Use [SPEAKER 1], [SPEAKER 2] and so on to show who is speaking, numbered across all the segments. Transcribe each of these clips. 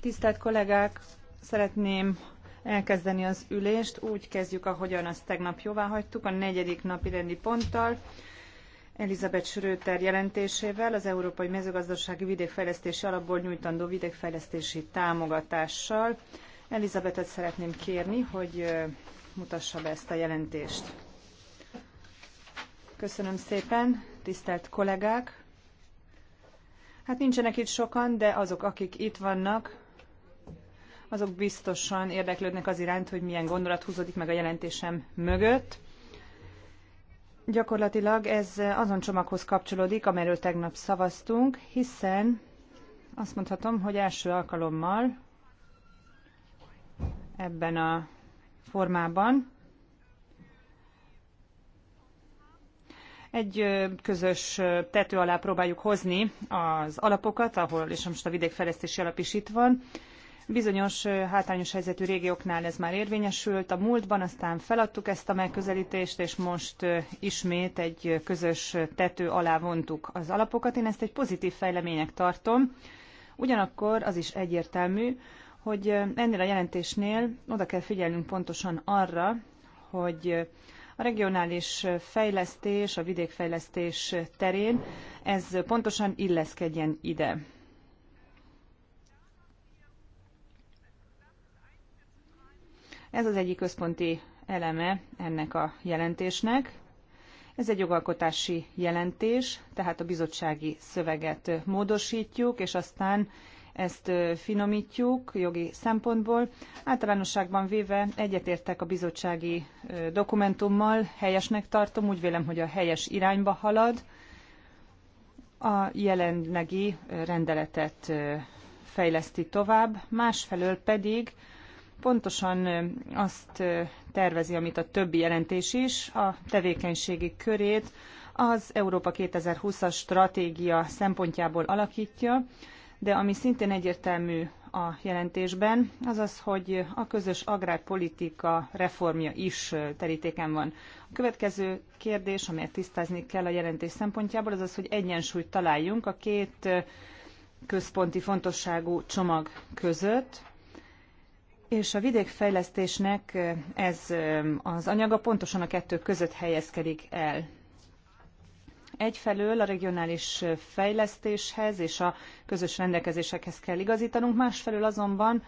[SPEAKER 1] Tisztelt kollégák, szeretném elkezdeni az ülést. Úgy kezdjük, ahogyan azt tegnap jóváhagytuk, a negyedik napirendi ponttal. elisabeth schroedter jelentésével az Európai Mezőgazdasági Vidékfejlesztési Alapból nyújtandó vidékfejlesztési támogatással. Elisabethet szeretném kérni, hogy mutassa be ezt a jelentést. Köszönöm szépen, tisztelt kollégák! Hát nincsenek itt sokan, de azok, akik itt vannak, azok biztosan érdeklődnek az iránt, hogy milyen gondolat húzódik meg a jelentésem mögött. Gyakorlatilag ez azon csomaghoz kapcsolódik, amelyről tegnap szavaztunk, hiszen azt mondhatom, hogy első alkalommal ebben a formában Egy közös tető alá próbáljuk hozni az alapokat, ahol, és most a vidékfejlesztési alap is itt van, Bizonyos hátrányos helyzetű régióknál ez már érvényesült a múltban, aztán feladtuk ezt a megközelítést, és most ismét egy közös tető alá vontuk az alapokat. Én ezt egy pozitív fejleménynek tartom. Ugyanakkor az is egyértelmű, hogy ennél a jelentésnél oda kell figyelnünk pontosan arra, hogy regionális fejlesztés, a vidékfejlesztés terén ez pontosan illeszkedjen ide. Ez az egyik központi eleme ennek a jelentésnek. Ez egy jogalkotási jelentés, tehát a bizottsági szöveget módosítjuk, és aztán ezt finomítjuk jogi szempontból. Általánosságban véve egyetértek a bizottsági dokumentummal, helyesnek tartom, úgy vélem, hogy a helyes irányba halad. A jelenlegi rendeletet fejleszti tovább, másfelől pedig pontosan azt tervezi, amit a többi jelentés is, a tevékenységi körét az Európa 2020-as stratégia szempontjából alakítja, de ami szintén egyértelmű a jelentésben, az az, hogy a közös agrárpolitika reformja is terítéken van. A következő kérdés, amelyet tisztázni kell a jelentés szempontjából, az az, hogy egyensúlyt találjunk a két központi fontosságú csomag között, és a vidékfejlesztésnek ez az anyaga pontosan a kettő között helyezkedik el. Egyfelől a regionális fejlesztéshez és a közös rendelkezésekhez kell igazítanunk, másfelől azonban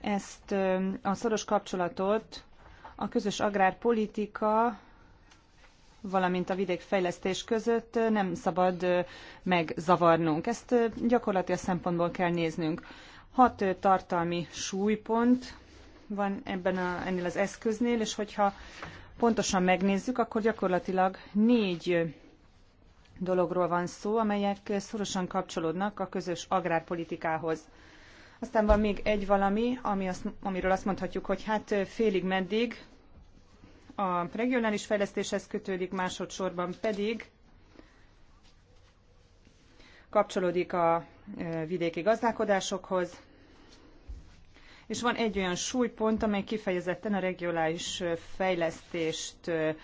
[SPEAKER 1] ezt a szoros kapcsolatot a közös agrárpolitika, valamint a vidékfejlesztés között nem szabad megzavarnunk. Ezt a szempontból kell néznünk. Hat tartalmi súlypont van ebben a, ennél az eszköznél, és hogyha pontosan megnézzük, akkor gyakorlatilag négy dologról van szó, amelyek szorosan kapcsolódnak a közös agrárpolitikához. Aztán van még egy valami, ami azt, amiről azt mondhatjuk, hogy hát félig meddig a regionális fejlesztéshez kötődik, másodszorban pedig kapcsolódik a e, vidéki gazdálkodásokhoz, és van egy olyan súlypont, amely kifejezetten a regionális e, fejlesztést e,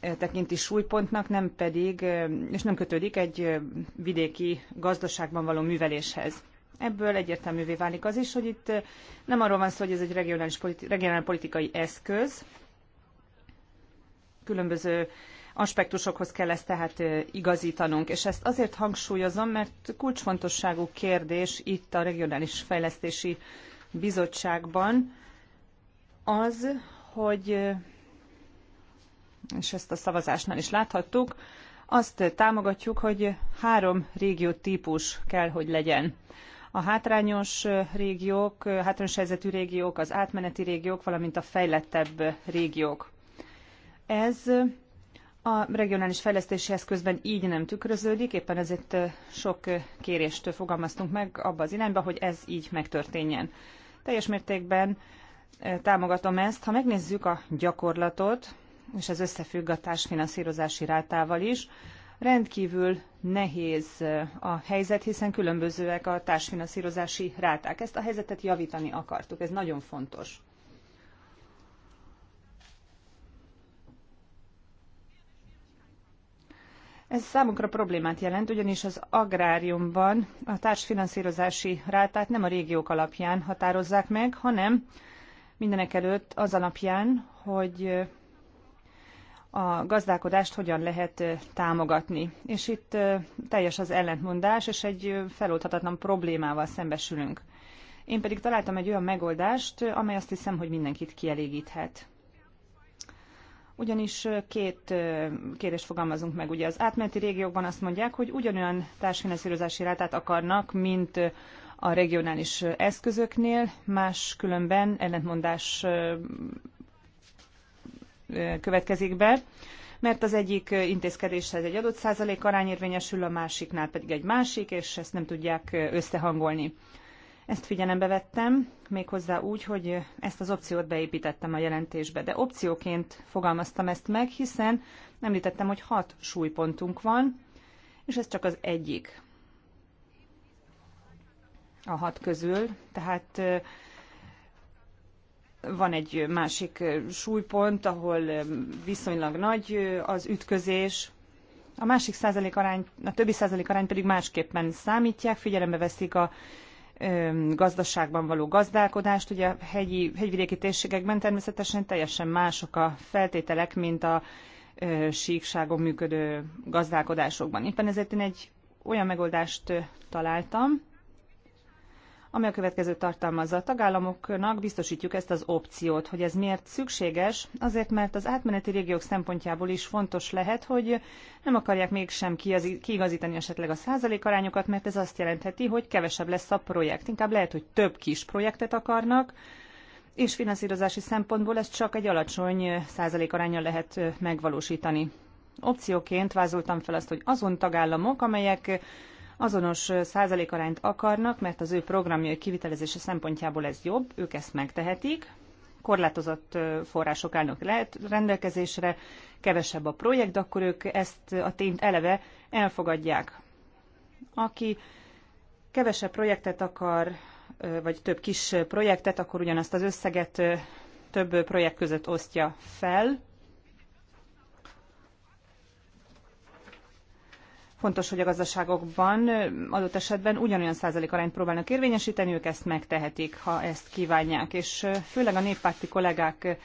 [SPEAKER 1] tekinti súlypontnak, nem pedig, és nem kötődik egy vidéki gazdaságban való műveléshez. Ebből egyértelművé válik az is, hogy itt nem arról van szó, hogy ez egy regionális politi- regionál politikai eszköz, különböző aspektusokhoz kell ezt tehát igazítanunk. És ezt azért hangsúlyozom, mert kulcsfontosságú kérdés itt a Regionális Fejlesztési Bizottságban az, hogy és ezt a szavazásnál is láthattuk, azt támogatjuk, hogy három régió típus kell, hogy legyen. A hátrányos régiók, hátrányos helyzetű régiók, az átmeneti régiók, valamint a fejlettebb régiók. Ez a regionális fejlesztési eszközben így nem tükröződik, éppen ezért sok kérést fogalmaztunk meg abba az irányba, hogy ez így megtörténjen. Teljes mértékben támogatom ezt. Ha megnézzük a gyakorlatot, és ez összefügg a társfinanszírozási rátával is. Rendkívül nehéz eh, a helyzet, hiszen különbözőek a társfinanszírozási ráták. Ezt a helyzetet javítani akartuk, ez nagyon fontos. Ez számunkra problémát jelent, ugyanis az agráriumban a társfinanszírozási rátát nem a régiók alapján határozzák meg, hanem mindenek előtt az alapján, hogy eh, a gazdálkodást hogyan lehet támogatni. És itt teljes az ellentmondás, és egy feloldhatatlan problémával szembesülünk. Én pedig találtam egy olyan megoldást, amely azt hiszem, hogy mindenkit kielégíthet. Ugyanis két kérdést fogalmazunk meg. Ugye az átmeneti régiókban azt mondják, hogy ugyanolyan társfinanszírozási rátát akarnak, mint a regionális eszközöknél, különben ellentmondás következik be, mert az egyik intézkedéshez egy adott százalék arány érvényesül, a másiknál pedig egy másik, és ezt nem tudják összehangolni. Ezt figyelembe vettem, méghozzá úgy, hogy ezt az opciót beépítettem a jelentésbe, de opcióként fogalmaztam ezt meg, hiszen említettem, hogy hat súlypontunk van, és ez csak az egyik a hat közül, tehát van egy másik súlypont, ahol viszonylag nagy az ütközés, a másik százalék arány, a többi százalék arány pedig másképpen számítják, figyelembe veszik a gazdaságban való gazdálkodást. Ugye a hegyi, hegyvidéki térségekben természetesen teljesen mások a feltételek, mint a síkságon működő gazdálkodásokban. Éppen ezért én egy olyan megoldást találtam, ami a következő tartalmazza. A tagállamoknak biztosítjuk ezt az opciót, hogy ez miért szükséges, azért mert az átmeneti régiók szempontjából is fontos lehet, hogy nem akarják mégsem kiigazítani esetleg a százalékarányokat, mert ez azt jelentheti, hogy kevesebb lesz a projekt. Inkább lehet, hogy több kis projektet akarnak, és finanszírozási szempontból ezt csak egy alacsony százalékarányjal lehet megvalósítani. Opcióként vázoltam fel azt, hogy azon tagállamok, amelyek azonos százalékarányt akarnak, mert az ő programjai kivitelezése szempontjából ez jobb, ők ezt megtehetik, korlátozott források állnak lehet rendelkezésre, kevesebb a projekt, akkor ők ezt a tényt eleve elfogadják. Aki kevesebb projektet akar, vagy több kis projektet, akkor ugyanazt az összeget több projekt között osztja fel, Fontos, hogy a gazdaságokban adott esetben ugyanolyan százalék arányt próbálnak érvényesíteni, ők ezt megtehetik, ha ezt kívánják. És főleg a néppárti kollégák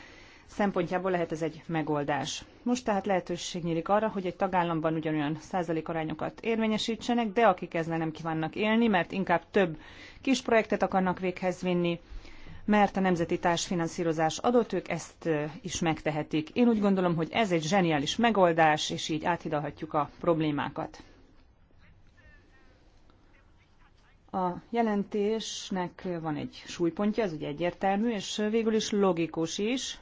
[SPEAKER 1] szempontjából lehet ez egy megoldás. Most tehát lehetőség nyílik arra, hogy egy tagállamban ugyanolyan százalék arányokat érvényesítsenek, de akik ezzel nem kívánnak élni, mert inkább több kis projektet akarnak véghez vinni, mert a nemzeti társfinanszírozás adott, ők ezt is megtehetik. Én úgy gondolom, hogy ez egy zseniális megoldás, és így áthidalhatjuk a problémákat. A jelentésnek van egy súlypontja, ez ugye egyértelmű, és végül is logikus is.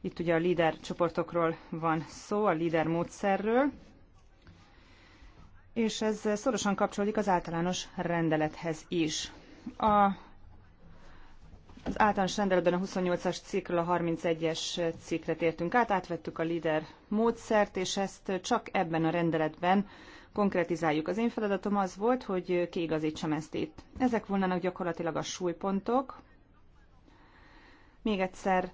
[SPEAKER 1] Itt ugye a líder csoportokról van szó, a líder módszerről és ez szorosan kapcsolódik az általános rendelethez is. A az általános rendeletben a 28-as cikkről a 31-es cikkre tértünk át, átvettük a líder módszert, és ezt csak ebben a rendeletben konkretizáljuk. Az én feladatom az volt, hogy kiigazítsam ezt itt. Ezek volnának gyakorlatilag a súlypontok. Még egyszer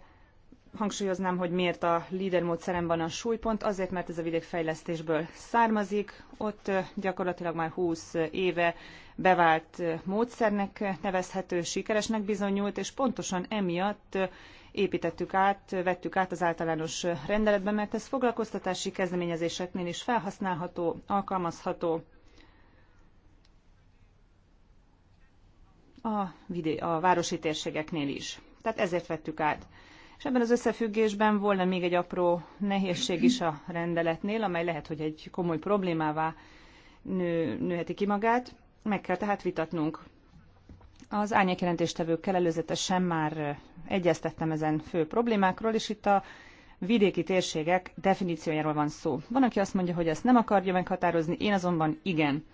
[SPEAKER 1] hangsúlyoznám, hogy miért a líder van a súlypont, azért, mert ez a vidékfejlesztésből származik. Ott gyakorlatilag már 20 éve bevált módszernek nevezhető, sikeresnek bizonyult, és pontosan emiatt építettük át, vettük át az általános rendeletbe, mert ez foglalkoztatási kezdeményezéseknél is felhasználható, alkalmazható. A, vidé- a városi térségeknél is. Tehát ezért vettük át. És ebben az összefüggésben volna még egy apró nehézség is a rendeletnél, amely lehet, hogy egy komoly problémává nő, nőheti ki magát. Meg kell tehát vitatnunk. Az árnyékjelentéstevőkkel előzetesen már egyeztettem ezen fő problémákról, és itt a vidéki térségek definíciójáról van szó. Van, aki azt mondja, hogy ezt nem akarja meghatározni, én azonban igen.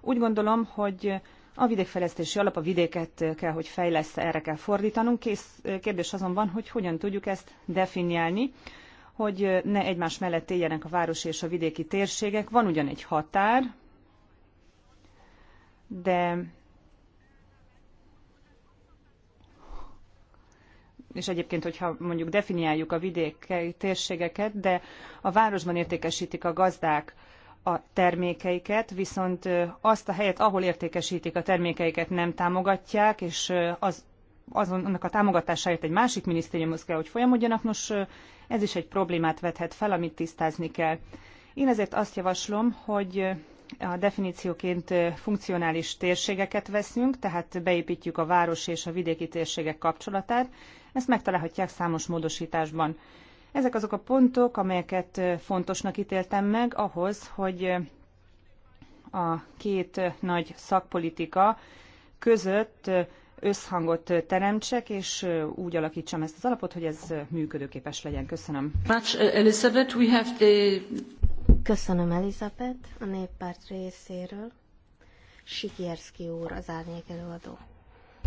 [SPEAKER 1] Úgy gondolom, hogy a vidékfejlesztési alap a vidéket kell, hogy fejlesz, erre kell fordítanunk. Kész, kérdés azonban, hogy hogyan tudjuk ezt definiálni, hogy ne egymás mellett éljenek a városi és a vidéki térségek. Van ugyan egy határ, de és egyébként, hogyha mondjuk definiáljuk a vidéki térségeket, de a városban értékesítik a gazdák a termékeiket, viszont azt a helyet, ahol értékesítik a termékeiket, nem támogatják, és az, azon, annak a támogatásáért egy másik minisztériumhoz kell, hogy folyamodjanak. Nos, ez is egy problémát vethet fel, amit tisztázni kell. Én ezért azt javaslom, hogy a definícióként funkcionális térségeket veszünk, tehát beépítjük a város és a vidéki térségek kapcsolatát. Ezt megtalálhatják számos módosításban. Ezek azok a pontok, amelyeket fontosnak ítéltem meg ahhoz, hogy a két nagy szakpolitika között összhangot teremtsek, és úgy alakítsam ezt az alapot, hogy ez működőképes legyen. Köszönöm.
[SPEAKER 2] Uh, Köszönöm, Elizabeth, a néppárt részéről. Sikierszki úr, az árnyék előadó.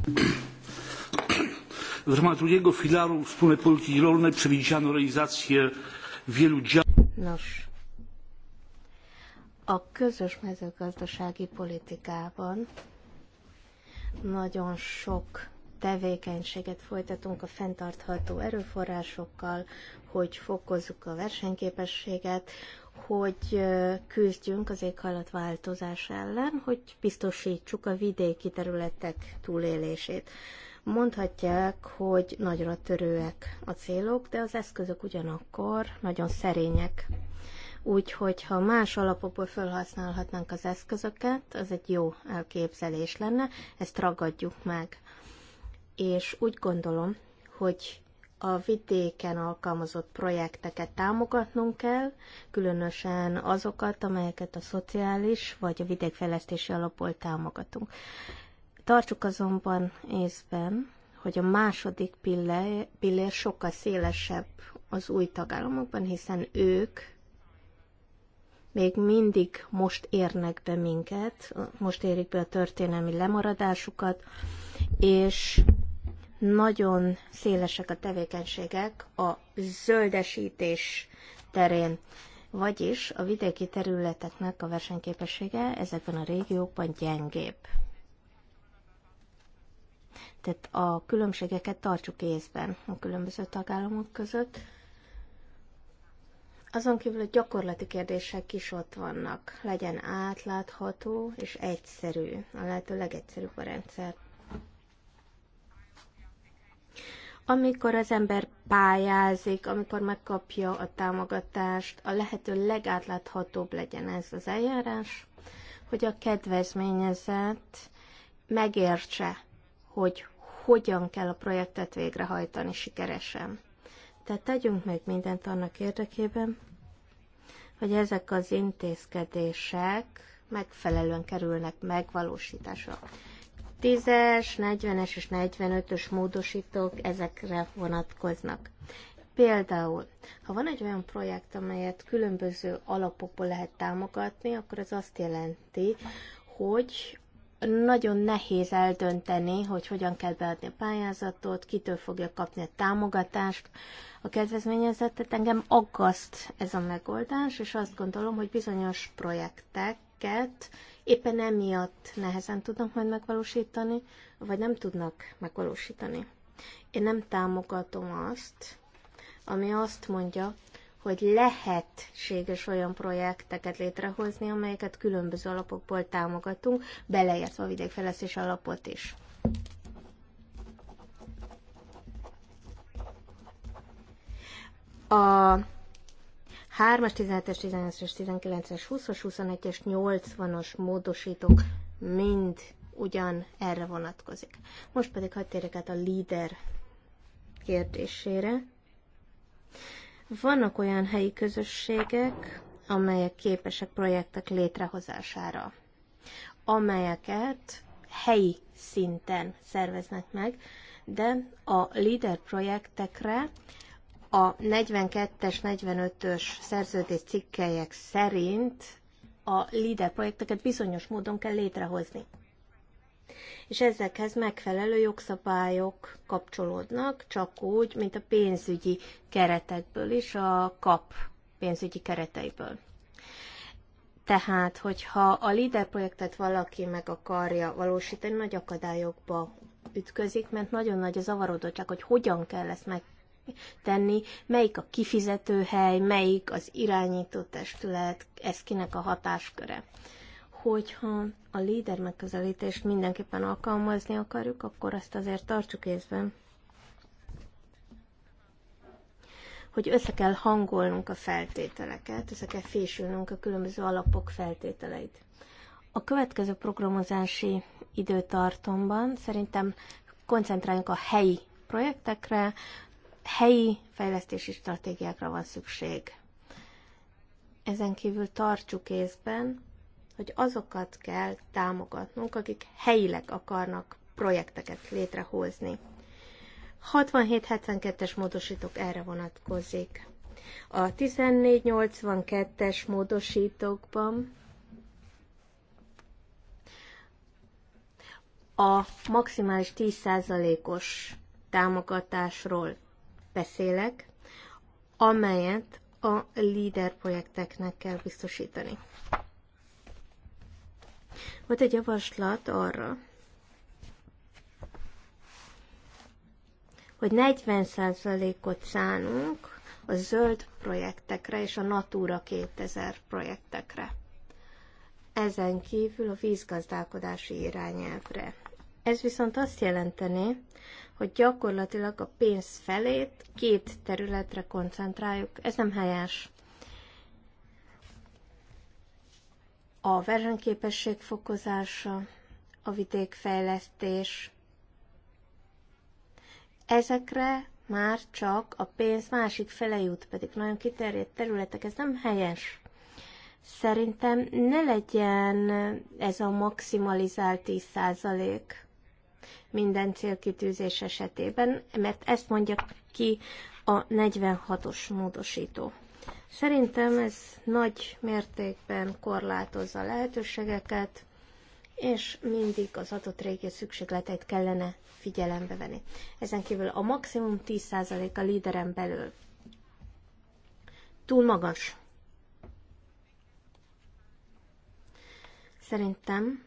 [SPEAKER 1] W ramach drugiego filaru wspólnej polityki rolnej przewidziano
[SPEAKER 2] realizację wielu Nos, a közös mezőgazdasági politikában nagyon sok tevékenységet folytatunk a fenntartható erőforrásokkal, hogy fokozzuk a versenyképességet, hogy küzdjünk az éghajlatváltozás ellen, hogy biztosítsuk a vidéki területek túlélését. Mondhatják, hogy nagyra törőek a célok, de az eszközök ugyanakkor nagyon szerények. Úgyhogy ha más alapokból felhasználhatnánk az eszközöket, az egy jó elképzelés lenne, ezt ragadjuk meg. És úgy gondolom, hogy a vidéken alkalmazott projekteket támogatnunk kell, különösen azokat, amelyeket a szociális vagy a vidékfejlesztési alapból támogatunk. Tartsuk azonban észben, hogy a második pillér, pillér sokkal szélesebb az új tagállamokban, hiszen ők még mindig most érnek be minket, most érik be a történelmi lemaradásukat, és nagyon szélesek a tevékenységek a zöldesítés terén. Vagyis a vidéki területeknek a versenyképessége ezekben a régiókban gyengébb. Tehát a különbségeket tartsuk észben a különböző tagállamok között. Azon kívül a gyakorlati kérdések is ott vannak. Legyen átlátható és egyszerű, a lehető legegyszerűbb a rendszer. Amikor az ember pályázik, amikor megkapja a támogatást, a lehető legátláthatóbb legyen ez az eljárás, hogy a kedvezményezett megértse, hogy hogyan kell a projektet végrehajtani sikeresen. Tehát tegyünk meg mindent annak érdekében, hogy ezek az intézkedések megfelelően kerülnek megvalósításra. 10-es, 40-es és 45-ös módosítók ezekre vonatkoznak. Például, ha van egy olyan projekt, amelyet különböző alapokból lehet támogatni, akkor ez azt jelenti, hogy nagyon nehéz eldönteni, hogy hogyan kell beadni a pályázatot, kitől fogja kapni a támogatást. A kedvezményezettet engem aggaszt ez a megoldás, és azt gondolom, hogy bizonyos projekteket éppen emiatt nehezen tudnak majd megvalósítani, vagy nem tudnak megvalósítani. Én nem támogatom azt, ami azt mondja, hogy lehetséges olyan projekteket létrehozni, amelyeket különböző alapokból támogatunk, beleértve a vidékfejlesztés alapot is. A 3-as, 17-es, 18-es, 19-es, 20-as, 21-es, 80-as módosítók mind ugyan erre vonatkozik. Most pedig hadd térjek át a líder kérdésére. Vannak olyan helyi közösségek, amelyek képesek projektek létrehozására, amelyeket helyi szinten szerveznek meg, de a LEADER projektekre a 42-es, 45-ös szerződés cikkelyek szerint a LEADER projekteket bizonyos módon kell létrehozni és ezekhez megfelelő jogszabályok kapcsolódnak, csak úgy, mint a pénzügyi keretekből is, a kap pénzügyi kereteiből. Tehát, hogyha a LIDER projektet valaki meg akarja valósítani, nagy akadályokba ütközik, mert nagyon nagy a zavarodottság, hogy hogyan kell ezt megtenni, melyik a kifizetőhely, melyik az irányító testület, ez kinek a hatásköre hogyha a líder megközelítést mindenképpen alkalmazni akarjuk, akkor ezt azért tartsuk észben, hogy össze kell hangolnunk a feltételeket, össze kell fésülnünk a különböző alapok feltételeit. A következő programozási időtartomban szerintem koncentráljunk a helyi projektekre, helyi fejlesztési stratégiákra van szükség. Ezen kívül tartsuk észben, hogy azokat kell támogatnunk, akik helyileg akarnak projekteket létrehozni. 67-72-es módosítók erre vonatkozik. A 1482-es módosítókban a maximális 10%-os támogatásról beszélek, amelyet a líder projekteknek kell biztosítani. Volt egy javaslat arra, hogy 40%-ot szánunk a zöld projektekre és a Natura 2000 projektekre. Ezen kívül a vízgazdálkodási irányelvre. Ez viszont azt jelenteni, hogy gyakorlatilag a pénz felét két területre koncentráljuk. Ez nem helyes. a versenyképesség fokozása, a vidékfejlesztés. Ezekre már csak a pénz másik fele jut, pedig nagyon kiterjedt területek, ez nem helyes. Szerintem ne legyen ez a maximalizált 10% minden célkitűzés esetében, mert ezt mondja ki a 46-os módosító. Szerintem ez nagy mértékben korlátozza a lehetőségeket, és mindig az adott régió szükségleteit kellene figyelembe venni. Ezen kívül a maximum 10% a líderen belül. Túl magas. Szerintem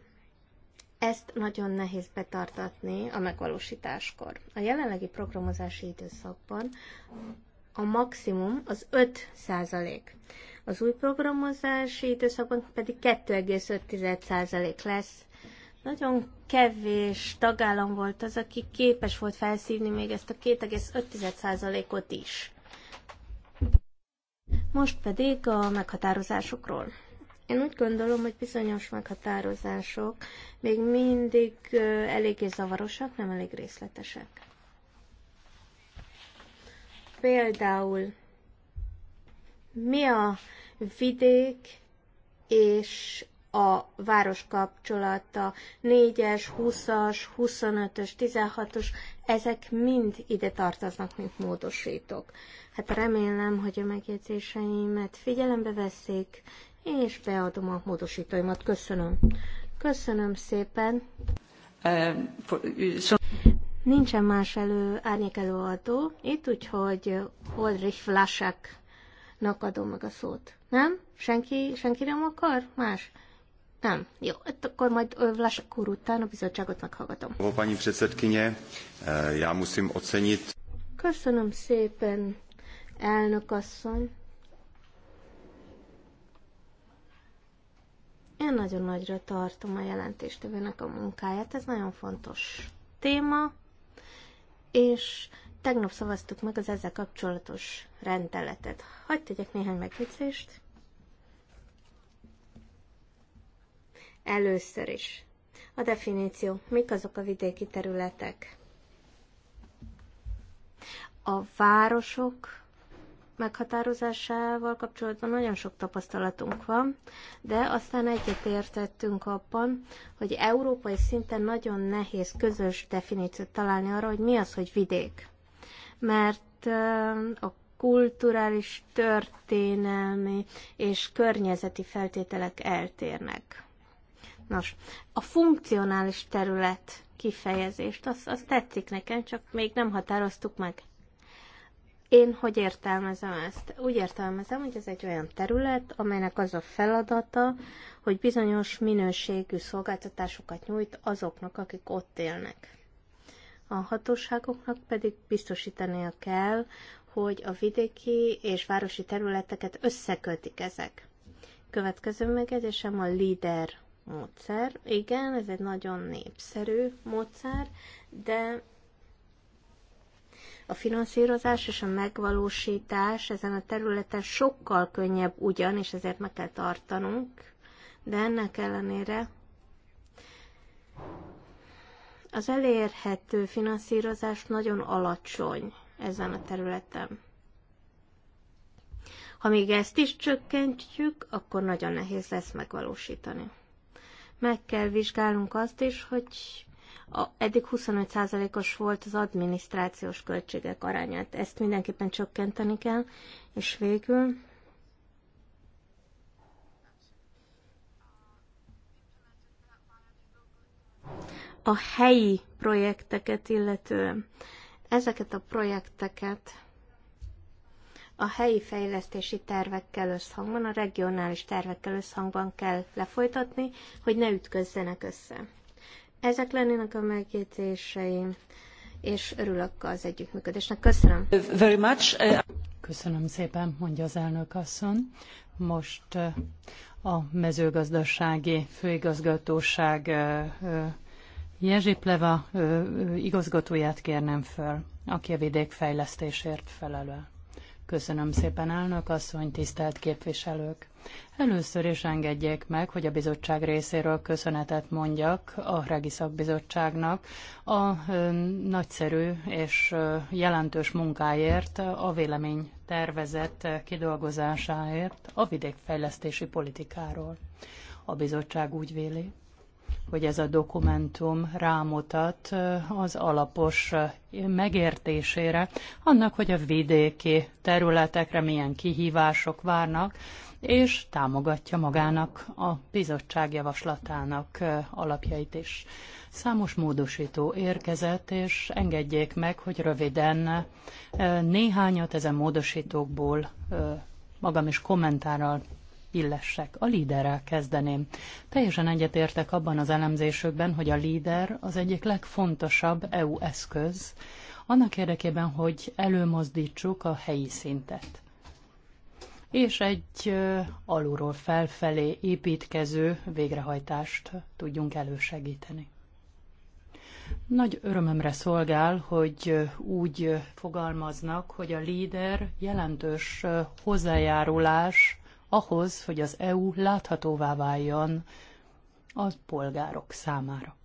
[SPEAKER 2] ezt nagyon nehéz betartatni a megvalósításkor. A jelenlegi programozási időszakban a maximum az 5 százalék. Az új programozási időszakban pedig 2,5 százalék lesz. Nagyon kevés tagállam volt az, aki képes volt felszívni még ezt a 2,5 százalékot is. Most pedig a meghatározásokról. Én úgy gondolom, hogy bizonyos meghatározások még mindig eléggé zavarosak, nem elég részletesek. Például mi a vidék és a város kapcsolata, 4-es, 20-as, 25-ös, 16-os, ezek mind ide tartoznak, mint módosítók. Hát remélem, hogy a megjegyzéseimet figyelembe veszik, és beadom a módosítóimat. Köszönöm. Köszönöm szépen. Um, Nincsen más elő, árnyék előadó itt, úgyhogy Holdrich Vlasáknak adom meg a szót. Nem? Senki, senki nem akar? Más? Nem. Jó, hát akkor majd Vlasek úr után a bizottságot meghallgatom.
[SPEAKER 3] Pani předsedkyně, e, já musím ocenit.
[SPEAKER 2] Köszönöm szépen, elnök asszony. Én nagyon nagyra tartom a jelentéstevőnek a munkáját, ez nagyon fontos téma és tegnap szavaztuk meg az ezzel kapcsolatos rendeletet. Hagyj tegyek néhány megjegyzést. Először is. A definíció. Mik azok a vidéki területek? A városok meghatározásával kapcsolatban nagyon sok tapasztalatunk van, de aztán egyetértettünk abban, hogy európai szinten nagyon nehéz közös definíciót találni arra, hogy mi az, hogy vidék. Mert a kulturális, történelmi és környezeti feltételek eltérnek. Nos, a funkcionális terület kifejezést, az, az tetszik nekem, csak még nem határoztuk meg. Én hogy értelmezem ezt? Úgy értelmezem, hogy ez egy olyan terület, amelynek az a feladata, hogy bizonyos minőségű szolgáltatásokat nyújt azoknak, akik ott élnek. A hatóságoknak pedig biztosítania kell, hogy a vidéki és városi területeket összekötik ezek. Következő megjegyzésem a LIDER módszer. Igen, ez egy nagyon népszerű módszer, de a finanszírozás és a megvalósítás ezen a területen sokkal könnyebb ugyan, és ezért meg kell tartanunk, de ennek ellenére az elérhető finanszírozás nagyon alacsony ezen a területen. Ha még ezt is csökkentjük, akkor nagyon nehéz lesz megvalósítani. Meg kell vizsgálnunk azt is, hogy a, eddig 25%-os volt az adminisztrációs költségek arányát. Ezt mindenképpen csökkenteni kell. És végül a helyi projekteket illetően. Ezeket a projekteket a helyi fejlesztési tervekkel összhangban, a regionális tervekkel összhangban kell lefolytatni, hogy ne ütközzenek össze. Ezek lennének a megjegyzéseim, és örülök az együttműködésnek. Köszönöm.
[SPEAKER 3] Very much. Köszönöm szépen, mondja az elnök asszony. Most eh, a mezőgazdasági főigazgatóság eh, eh, Jezsi Pleva igazgatóját kérnem föl, aki a vidékfejlesztésért felelő. Köszönöm szépen, elnök asszony, tisztelt képviselők! Először is engedjék meg, hogy a bizottság részéről köszönetet mondjak a Regi Szakbizottságnak a nagyszerű és jelentős munkáért, a vélemény tervezett kidolgozásáért a vidékfejlesztési politikáról. A bizottság úgy véli, hogy ez a dokumentum rámutat az alapos megértésére, annak, hogy a vidéki területekre milyen kihívások várnak, és támogatja magának a bizottság javaslatának alapjait is. Számos módosító érkezett, és engedjék meg, hogy röviden néhányat ezen módosítókból magam is kommentárral illessek. A líderrel kezdeném. Teljesen egyetértek abban az elemzésükben, hogy a líder az egyik legfontosabb EU eszköz, annak érdekében, hogy előmozdítsuk a helyi szintet és egy alulról felfelé építkező végrehajtást tudjunk elősegíteni. Nagy örömömre szolgál, hogy úgy fogalmaznak, hogy a líder jelentős hozzájárulás ahhoz, hogy az EU láthatóvá váljon a polgárok számára.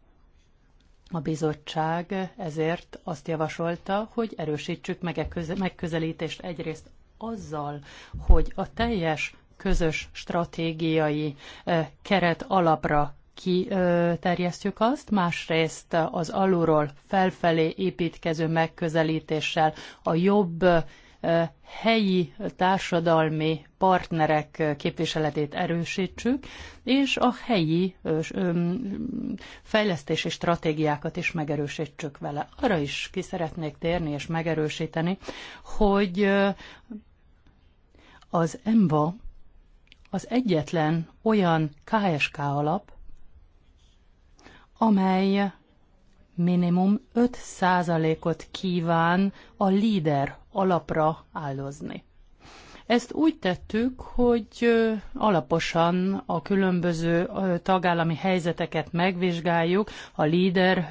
[SPEAKER 3] A bizottság ezért azt javasolta, hogy erősítsük meg a e megközelítést egyrészt azzal, hogy a teljes közös stratégiai eh, keret alapra kiterjesztjük azt, másrészt az alulról felfelé építkező megközelítéssel a jobb eh, helyi társadalmi partnerek eh, képviseletét erősítsük, és a helyi fejlesztési stratégiákat is megerősítsük vele. Arra is ki szeretnék térni és megerősíteni, hogy az emba, az egyetlen olyan KSK alap, amely minimum 5%-ot kíván a líder alapra áldozni. Ezt úgy tettük, hogy alaposan a különböző tagállami helyzeteket megvizsgáljuk a líder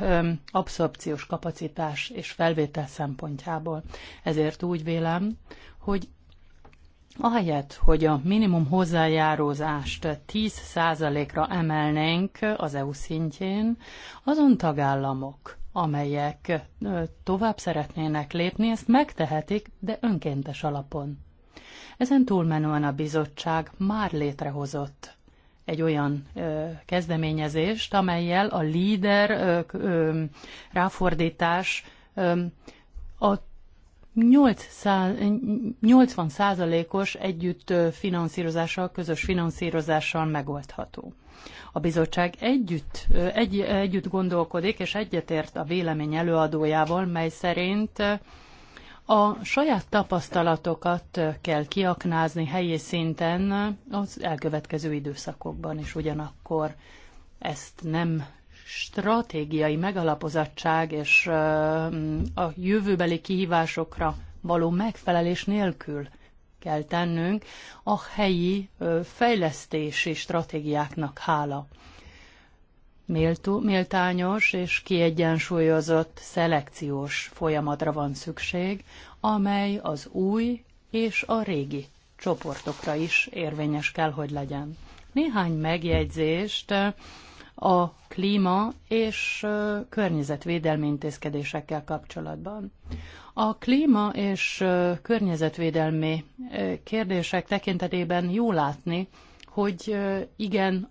[SPEAKER 3] abszorpciós kapacitás és felvétel szempontjából. Ezért úgy vélem, hogy Ahelyett, hogy a minimum hozzájárózást 10%-ra emelnénk az EU szintjén, azon tagállamok, amelyek tovább szeretnének lépni, ezt megtehetik, de önkéntes alapon. Ezen túlmenően a bizottság már létrehozott egy olyan ö, kezdeményezést, amelyel a líder ö, ö, ráfordítás ö, a 80%-os együtt finanszírozással, közös finanszírozással megoldható. A bizottság együtt, egy, együtt gondolkodik, és egyetért a vélemény előadójával, mely szerint a saját tapasztalatokat kell kiaknázni helyi szinten az elkövetkező időszakokban, és ugyanakkor ezt nem stratégiai megalapozottság és a jövőbeli kihívásokra való megfelelés nélkül kell tennünk a helyi fejlesztési stratégiáknak hála. Méltó, méltányos és kiegyensúlyozott szelekciós folyamatra van szükség, amely az új és a régi csoportokra is érvényes kell, hogy legyen. Néhány megjegyzést a klíma és környezetvédelmi intézkedésekkel kapcsolatban. A klíma és környezetvédelmi kérdések tekintetében jó látni, hogy igen,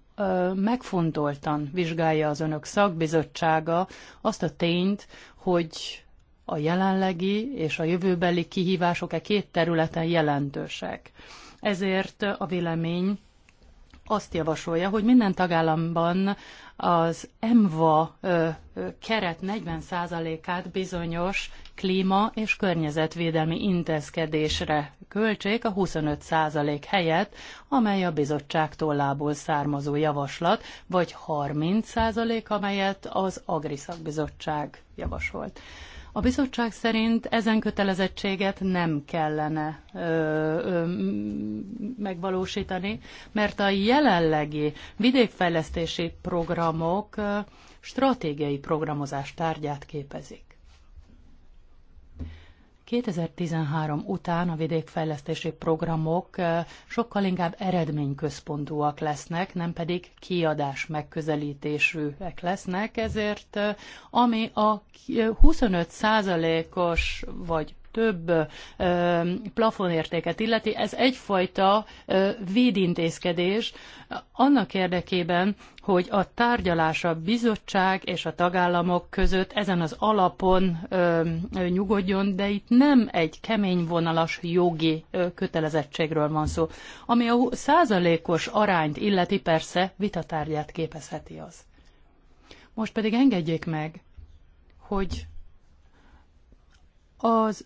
[SPEAKER 3] megfontoltan vizsgálja az önök szakbizottsága azt a tényt, hogy a jelenlegi és a jövőbeli kihívások e két területen jelentősek. Ezért a vélemény azt javasolja, hogy minden tagállamban az EMVA keret 40%-át bizonyos klíma és környezetvédelmi intézkedésre költsék a 25% helyett, amely a bizottság tollából származó javaslat, vagy 30% amelyet az Agriszakbizottság javasolt. A bizottság szerint ezen kötelezettséget nem kellene ö, ö, megvalósítani, mert a jelenlegi vidékfejlesztési programok ö, stratégiai programozás tárgyát képezik. 2013 után a vidékfejlesztési programok sokkal inkább eredményközpontúak lesznek, nem pedig kiadás megközelítésűek lesznek, ezért ami a 25%-os vagy több plafonértéket illeti, ez egyfajta védintézkedés annak érdekében, hogy a tárgyalás a bizottság és a tagállamok között ezen az alapon ö, nyugodjon, de itt nem egy kemény vonalas jogi ö, kötelezettségről van szó, ami a százalékos arányt illeti persze vitatárgyát képezheti az. Most pedig engedjék meg, hogy az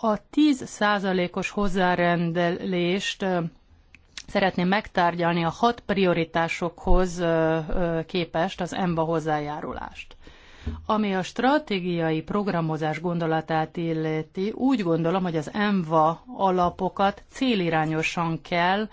[SPEAKER 3] a 10 százalékos hozzárendelést szeretném megtárgyalni a hat prioritásokhoz képest az EMBA hozzájárulást. Ami a stratégiai programozás gondolatát illeti, úgy gondolom, hogy az EMVA alapokat célirányosan kell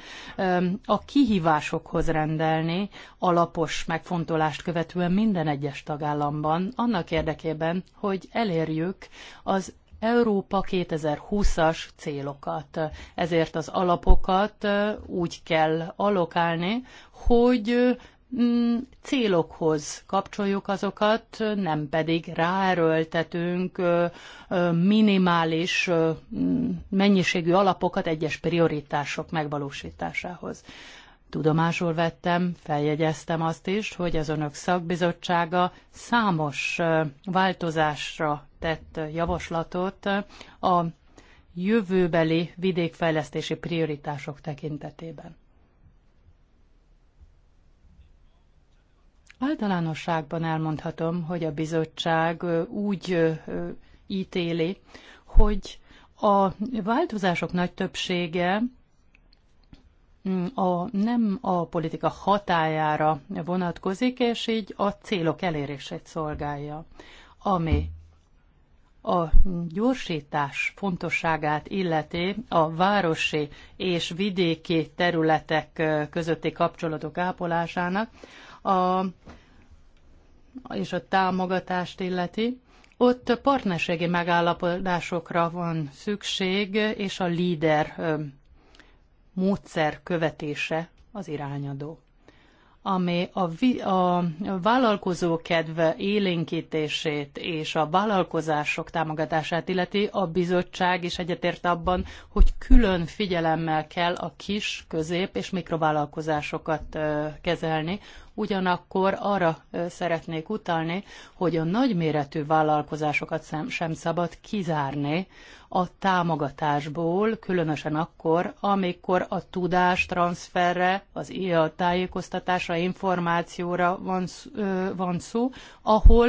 [SPEAKER 3] a kihívásokhoz rendelni, alapos megfontolást követően minden egyes tagállamban, annak érdekében, hogy elérjük az Európa 2020-as célokat. Ezért az alapokat úgy kell allokálni, hogy mm, célokhoz kapcsoljuk azokat, nem pedig ráerőltetünk minimális mm, mennyiségű alapokat egyes prioritások megvalósításához. Tudomásul vettem, feljegyeztem azt is, hogy az önök szakbizottsága számos változásra tett javaslatot a jövőbeli vidékfejlesztési prioritások tekintetében. Általánosságban elmondhatom, hogy a bizottság úgy ítéli, hogy a változások nagy többsége a, nem a politika hatájára vonatkozik, és így a célok elérését szolgálja. Ami a gyorsítás fontosságát illeti a városi és vidéki területek közötti kapcsolatok ápolásának a, és a támogatást illeti, ott partnerségi megállapodásokra van szükség, és a líder módszer követése az irányadó ami a, vi, a vállalkozó kedv élénkítését és a vállalkozások támogatását illeti, a bizottság is egyetért abban, hogy külön figyelemmel kell a kis, közép és mikrovállalkozásokat kezelni, Ugyanakkor arra szeretnék utalni, hogy a nagyméretű vállalkozásokat sem szabad kizárni a támogatásból, különösen akkor, amikor a tudás transferre, az IA tájékoztatásra, információra van, van szó, ahol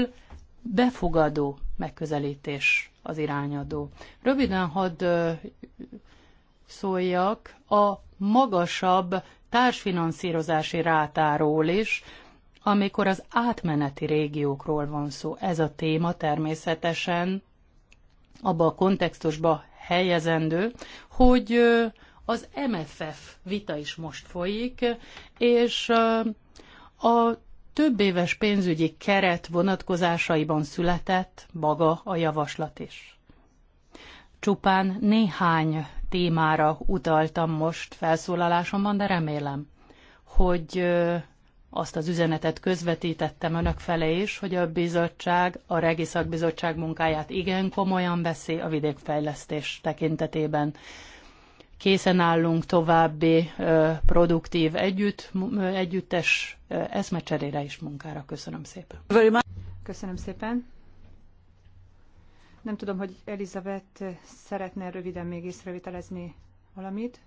[SPEAKER 3] befogadó megközelítés az irányadó. Röviden hadd szóljak a magasabb társfinanszírozási rátáról is, amikor az átmeneti régiókról van szó. Ez a téma természetesen abba a kontextusba helyezendő, hogy az MFF vita is most folyik, és a több éves pénzügyi keret vonatkozásaiban született maga a javaslat is. Csupán néhány témára utaltam most felszólalásomban, de remélem, hogy azt az üzenetet közvetítettem önök felé is, hogy a bizottság, a Regi Szakbizottság munkáját igen komolyan veszi a vidékfejlesztés tekintetében. Készen állunk további produktív együtt, együttes eszmecserére is munkára. Köszönöm szépen. Köszönöm szépen.
[SPEAKER 1] Nem tudom, hogy Elizabeth szeretne röviden még észrevitelezni valamit.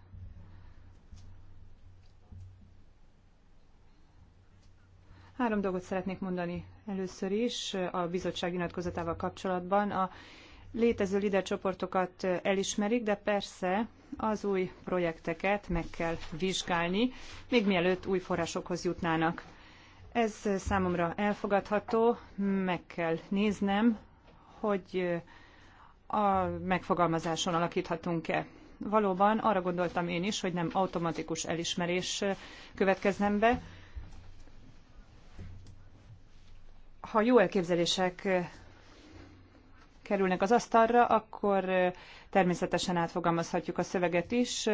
[SPEAKER 1] Három dolgot szeretnék mondani először is a bizottság nyilatkozatával kapcsolatban. A létező LIDER csoportokat elismerik, de persze az új projekteket meg kell vizsgálni, még mielőtt új forrásokhoz jutnának. Ez számomra elfogadható, meg kell néznem, hogy a megfogalmazáson alakíthatunk-e. Valóban arra gondoltam én is, hogy nem automatikus elismerés következzen be. Ha jó elképzelések kerülnek az asztalra, akkor természetesen átfogalmazhatjuk a szöveget is,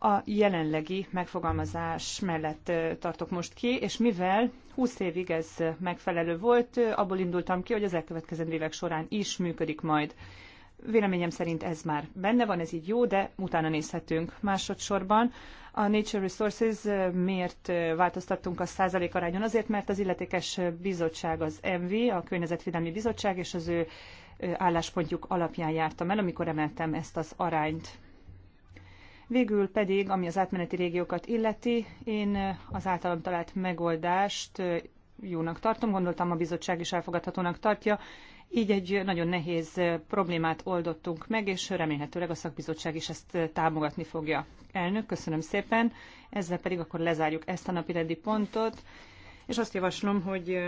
[SPEAKER 1] a jelenlegi megfogalmazás mellett tartok most ki, és mivel 20 évig ez megfelelő volt, abból indultam ki, hogy az elkövetkezendő évek során is működik majd. Véleményem szerint ez már benne van, ez így jó, de utána nézhetünk. Másodszorban a Nature Resources miért változtattunk a százalék arányon? Azért, mert az illetékes bizottság az MV, a Környezetvédelmi Bizottság, és az ő álláspontjuk alapján jártam el, amikor emeltem ezt az arányt Végül pedig, ami az átmeneti régiókat illeti, én az általam talált megoldást jónak tartom, gondoltam a bizottság is elfogadhatónak tartja. Így egy nagyon nehéz problémát oldottunk meg, és remélhetőleg a szakbizottság is ezt támogatni fogja. Elnök, köszönöm szépen. Ezzel pedig akkor lezárjuk ezt a reddi pontot, és azt javaslom, hogy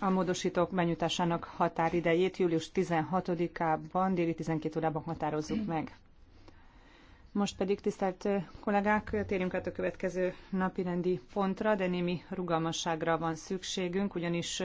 [SPEAKER 1] a módosítók benyújtásának határidejét július 16-ában déli 12 órában határozzuk meg. Most pedig, tisztelt kollégák, térjünk át a következő napirendi pontra, de némi rugalmasságra van szükségünk, ugyanis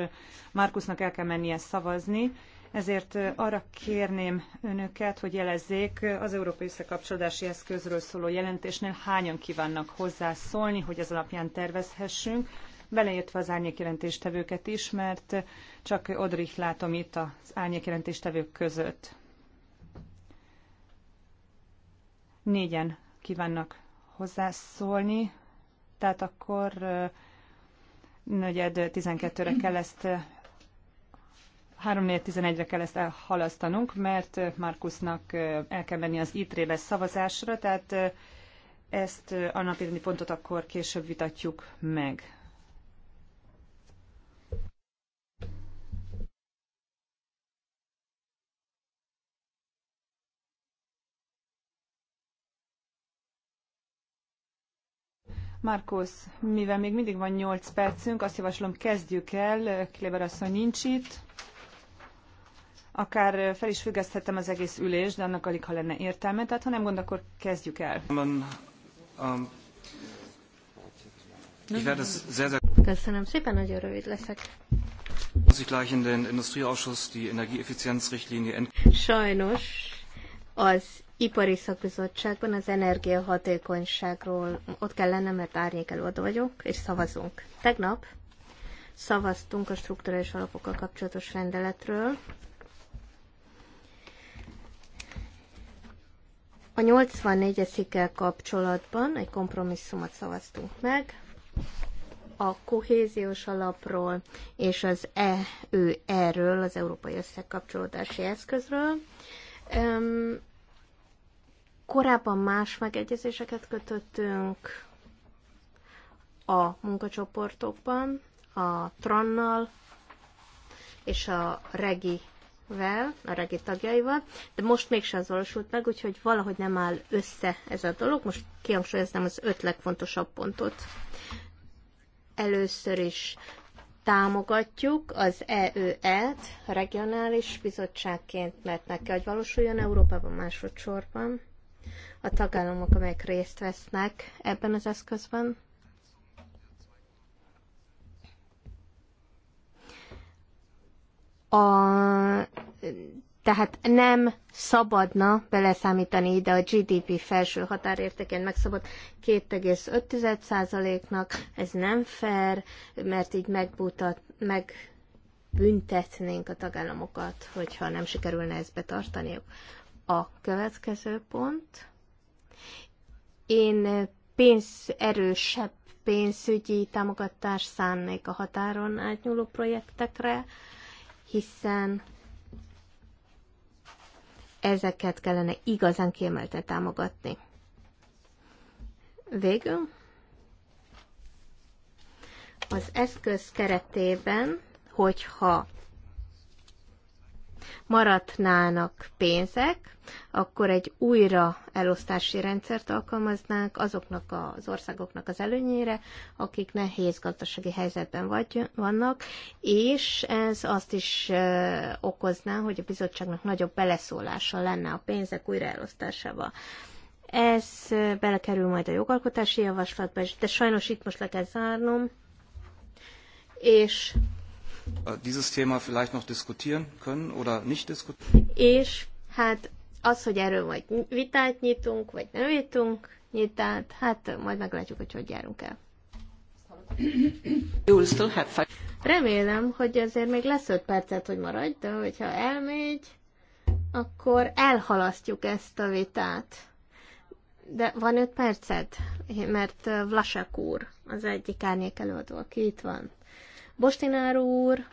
[SPEAKER 1] Markusnak el kell mennie szavazni, ezért arra kérném önöket, hogy jelezzék az Európai Összekapcsolódási Eszközről szóló jelentésnél hányan kívánnak hozzászólni, hogy az alapján tervezhessünk, beleértve az árnyékjelentéstevőket is, mert csak Odrich látom itt az árnyékjelentéstevők között. Négyen kívánnak hozzászólni, tehát akkor negyed 12-re kell ezt 3-4-11-re kell ezt elhalasztanunk, mert Markusnak el kell menni az ítrébe szavazásra, tehát ezt a napirendi pontot akkor később vitatjuk meg. Markus, mivel még mindig van 8 percünk, azt javaslom, kezdjük el. Kléber asszony nincs itt. Akár fel is függeszthetem az egész ülést, de annak alig, ha lenne értelme. Tehát ha nem gond, akkor
[SPEAKER 2] kezdjük el. Um, um, Köszönöm szépen, nagyon rövid leszek. Sajnos az ipari szakbizottságban az energiahatékonyságról ott kellene, mert árnyék előadó vagyok, és szavazunk. Tegnap szavaztunk a strukturális alapokkal kapcsolatos rendeletről. A 84-es kapcsolatban egy kompromisszumot szavaztunk meg, a kohéziós alapról és az eur ről az Európai Összekapcsolódási Eszközről. Korábban más megegyezéseket kötöttünk a munkacsoportokban, a Trannal és a Regi vel, a regi tagjaival, de most mégsem az valósult meg, úgyhogy valahogy nem áll össze ez a dolog. Most kihangsúlyoznám az öt legfontosabb pontot. Először is támogatjuk az EÖE-t regionális bizottságként, mert neki, hogy valósuljon Európában másodszorban a tagállamok, amelyek részt vesznek ebben az eszközben. A, tehát nem szabadna beleszámítani ide a GDP felső határértékén megszabott 2,5%-nak. Ez nem fair, mert így megbutat, meg büntetnénk a tagállamokat, hogyha nem sikerülne ezt betartaniuk. A következő pont én pénz erősebb pénzügyi támogatást szánnék a határon átnyúló projektekre, hiszen ezeket kellene igazán kiemelten támogatni. Végül az eszköz keretében, hogyha maradnának pénzek, akkor egy újra elosztási rendszert alkalmaznánk azoknak az országoknak az előnyére, akik nehéz gazdasági helyzetben vagy, vannak, és ez azt is okozná, hogy a bizottságnak nagyobb beleszólása lenne a pénzek újraelosztásába. Ez belekerül majd a jogalkotási javaslatba, de sajnos itt most le kell zárnom, és
[SPEAKER 3] Äh, dieses Thema vielleicht noch diskutieren können oder
[SPEAKER 1] nicht diskutieren.
[SPEAKER 2] És hát az, hogy erről majd vitát nyitunk, vagy nem nyitunk nyitát, hát majd meglátjuk, hogy hogy járunk el. Remélem, hogy azért még lesz öt percet, hogy maradj, de hogyha elmegy, akkor elhalasztjuk ezt a vitát. De van öt percet, mert Vlasak úr az egyik árnyék előadó, aki itt van. Bostinár úr,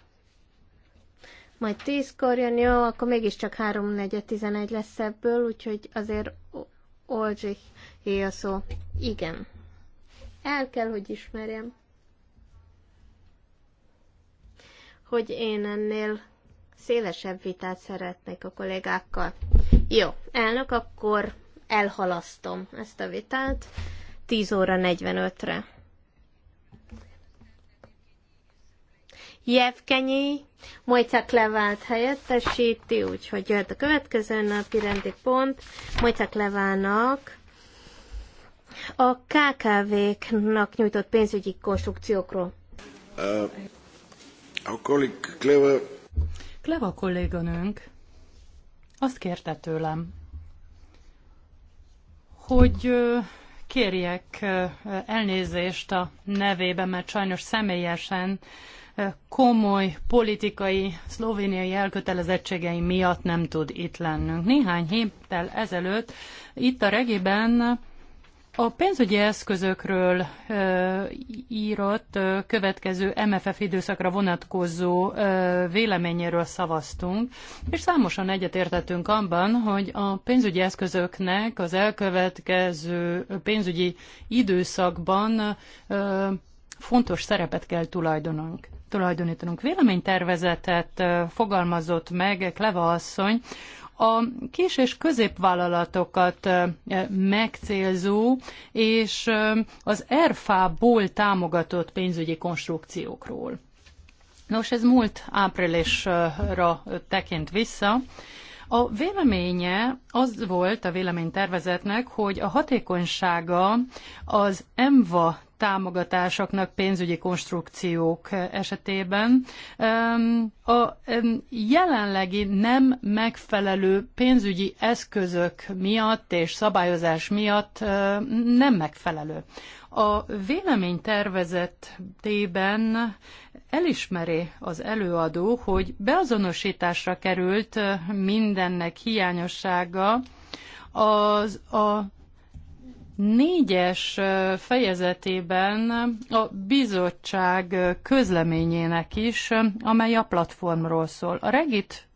[SPEAKER 2] majd tízkor jön, jó, akkor mégiscsak 3-4-11 lesz ebből, úgyhogy azért Olzsik a szó. Igen. El kell, hogy ismerjem. Hogy én ennél szélesebb vitát szeretnék a kollégákkal. Jó, elnök, akkor elhalasztom ezt a vitát 10 óra 45-re. Jevkenyi Mojcák Levált helyettesíti, úgyhogy jöhet a következő napi rendi pont. Mojcák Levának a KKV-knak nyújtott pénzügyi konstrukciókról.
[SPEAKER 3] Uh, a kollég Kleva...
[SPEAKER 2] Kleva kolléganőnk
[SPEAKER 3] azt kérte tőlem, hogy kérjek elnézést a nevében, mert sajnos személyesen komoly politikai szlovéniai elkötelezettségei miatt nem tud itt lennünk. Néhány héttel ezelőtt itt a regiben a pénzügyi eszközökről ö, írott ö, következő MFF időszakra vonatkozó ö, véleményéről szavaztunk, és számosan egyetértettünk abban, hogy a pénzügyi eszközöknek az elkövetkező pénzügyi időszakban ö, fontos szerepet kell tulajdonunk tulajdonítanunk. Véleménytervezetet fogalmazott meg Kleva asszony, a kis és középvállalatokat megcélzó és az ERFA-ból támogatott pénzügyi konstrukciókról. Nos, ez múlt áprilisra tekint vissza. A véleménye az volt a véleménytervezetnek, hogy a hatékonysága az EMVA támogatásoknak, pénzügyi konstrukciók esetében. A jelenlegi nem megfelelő pénzügyi eszközök miatt és szabályozás miatt nem megfelelő. A véleménytervezetében elismeri az előadó, hogy beazonosításra került mindennek hiányossága az a négyes fejezetében a bizottság közleményének is, amely a platformról szól. A Regit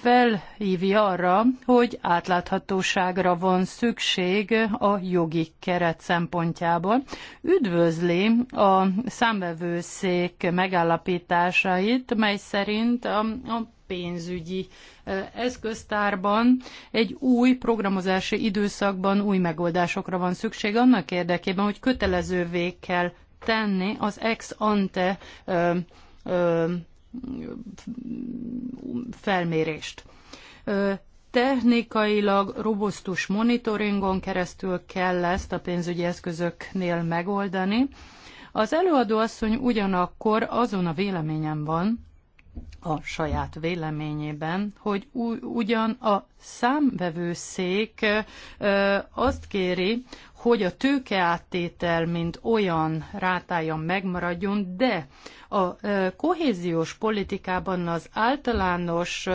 [SPEAKER 3] felhívja arra, hogy átláthatóságra van szükség a jogi keret szempontjából. Üdvözli a számvevőszék megállapításait, mely szerint a, a pénzügyi eszköztárban egy új programozási időszakban új megoldásokra van szükség annak érdekében, hogy kötelezővé kell tenni az ex ante ö, ö, felmérést. Technikailag robusztus monitoringon keresztül kell ezt a pénzügyi eszközöknél megoldani. Az előadó asszony ugyanakkor azon a véleményen van, a saját véleményében, hogy ugyan a számvevőszék azt kéri, hogy a tőkeáttétel, mint olyan rátája megmaradjon, de a kohéziós politikában az általános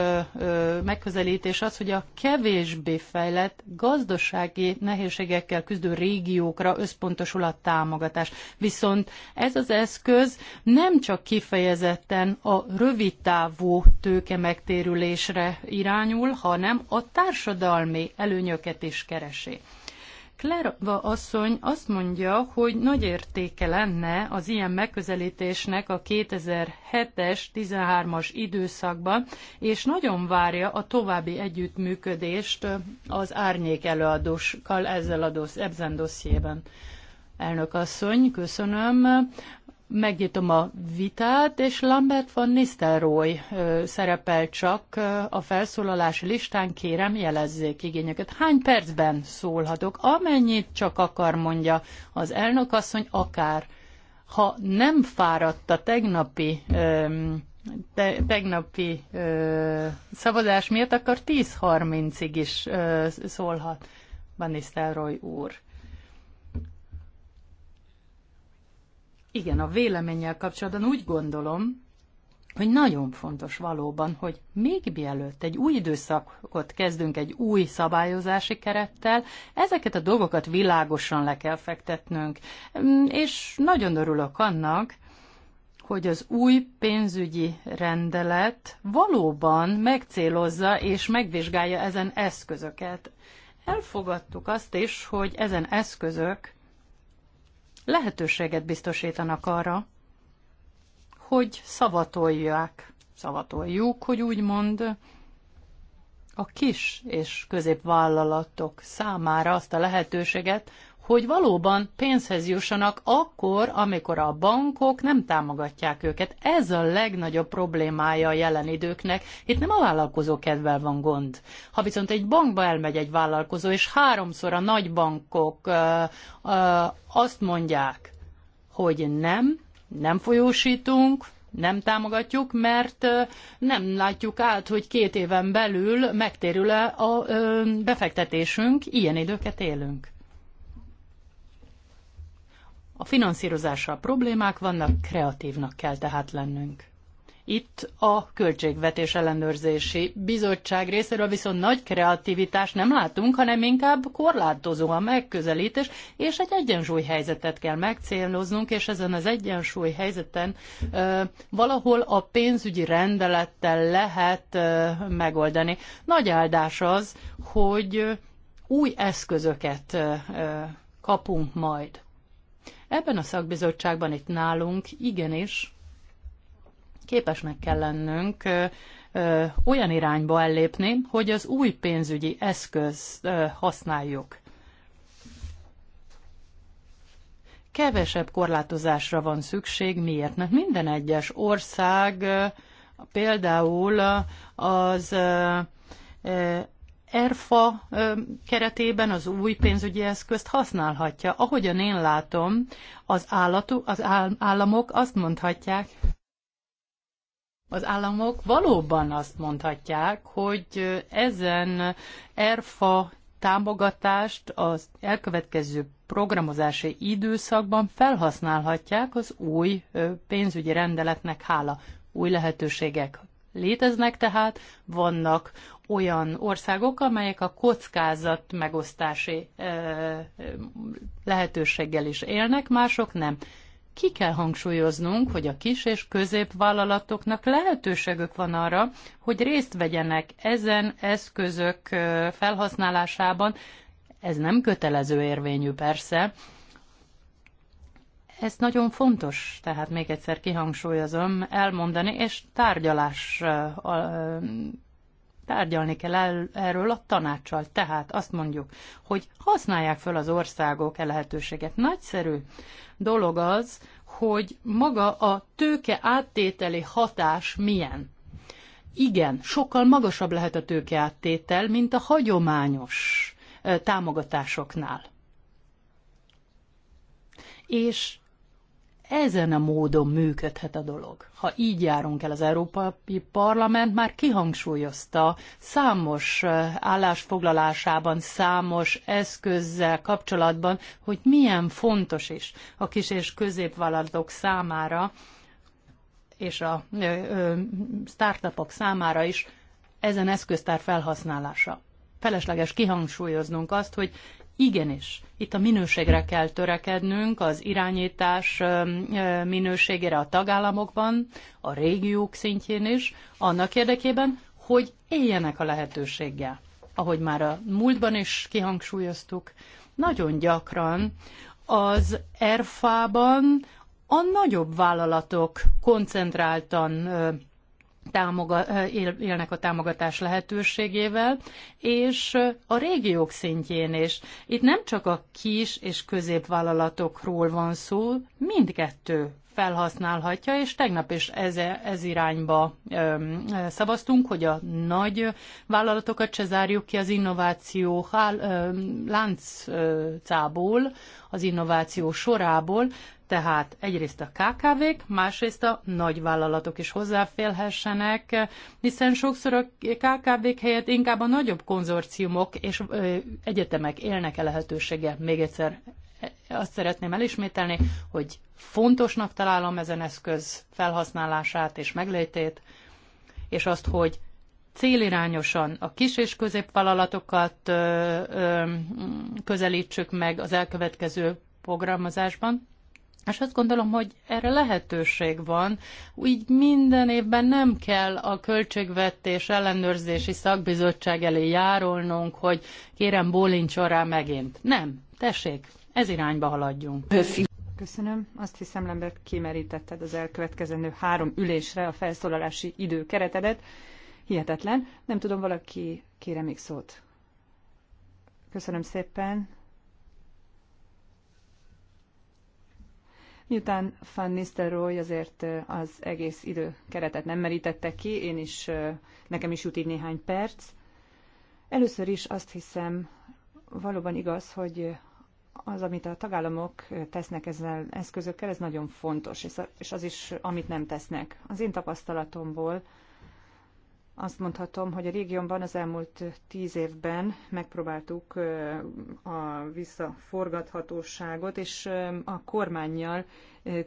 [SPEAKER 3] megközelítés az, hogy a kevésbé fejlett gazdasági nehézségekkel küzdő régiókra összpontosul a támogatás. Viszont ez az eszköz nem csak kifejezetten a rövidtávú tőke megtérülésre irányul, hanem a társadalmi előnyöket is keresi. Klerva asszony azt mondja, hogy nagy értéke lenne az ilyen megközelítésnek a 2007-es, 13-as időszakban, és nagyon várja a további együttműködést az árnyék előadóskal ezzel a dossz, ebben dossziében. Elnök asszony, köszönöm megnyitom a vitát, és Lambert van Nisztelrooy szerepel csak a felszólalás listán, kérem jelezzék igényeket. Hány percben szólhatok? Amennyit csak akar, mondja az elnök asszony, akár. Ha nem fáradt a tegnapi te, tegnapi szavazás miatt, akkor 10.30-ig is szólhat Van Nisztelrooy úr. Igen, a véleménnyel kapcsolatban úgy gondolom, hogy nagyon fontos valóban, hogy még mielőtt egy új időszakot kezdünk egy új szabályozási kerettel, ezeket a dolgokat világosan le kell fektetnünk. Mm, és nagyon örülök annak, hogy az új pénzügyi rendelet valóban megcélozza és megvizsgálja ezen eszközöket. Elfogadtuk azt is, hogy ezen eszközök lehetőséget biztosítanak arra, hogy szavatolják, szavatoljuk, hogy úgymond a kis és középvállalatok számára azt a lehetőséget, hogy valóban pénzhez jussanak akkor, amikor a bankok nem támogatják őket. Ez a legnagyobb problémája a jelen időknek. Itt nem a vállalkozó kedvel van gond. Ha viszont egy bankba elmegy egy vállalkozó, és háromszor a nagy bankok ö, ö, azt mondják, hogy nem, nem folyósítunk, nem támogatjuk, mert nem látjuk át, hogy két éven belül megtérül-e a befektetésünk, ilyen időket élünk. A finanszírozással problémák vannak, kreatívnak kell tehát lennünk. Itt a Költségvetés Ellenőrzési Bizottság részéről viszont nagy kreativitást nem látunk, hanem inkább korlátozó a megközelítés, és egy helyzetet kell megcéloznunk, és ezen az helyzeten ö, valahol a pénzügyi rendelettel lehet ö, megoldani. Nagy áldás az, hogy új eszközöket ö, kapunk majd Ebben a szakbizottságban itt nálunk igenis képesnek kell lennünk olyan irányba ellépni, hogy az új pénzügyi eszköz használjuk. Kevesebb korlátozásra van szükség, miért? Mert minden egyes ország például az ERFA keretében az új pénzügyi eszközt használhatja. Ahogyan én látom, az, állatú, az államok azt mondhatják, az államok valóban azt mondhatják, hogy ezen ERFA támogatást az elkövetkező programozási időszakban felhasználhatják az új pénzügyi rendeletnek hála. Új lehetőségek léteznek tehát, vannak olyan országok, amelyek a kockázat megosztási lehetőséggel is élnek, mások nem. Ki kell hangsúlyoznunk, hogy a kis és középvállalatoknak lehetőségük van arra, hogy részt vegyenek ezen eszközök felhasználásában. Ez nem kötelező érvényű persze, ez nagyon fontos, tehát még egyszer kihangsúlyozom, elmondani, és tárgyalás tárgyalni kell el, erről a tanácssal. Tehát azt mondjuk, hogy használják föl az országok e lehetőséget. Nagyszerű dolog az, hogy maga a tőke áttételi hatás milyen. Igen, sokkal magasabb lehet a tőke áttétel, mint a hagyományos támogatásoknál. És ezen a módon működhet a dolog. Ha így járunk el, az Európai Parlament már kihangsúlyozta számos állásfoglalásában, számos eszközzel kapcsolatban, hogy milyen fontos is a kis és középvállalatok számára, és a startupok számára is ezen eszköztár felhasználása. Felesleges kihangsúlyoznunk azt, hogy Igenis, itt a minőségre kell törekednünk, az irányítás minőségére a tagállamokban, a régiók szintjén is, annak érdekében, hogy éljenek a lehetőséggel. Ahogy már a múltban is kihangsúlyoztuk, nagyon gyakran az erfában a nagyobb vállalatok koncentráltan támoga, élnek a támogatás lehetőségével, és a régiók szintjén is. Itt nem csak a kis és középvállalatokról van szó, mindkettő felhasználhatja, és tegnap is ez, ez irányba ö, szavaztunk, hogy a nagy vállalatokat se zárjuk ki az innováció hál, ö, lánccából, az innováció sorából, tehát egyrészt a KKV-k, másrészt a nagy vállalatok is hozzáférhessenek, hiszen sokszor a KKV-k helyett inkább a nagyobb konzorciumok és ö, egyetemek élnek el lehetőséggel. Még egyszer azt szeretném elismételni, hogy fontosnak találom ezen eszköz felhasználását és meglétét, és azt, hogy célirányosan a kis és középvállalatokat ö, ö, közelítsük meg az elkövetkező programozásban, és azt gondolom, hogy erre lehetőség van. Úgy minden évben nem kell a költségvetés ellenőrzési szakbizottság elé járulnunk, hogy kérem bólincson rá megint. Nem,
[SPEAKER 1] tessék, ez irányba haladjunk. Köszönöm. Azt hiszem, Lembert, kimerítetted az elkövetkezendő három ülésre a felszólalási időkeretedet. Hihetetlen. Nem tudom, valaki kére még szót. Köszönöm szépen. Miután Van Nistelrooy azért az egész időkeretet nem merítette ki, én is, nekem is jut így néhány perc. Először is azt hiszem, valóban igaz, hogy az, amit a tagállamok tesznek ezzel eszközökkel, ez nagyon fontos, és az is, amit nem tesznek. Az én tapasztalatomból azt mondhatom, hogy a régiónban az elmúlt tíz évben megpróbáltuk a visszaforgathatóságot, és a kormányjal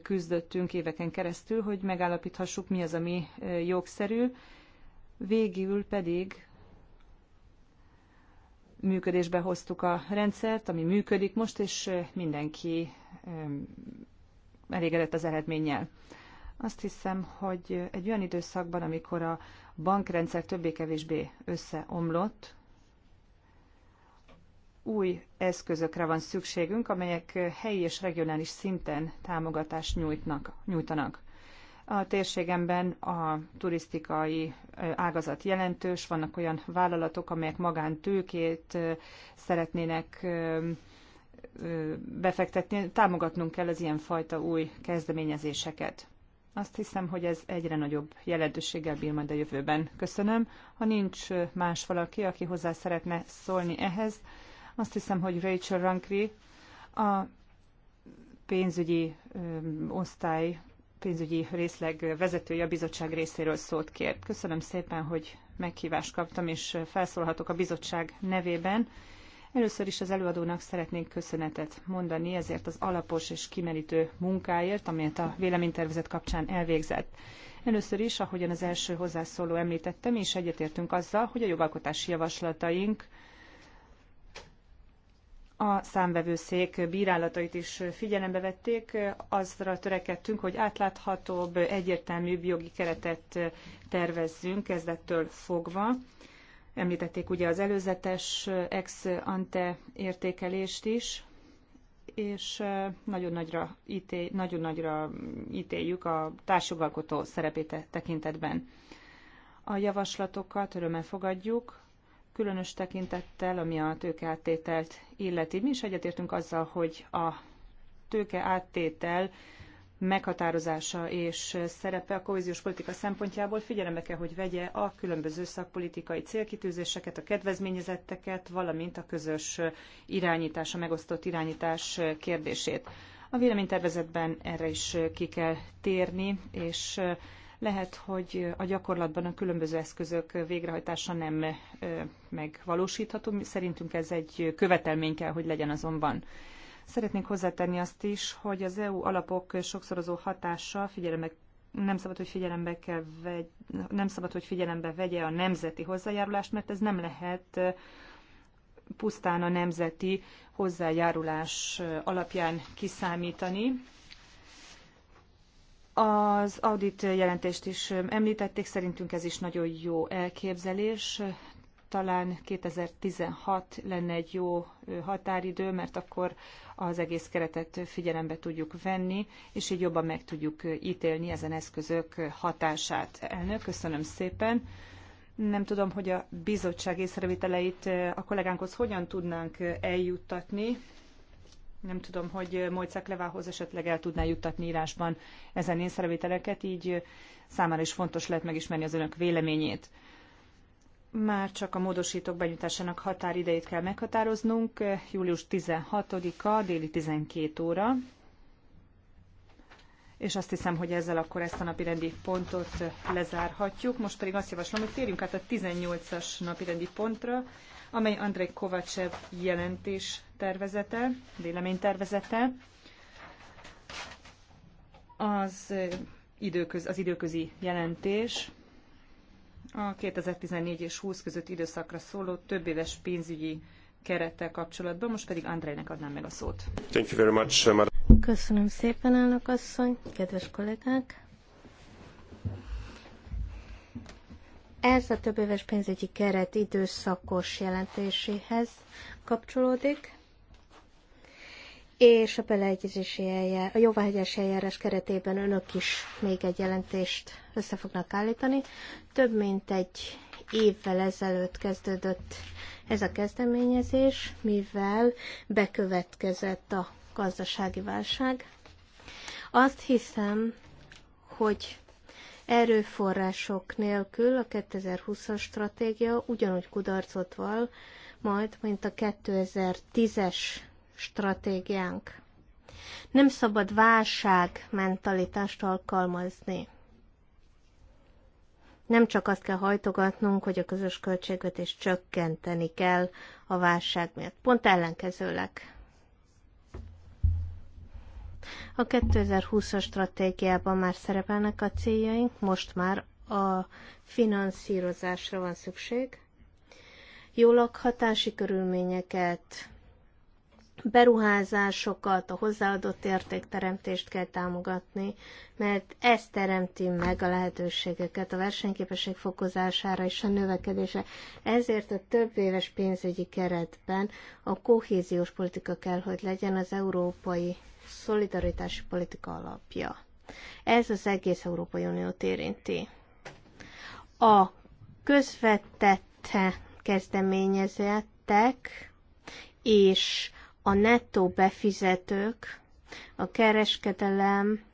[SPEAKER 1] küzdöttünk éveken keresztül, hogy megállapíthassuk, mi az, ami jogszerű, végül pedig működésbe hoztuk a rendszert, ami működik most, és mindenki elégedett az eredménnyel. Azt hiszem, hogy egy olyan időszakban, amikor a bankrendszer többé-kevésbé összeomlott, új eszközökre van szükségünk, amelyek helyi és regionális szinten támogatást nyújtnak, nyújtanak. A térségemben a turisztikai ágazat jelentős, vannak olyan vállalatok, amelyek magántőkét szeretnének befektetni, támogatnunk kell az fajta új kezdeményezéseket. Azt hiszem, hogy ez egyre nagyobb jelentőséggel bír majd a jövőben. Köszönöm. Ha nincs más valaki, aki hozzá szeretne szólni ehhez, azt hiszem, hogy Rachel Rankri a pénzügyi ö, osztály pénzügyi részleg vezetője a bizottság részéről szót kért. Köszönöm szépen, hogy meghívást kaptam, és felszólhatok a bizottság nevében. Először is az előadónak szeretnék köszönetet mondani ezért az alapos és kimerítő munkáért, amelyet a véleménytervezet kapcsán elvégzett. Először is, ahogyan az első hozzászóló említettem, és egyetértünk azzal, hogy a jogalkotási javaslataink a számvevőszék bírálatait is figyelembe vették, azra törekedtünk, hogy átláthatóbb, egyértelműbb jogi keretet tervezzünk kezdettől fogva. Említették ugye az előzetes ex ante értékelést is, és nagyon nagyra, ítél, nagyon nagyra ítéljük a társjogalkotó szerepét e tekintetben. A javaslatokat örömmel fogadjuk, különös tekintettel, ami a áttételt illeti. Mi is egyetértünk azzal, hogy a áttétel meghatározása és szerepe a kohéziós politika szempontjából figyelembe kell, hogy vegye a különböző szakpolitikai célkitűzéseket, a kedvezményezetteket, valamint a közös irányítás, a megosztott irányítás kérdését. A véleménytervezetben erre is ki kell térni, és lehet, hogy a gyakorlatban a különböző eszközök végrehajtása nem megvalósítható. Szerintünk ez egy követelmény kell, hogy legyen azonban. Szeretnénk hozzátenni azt is, hogy az EU alapok sokszorozó hatása figyelembe nem szabad, hogy figyelembe kell vegy, nem szabad, hogy figyelembe vegye a nemzeti hozzájárulást, mert ez nem lehet pusztán a nemzeti hozzájárulás alapján kiszámítani. Az audit jelentést is említették, szerintünk ez is nagyon jó elképzelés. Talán 2016 lenne egy jó határidő, mert akkor az egész keretet figyelembe tudjuk venni, és így jobban meg tudjuk ítélni ezen eszközök hatását. Elnök, köszönöm szépen. Nem tudom, hogy a bizottság észrevételeit a kollégánkhoz hogyan tudnánk eljuttatni, nem tudom, hogy Mojcek Levához esetleg el tudná juttatni írásban ezen észrevételeket, így számára is fontos lehet megismerni az önök véleményét. Már csak a módosítók benyújtásának határidejét kell meghatároznunk, július 16-a, déli 12 óra. És azt hiszem, hogy ezzel akkor ezt a napirendi pontot lezárhatjuk. Most pedig azt javaslom, hogy térjünk át a 18-as napirendi pontra, amely Andrej Kovacsev jelentés tervezete, véleménytervezete. Az, időköz, az időközi jelentés a 2014 és 20 között időszakra szóló több éves pénzügyi kerettel kapcsolatban. Most pedig Andrejnek adnám meg a szót.
[SPEAKER 3] Thank you very much,
[SPEAKER 2] Köszönöm szépen, elnök asszony, kedves kollégák! Ez a több éves pénzügyi keret időszakos jelentéséhez kapcsolódik, és a beleegyezési eljár, a jóváhagyási eljárás keretében önök is még egy jelentést össze fognak állítani. Több mint egy évvel ezelőtt kezdődött ez a kezdeményezés, mivel bekövetkezett a gazdasági válság. Azt hiszem, hogy erőforrások nélkül a 2020-as stratégia ugyanúgy kudarcot val, majd, mint a 2010-es stratégiánk. Nem szabad válság mentalitást alkalmazni. Nem csak azt kell hajtogatnunk, hogy a közös költségvetés csökkenteni kell a válság miatt. Pont ellenkezőleg a 2020-as stratégiában már szerepelnek a céljaink, most már a finanszírozásra van szükség. Jó lakhatási körülményeket, beruházásokat, a hozzáadott értékteremtést kell támogatni, mert ez teremti meg a lehetőségeket a versenyképesség fokozására és a növekedése. Ezért a több éves pénzügyi keretben a kohéziós politika kell, hogy legyen az európai szolidaritási politika alapja. Ez az egész Európai Uniót érinti. A közvetette kezdeményezettek és a nettó befizetők, a kereskedelem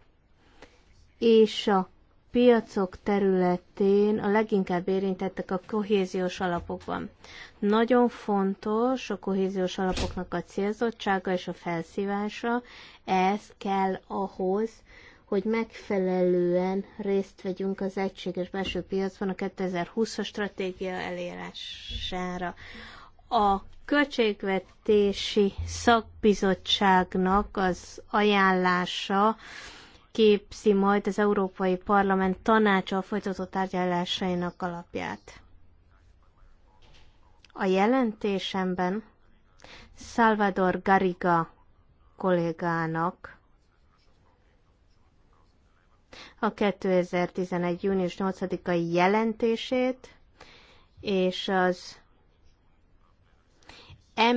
[SPEAKER 2] és a piacok területén a leginkább érintettek a kohéziós alapokban. Nagyon fontos a kohéziós alapoknak a célzottsága és a felszívása, ez kell ahhoz, hogy megfelelően részt vegyünk az egységes belső piacban a 2020-as stratégia elérására. A költségvetési szakbizottságnak az ajánlása képzi majd az Európai Parlament tanácsa folytatott tárgyalásainak alapját. A jelentésemben Salvador Garriga kollégának a 2011. június 8-ai jelentését és az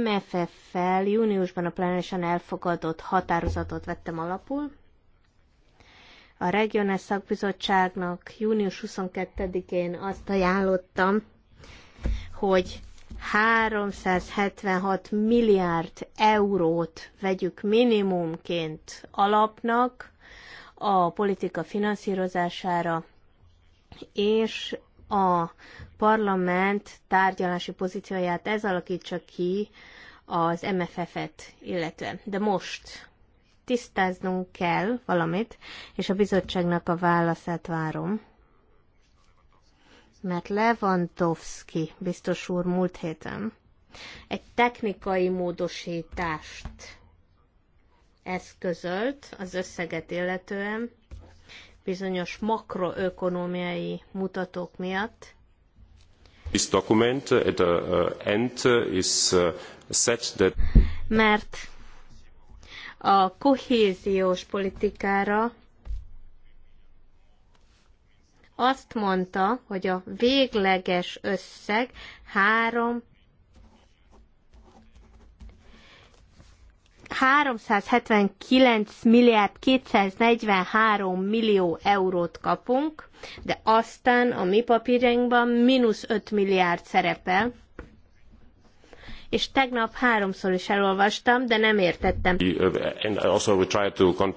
[SPEAKER 2] MFF-fel júniusban a plenárisan elfogadott határozatot vettem alapul, a regionális szakbizottságnak június 22-én azt ajánlottam, hogy 376 milliárd eurót vegyük minimumként alapnak a politika finanszírozására, és a parlament tárgyalási pozícióját ez alakítsa ki az MFF-et illetve. De most tisztáznunk kell valamit, és a bizottságnak a válaszát várom. Mert Lewandowski biztos úr múlt héten egy technikai módosítást eszközölt az összeget illetően bizonyos makroökonomiai mutatók miatt.
[SPEAKER 3] This document at the uh, end is uh, set that...
[SPEAKER 2] Mert a kohéziós politikára azt mondta, hogy a végleges összeg 3 379 milliárd 243 millió eurót kapunk, de aztán a mi papírjainkban mínusz 5 milliárd szerepel, és tegnap háromszor is elolvastam, de nem értettem.
[SPEAKER 3] Uh, um,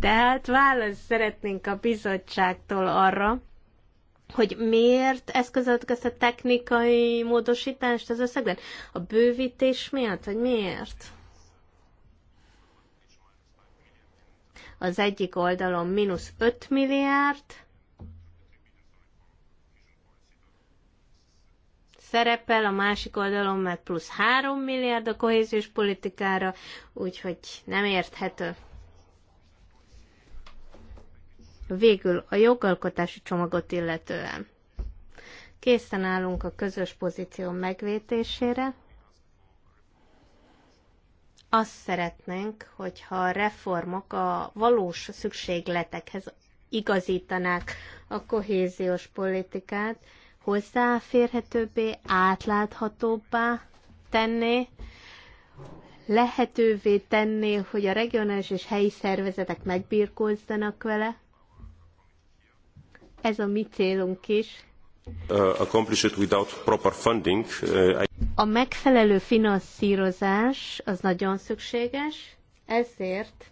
[SPEAKER 2] Tehát választ szeretnénk a bizottságtól arra, hogy miért eszközölt ezt a technikai módosítást az összegben? A bővítés miatt, vagy miért? Az egyik oldalon mínusz 5 milliárd, szerepel, a másik oldalon meg plusz 3 milliárd a kohéziós politikára, úgyhogy nem érthető. Végül a jogalkotási csomagot illetően. Készen állunk a közös pozíció megvétésére. Azt szeretnénk, hogyha a reformok a valós szükségletekhez igazítanák a kohéziós politikát, hozzáférhetőbbé, átláthatóbbá tenné, lehetővé tenné, hogy a regionális és helyi szervezetek megbírkozzanak vele. Ez a mi célunk is.
[SPEAKER 1] Uh, uh,
[SPEAKER 2] a megfelelő finanszírozás az nagyon szükséges, ezért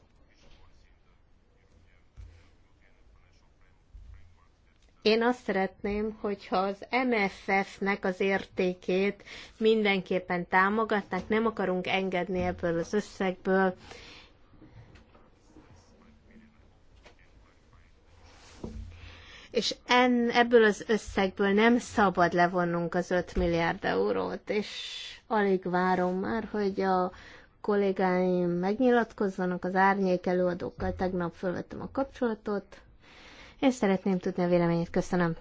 [SPEAKER 2] Én azt szeretném, hogyha az MFF-nek az értékét mindenképpen támogatnák, nem akarunk engedni ebből az összegből. És en, ebből az összegből nem szabad levonnunk az 5 milliárd eurót, és alig várom már, hogy a kollégáim megnyilatkozzanak, az árnyék előadókkal tegnap felvettem a kapcsolatot, én szeretném tudni a véleményét. Köszönöm.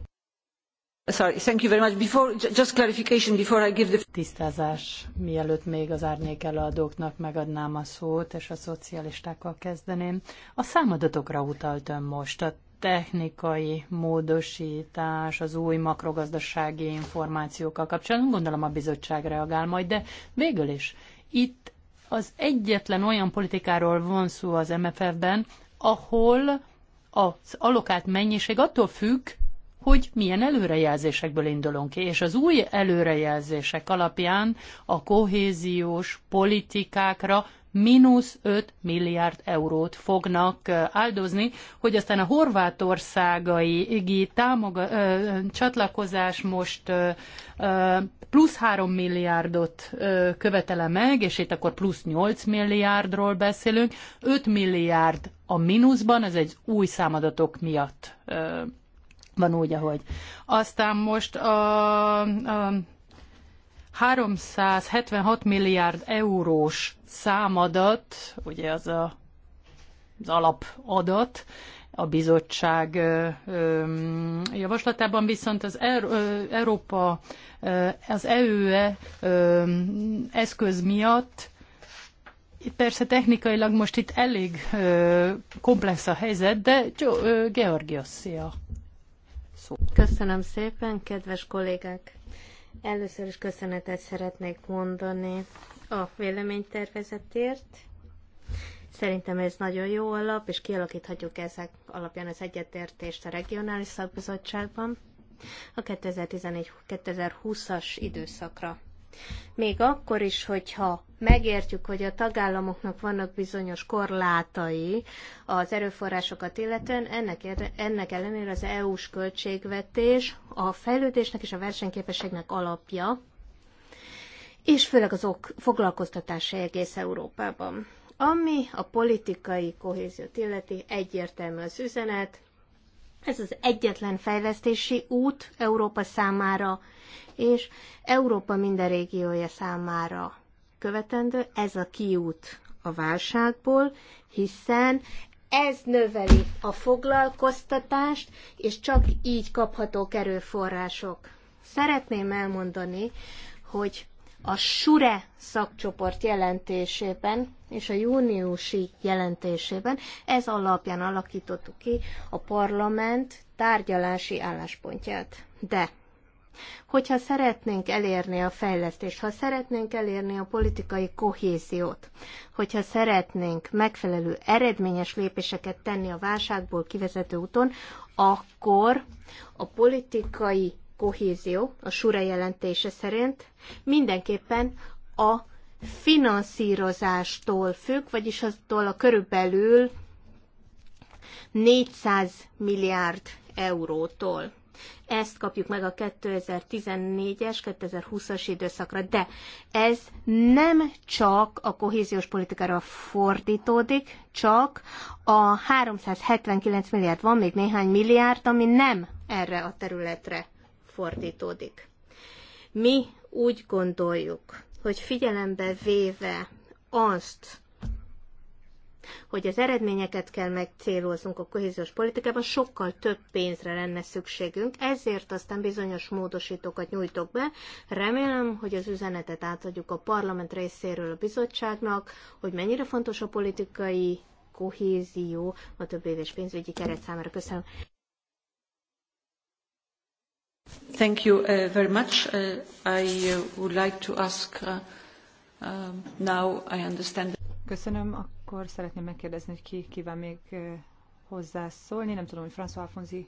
[SPEAKER 1] Sorry, thank you very much. Before, just clarification before I give the... Tisztázás,
[SPEAKER 3] mielőtt még az árnyék előadóknak megadnám a szót, és a szocialistákkal kezdeném. A számadatokra utaltam most. A technikai módosítás, az új makrogazdasági információkkal kapcsolatban. Gondolom a bizottság reagál majd, de végül is itt az egyetlen olyan politikáról van szó az MFF-ben, ahol az allokált mennyiség attól függ, hogy milyen előrejelzésekből indulunk ki, és az új előrejelzések alapján a kohéziós politikákra mínusz 5 milliárd eurót fognak áldozni, hogy aztán a horvátországai támoga, ö, csatlakozás most ö, ö, plusz 3 milliárdot ö, követele meg, és itt akkor plusz 8 milliárdról beszélünk, 5 milliárd a mínuszban, ez egy új számadatok miatt ö, van úgy, ahogy. Aztán most a, a 376 milliárd eurós számadat, ugye az a, az alapadat, a bizottság javaslatában, viszont az Európa, az eu e, ö, eszköz miatt Persze technikailag most itt elég
[SPEAKER 2] komplex a helyzet, de Georgios, szia! szó. Köszönöm szépen, kedves kollégák! Először is köszönetet szeretnék mondani a véleménytervezetért. Szerintem ez nagyon jó alap, és kialakíthatjuk ezek alapján az egyetértést a regionális szakbizottságban a 2014-2020-as időszakra. Még akkor is, hogyha megértjük, hogy a tagállamoknak vannak bizonyos korlátai az erőforrásokat illetően, ennek, ennek ellenére az EU-s költségvetés a fejlődésnek és a versenyképességnek alapja, és főleg az ok foglalkoztatása egész Európában. Ami a politikai kohéziót illeti, egyértelmű az üzenet, ez az egyetlen fejlesztési út Európa számára, és Európa minden régiója számára követendő. Ez a kiút a válságból, hiszen ez növeli a foglalkoztatást, és csak így kaphatók erőforrások. Szeretném elmondani, hogy a SURE szakcsoport jelentésében és a júniusi jelentésében ez alapján alakítottuk ki a parlament tárgyalási álláspontját. De hogyha szeretnénk elérni a fejlesztést, ha szeretnénk elérni a politikai kohéziót, hogyha szeretnénk megfelelő eredményes lépéseket tenni a válságból kivezető úton, akkor a politikai kohézió a Sura jelentése szerint mindenképpen a finanszírozástól függ, vagyis attól a körülbelül 400 milliárd eurótól. Ezt kapjuk meg a 2014-es, 2020-as időszakra, de ez nem csak a kohéziós politikára fordítódik, csak a 379 milliárd, van még néhány milliárd, ami nem erre a területre fordítódik. Mi úgy gondoljuk, hogy figyelembe véve azt, hogy az eredményeket kell megcéloznunk a kohéziós politikában, sokkal több pénzre lenne szükségünk, ezért aztán bizonyos módosítókat nyújtok be. Remélem, hogy az üzenetet átadjuk a parlament részéről a bizottságnak, hogy mennyire fontos a politikai kohézió a több éves pénzügyi keret számára. Köszönöm. Thank you uh, very much. Uh, I uh, would like to ask uh,
[SPEAKER 1] um, now I understand. Köszönöm. Akkor szeretném megkérdezni, hogy ki kíván még uh, hozzászólni. Nem tudom, hogy François Alfonzi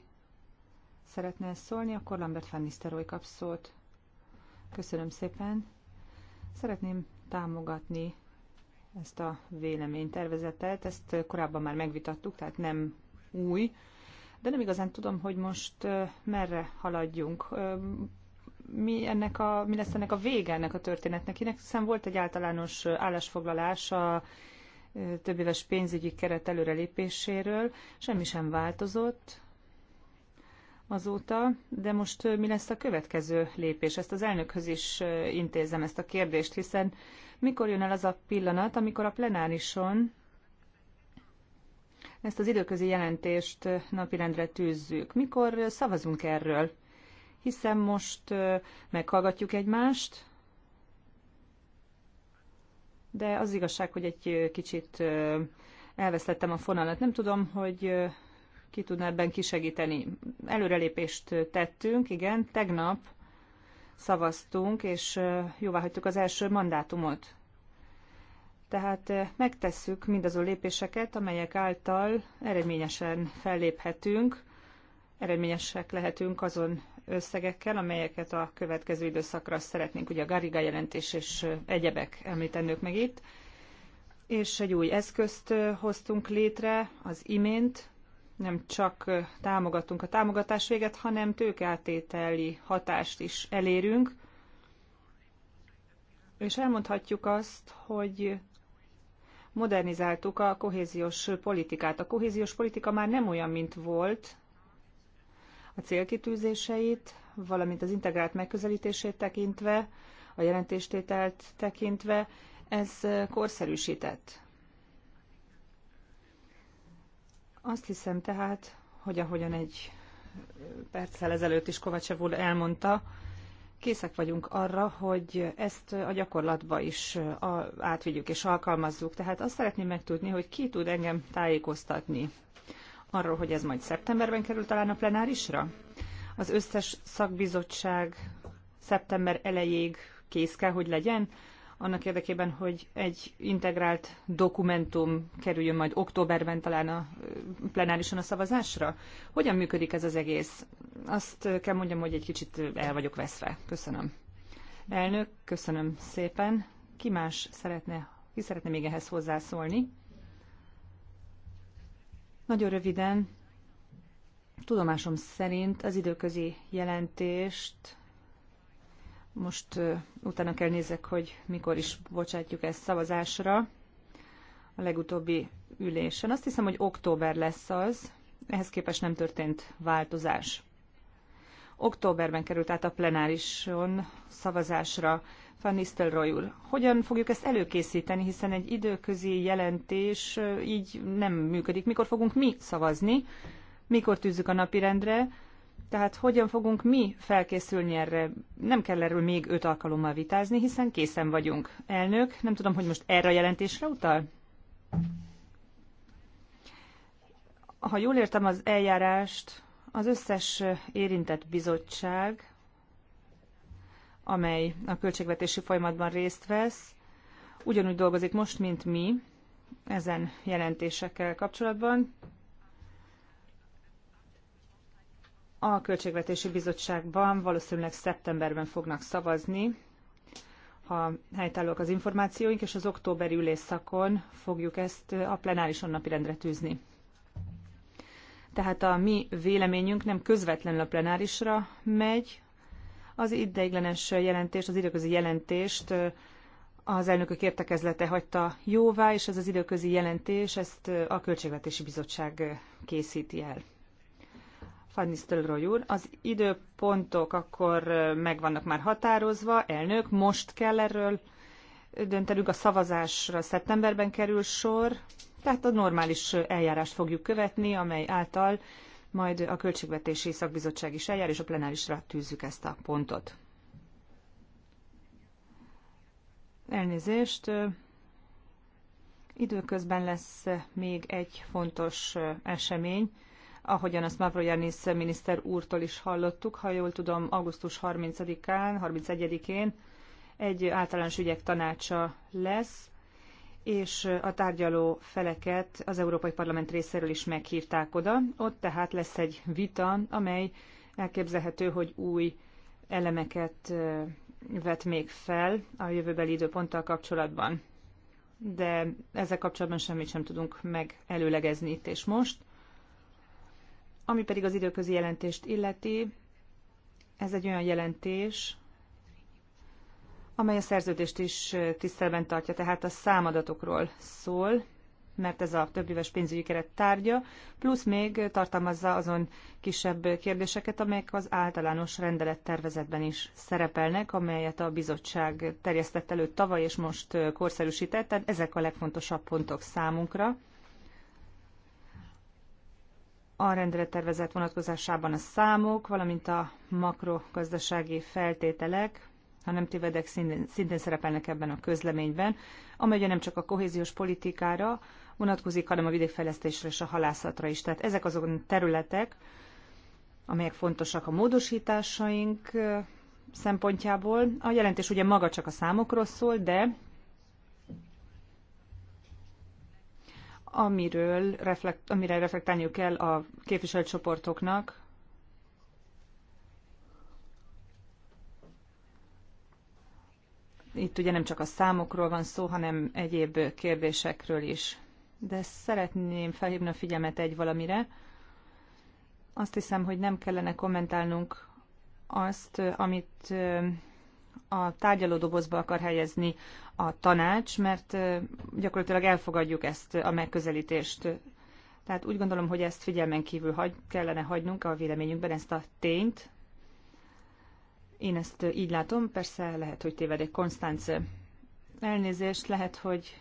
[SPEAKER 1] szeretne szólni, akkor Lambert van Nistelrooy kap szót. Köszönöm szépen. Szeretném támogatni ezt a véleménytervezetet. Ezt korábban már megvitattuk, tehát nem új de nem igazán tudom, hogy most merre haladjunk. Mi, ennek a, mi lesz ennek a vége ennek a történetnek? Én hiszen volt egy általános állásfoglalás a több éves pénzügyi keret előrelépéséről, semmi sem változott azóta, de most mi lesz a következő lépés? Ezt az elnökhöz is intézem ezt a kérdést, hiszen mikor jön el az a pillanat, amikor a plenárison ezt az időközi jelentést napirendre tűzzük. Mikor szavazunk erről? Hiszen most meghallgatjuk egymást, de az igazság, hogy egy kicsit elvesztettem a fonalat. Nem tudom, hogy ki tudná ebben kisegíteni. Előrelépést tettünk, igen, tegnap szavaztunk, és jóváhagytuk az első mandátumot. Tehát eh, megtesszük mindazon lépéseket, amelyek által eredményesen felléphetünk, eredményesek lehetünk azon összegekkel, amelyeket a következő időszakra szeretnénk, ugye a Gariga jelentés és eh, egyebek említenők meg itt, és egy új eszközt eh, hoztunk létre az imént, nem csak támogatunk a támogatás véget, hanem tőkeátételi hatást is elérünk, és elmondhatjuk azt, hogy modernizáltuk a kohéziós politikát. A kohéziós politika már nem olyan, mint volt, a célkitűzéseit, valamint az integrált megközelítését tekintve, a jelentéstételt tekintve, ez korszerűsített. Azt hiszem tehát, hogy ahogyan egy perccel ezelőtt is Kovacsev úr elmondta, készek vagyunk arra, hogy ezt a gyakorlatba is átvigyük és alkalmazzuk. Tehát azt szeretném megtudni, hogy ki tud engem tájékoztatni arról, hogy ez majd szeptemberben kerül talán a plenárisra? Az összes szakbizottság szeptember elejéig kész kell, hogy legyen, annak érdekében, hogy egy integrált dokumentum kerüljön majd októberben talán a plenárison a szavazásra? Hogyan működik ez az egész? Azt kell mondjam, hogy egy kicsit el vagyok veszve. Köszönöm. Elnök, köszönöm szépen. Ki más szeretne, ki szeretne még ehhez hozzászólni? Nagyon röviden, tudomásom szerint az időközi jelentést most utána kell nézek, hogy mikor is bocsátjuk ezt szavazásra. A legutóbbi ülésen. Azt hiszem, hogy október lesz az. Ehhez képest nem történt változás. Októberben került át a plenárison szavazásra Van Nistelrooy úr. Hogyan fogjuk ezt előkészíteni, hiszen egy időközi jelentés így nem működik. Mikor fogunk mi szavazni, mikor tűzzük a napirendre, tehát hogyan fogunk mi felkészülni erre? Nem kell erről még öt alkalommal vitázni, hiszen készen vagyunk. Elnök, nem tudom, hogy most erre a jelentésre utal? Ha jól értem az eljárást, az összes érintett bizottság, amely a költségvetési folyamatban részt vesz, ugyanúgy dolgozik most, mint mi ezen jelentésekkel kapcsolatban, A Költségvetési Bizottságban valószínűleg szeptemberben fognak szavazni, ha helytállóak az információink, és az októberi ülésszakon fogjuk ezt a plenárison napirendre tűzni. Tehát a mi véleményünk nem közvetlenül a plenárisra megy, az ideiglenes jelentést, az időközi jelentést az elnökök értekezlete hagyta jóvá, és ez az időközi jelentés, ezt a Költségvetési Bizottság készíti el. Van Nistelrooy úr, az időpontok akkor meg vannak már határozva, elnök, most kell erről döntenünk, a szavazásra szeptemberben kerül sor, tehát a normális eljárást fogjuk követni, amely által majd a Költségvetési Szakbizottság is eljár, és a plenárisra tűzzük ezt a pontot. Elnézést, időközben lesz még egy fontos esemény, ahogyan azt Mavroyanis miniszter úrtól is hallottuk, ha jól tudom, augusztus 30-án, 31-én egy általános ügyek tanácsa lesz, és a tárgyaló feleket az Európai Parlament részéről is meghívták oda. Ott tehát lesz egy vita, amely elképzelhető, hogy új elemeket vet még fel a jövőbeli időponttal kapcsolatban. De ezzel kapcsolatban semmit sem tudunk megelőlegezni itt és most. Ami pedig az időközi jelentést illeti, ez egy olyan jelentés, amely a szerződést is tisztelben tartja, tehát a számadatokról szól, mert ez a többéves pénzügyi keret tárgya, plusz még tartalmazza azon kisebb kérdéseket, amelyek az általános rendelettervezetben is szerepelnek, amelyet a bizottság terjesztett elő tavaly és most korszerűsített, tehát ezek a legfontosabb pontok számunkra a rendelettervezet vonatkozásában a számok, valamint a makrogazdasági feltételek, ha nem tévedek, szintén, szintén szerepelnek ebben a közleményben, amely nem csak a kohéziós politikára vonatkozik, hanem a vidékfejlesztésre és a halászatra is. Tehát ezek azok a területek, amelyek fontosak a módosításaink szempontjából. A jelentés ugye maga csak a számokról szól, de amiről reflekt, amire reflektálniuk kell a képviselt csoportoknak, Itt ugye nem csak a számokról van szó, hanem egyéb kérdésekről is. De szeretném felhívni a figyelmet egy valamire. Azt hiszem, hogy nem kellene kommentálnunk azt, amit a tárgyalódobozba akar helyezni a tanács, mert gyakorlatilag elfogadjuk ezt a megközelítést. Tehát úgy gondolom, hogy ezt figyelmen kívül hagy, kellene hagynunk a véleményünkben ezt a tényt. Én ezt így látom, persze lehet, hogy tévedek. Konstance, elnézést, lehet, hogy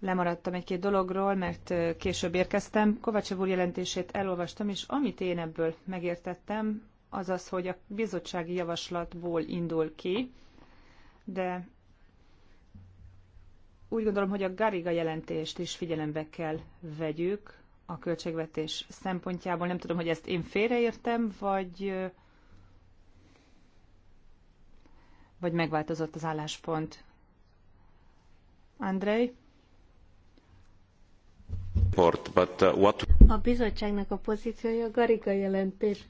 [SPEAKER 1] lemaradtam egy-két dologról, mert később érkeztem. Kovacsev úr jelentését elolvastam, és amit én ebből megértettem, azaz hogy a bizottsági javaslatból indul ki, de úgy gondolom, hogy a Gariga jelentést is figyelembe kell vegyük a költségvetés szempontjából. Nem tudom, hogy ezt én félreértem, vagy, vagy megváltozott az álláspont.
[SPEAKER 2] Andrei?
[SPEAKER 3] Uh,
[SPEAKER 2] a bizottságnak a pozíciója a Gariga jelentés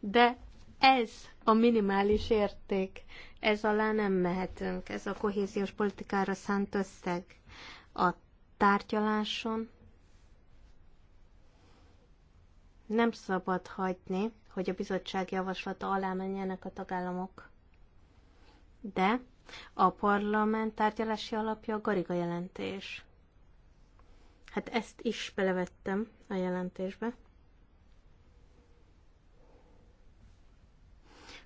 [SPEAKER 2] de ez a minimális érték. Ez alá nem mehetünk. Ez a kohéziós politikára szánt összeg. A tárgyaláson nem szabad hagyni, hogy a bizottság javaslata alá menjenek a tagállamok. De a parlament tárgyalási alapja a Gariga jelentés. Hát ezt is belevettem a jelentésbe.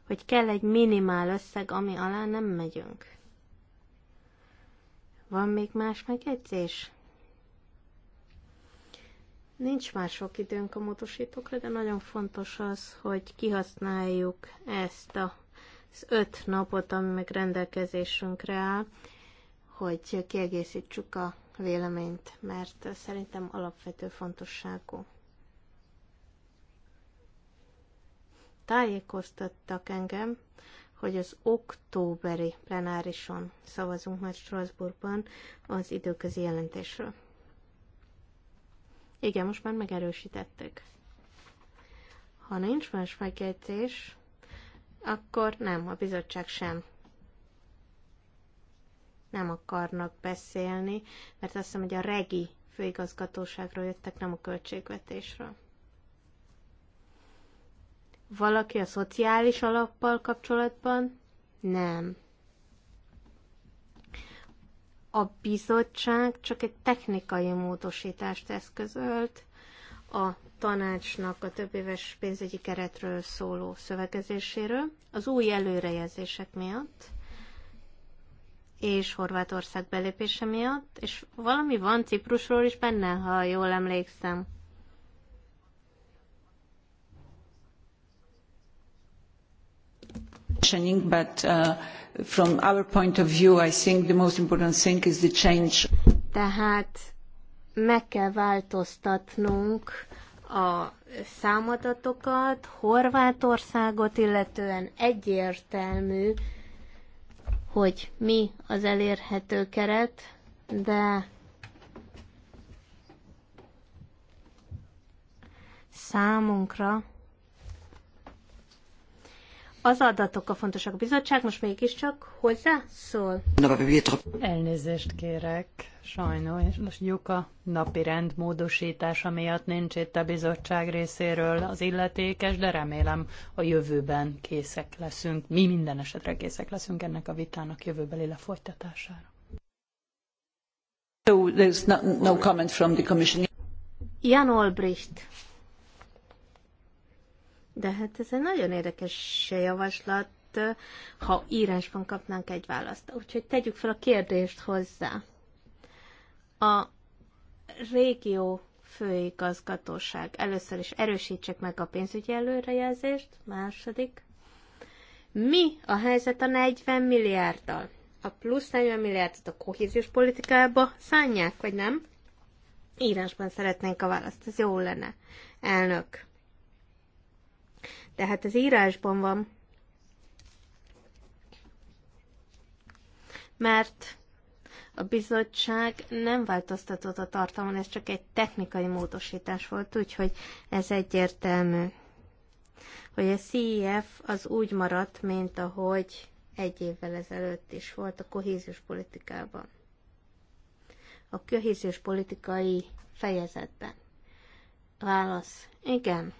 [SPEAKER 2] hogy kell egy minimál összeg, ami alá nem megyünk. Van még más megjegyzés? Nincs már sok időnk a módosítókra, de nagyon fontos az, hogy kihasználjuk ezt a, az öt napot, ami meg rendelkezésünkre áll, hogy kiegészítsük a véleményt, mert szerintem alapvető fontosságú. tájékoztattak engem, hogy az októberi plenárison szavazunk majd Strasbourgban az időközi jelentésről. Igen, most már megerősítették. Ha nincs más megjegyzés, akkor nem, a bizottság sem. Nem akarnak beszélni, mert azt hiszem, hogy a regi főigazgatóságról jöttek, nem a költségvetésről valaki a szociális alappal kapcsolatban? Nem. A bizottság csak egy technikai módosítást eszközölt a tanácsnak a több éves pénzügyi keretről szóló szövegezéséről az új előrejelzések miatt és Horvátország belépése miatt, és valami van Ciprusról is benne, ha jól emlékszem.
[SPEAKER 1] But uh, from our point of view, I think the most important thing is the change.
[SPEAKER 2] Tehát meg kell változtatnunk a számadatokat, Horvátországot illetően egyértelmű, hogy mi az elérhető keret, de számunkra az adatok a fontosak. A bizottság most mégiscsak szól.
[SPEAKER 3] Elnézést kérek, sajnos. Most a napi rend módosítása miatt nincs itt a bizottság részéről az illetékes, de remélem a jövőben készek leszünk. Mi minden esetre készek leszünk ennek a vitának jövőbeli lefolytatására.
[SPEAKER 1] So there's no, no comment from the commission.
[SPEAKER 2] Jan Olbricht. De hát ez egy nagyon érdekes javaslat, ha írásban kapnánk egy választ. Úgyhogy tegyük fel a kérdést hozzá. A régió főigazgatóság. Először is erősítsek meg a pénzügyi előrejelzést. Második. Mi a helyzet a 40 milliárddal? A plusz 40 milliárdot a kohéziós politikába szánják, vagy nem? Írásban szeretnénk a választ, ez jó lenne. Elnök. Tehát az írásban van. Mert a bizottság nem változtatott a tartalmon, ez csak egy technikai módosítás volt, úgyhogy ez egyértelmű. Hogy a CIF e az úgy maradt, mint ahogy egy évvel ezelőtt is volt a kohéziós politikában. A kohéziós politikai fejezetben. Válasz. Igen.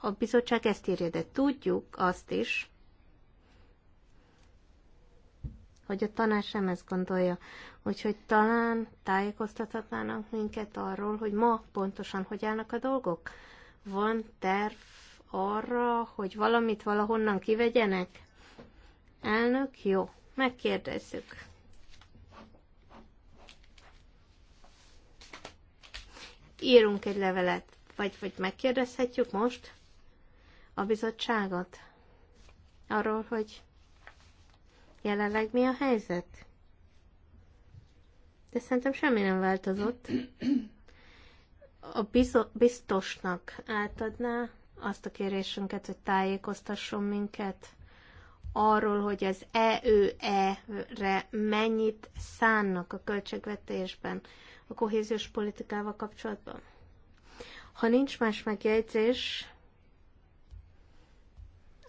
[SPEAKER 2] A bizottság ezt írja, de tudjuk azt is, hogy a tanács nem ezt gondolja. Úgyhogy talán tájékoztathatnának minket arról, hogy ma pontosan hogy állnak a dolgok? Van terv arra, hogy valamit valahonnan kivegyenek? Elnök, jó, megkérdezzük. Írunk egy levelet, vagy, vagy megkérdezhetjük most? a bizottságot arról, hogy jelenleg mi a helyzet. De szerintem semmi nem változott. A biztosnak átadná azt a kérésünket, hogy tájékoztasson minket arról, hogy az EÖE-re mennyit szánnak a költségvetésben a kohéziós politikával kapcsolatban. Ha nincs más megjegyzés,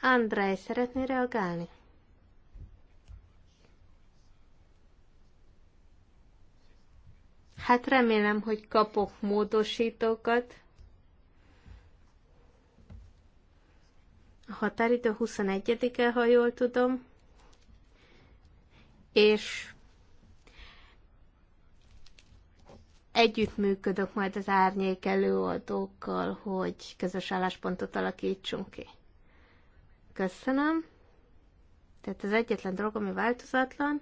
[SPEAKER 2] Andrei, szeretné reagálni? Hát remélem, hogy kapok módosítókat. A határidő 21-e, ha jól tudom. És együttműködök majd az árnyék előadókkal, hogy közös álláspontot alakítsunk ki. Köszönöm. Tehát az egyetlen dolog, ami változatlan,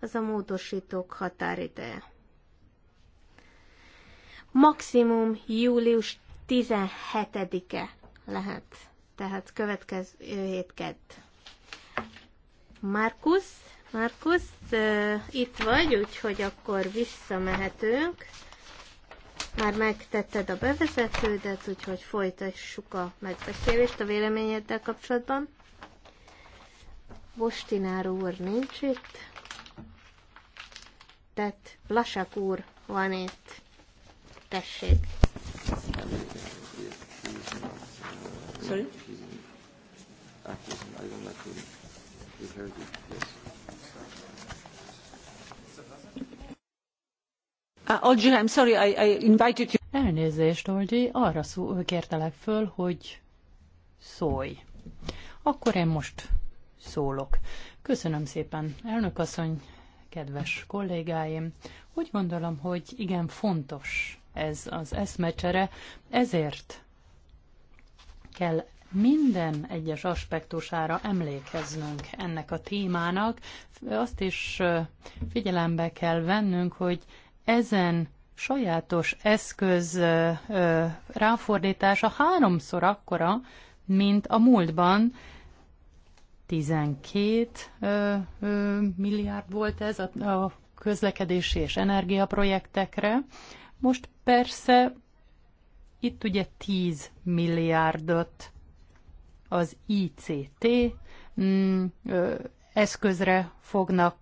[SPEAKER 2] az a módosítók határideje. Maximum július 17-e lehet, tehát következő hét kett. Markus, Markus, itt vagy, úgyhogy akkor visszamehetünk. Már megtetted a bevezetődet, úgyhogy folytassuk a megbeszélést a véleményeddel kapcsolatban. Bostinár úr nincs itt, tehát Lasak úr van itt. Tessék. Sorry?
[SPEAKER 3] Uh, I'm sorry, I, I invited you. Elnézést, Olgyi, arra szó, kértelek föl, hogy szólj. Akkor én most szólok. Köszönöm szépen, elnök asszony, kedves kollégáim. Úgy gondolom, hogy igen fontos ez az eszmecsere, ezért kell minden egyes aspektusára emlékeznünk ennek a témának. Azt is figyelembe kell vennünk, hogy ezen sajátos eszköz ráfordítása háromszor akkora, mint a múltban. 12 milliárd volt ez a közlekedési és energiaprojektekre. Most persze itt ugye 10 milliárdot az ICT mm, eszközre fognak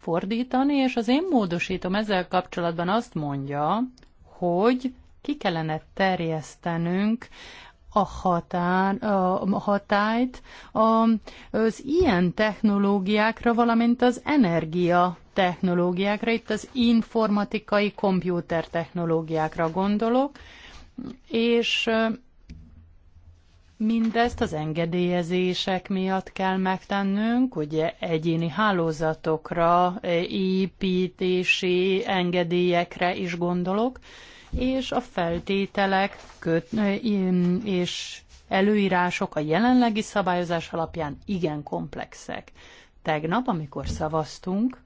[SPEAKER 3] fordítani, és az én módosítom ezzel kapcsolatban azt mondja, hogy ki kellene terjesztenünk a, határ, a hatályt az ilyen technológiákra, valamint az energia technológiákra, itt az informatikai kompjúter technológiákra gondolok, és Mindezt az engedélyezések miatt kell megtennünk, ugye egyéni hálózatokra, e, építési engedélyekre is gondolok, és a feltételek köt, e, és előírások a jelenlegi szabályozás alapján igen komplexek. Tegnap, amikor szavaztunk,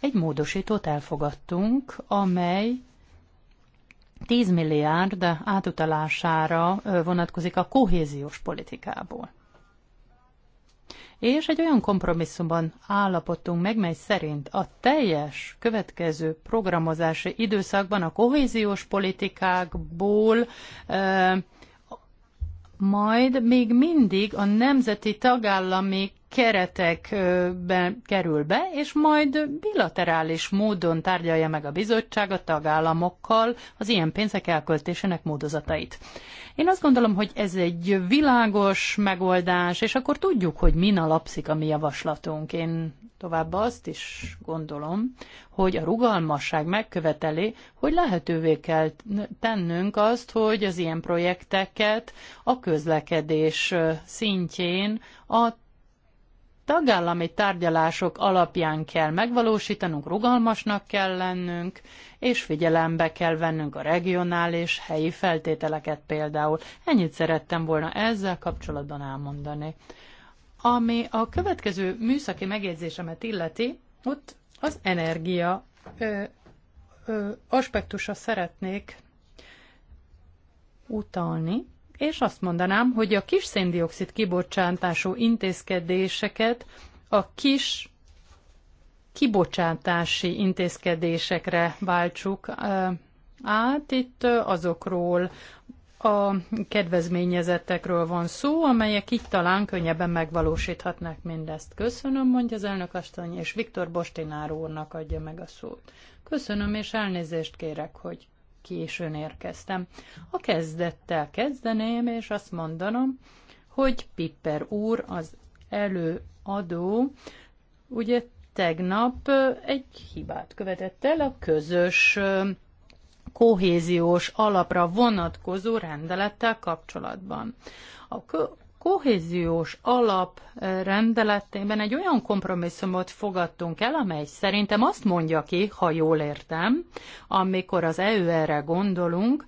[SPEAKER 3] egy módosítót elfogadtunk, amely 10 milliárd átutalására vonatkozik a kohéziós politikából. És egy olyan kompromisszumban állapodtunk meg, mely szerint a teljes következő programozási időszakban a kohéziós politikákból e, majd még mindig a nemzeti tagállami keretekbe kerül be, és majd bilaterális módon tárgyalja meg a bizottság a tagállamokkal az ilyen pénzek elköltésének módozatait. Én azt gondolom, hogy ez egy világos megoldás, és akkor tudjuk, hogy min alapszik a mi javaslatunk. Én továbbá azt is gondolom, hogy a rugalmasság megköveteli, hogy lehetővé kell tennünk azt, hogy az ilyen projekteket a közlekedés szintjén a tagállami tárgyalások alapján kell megvalósítanunk, rugalmasnak kell lennünk, és figyelembe kell vennünk a regionális, helyi feltételeket például. Ennyit szerettem volna ezzel kapcsolatban elmondani. Ami a következő műszaki megjegyzésemet illeti, ott az energia ö, ö, aspektusa szeretnék utalni, és azt mondanám, hogy a kis széndiokszid kibocsátású intézkedéseket a kis kibocsátási intézkedésekre váltsuk át. Itt azokról a kedvezményezettekről van szó, amelyek így talán könnyebben megvalósíthatnák mindezt. Köszönöm, mondja az elnök asszony, és Viktor Bostinár úrnak adja meg a szót. Köszönöm, és elnézést kérek, hogy későn érkeztem. A kezdettel kezdeném, és azt mondanom, hogy Pipper úr, az előadó, ugye tegnap egy hibát követett el a közös kohéziós alapra vonatkozó rendelettel kapcsolatban. A kohéziós alap rendeletében egy olyan kompromisszumot fogadtunk el, amely szerintem azt mondja ki, ha jól értem, amikor az EU erre gondolunk,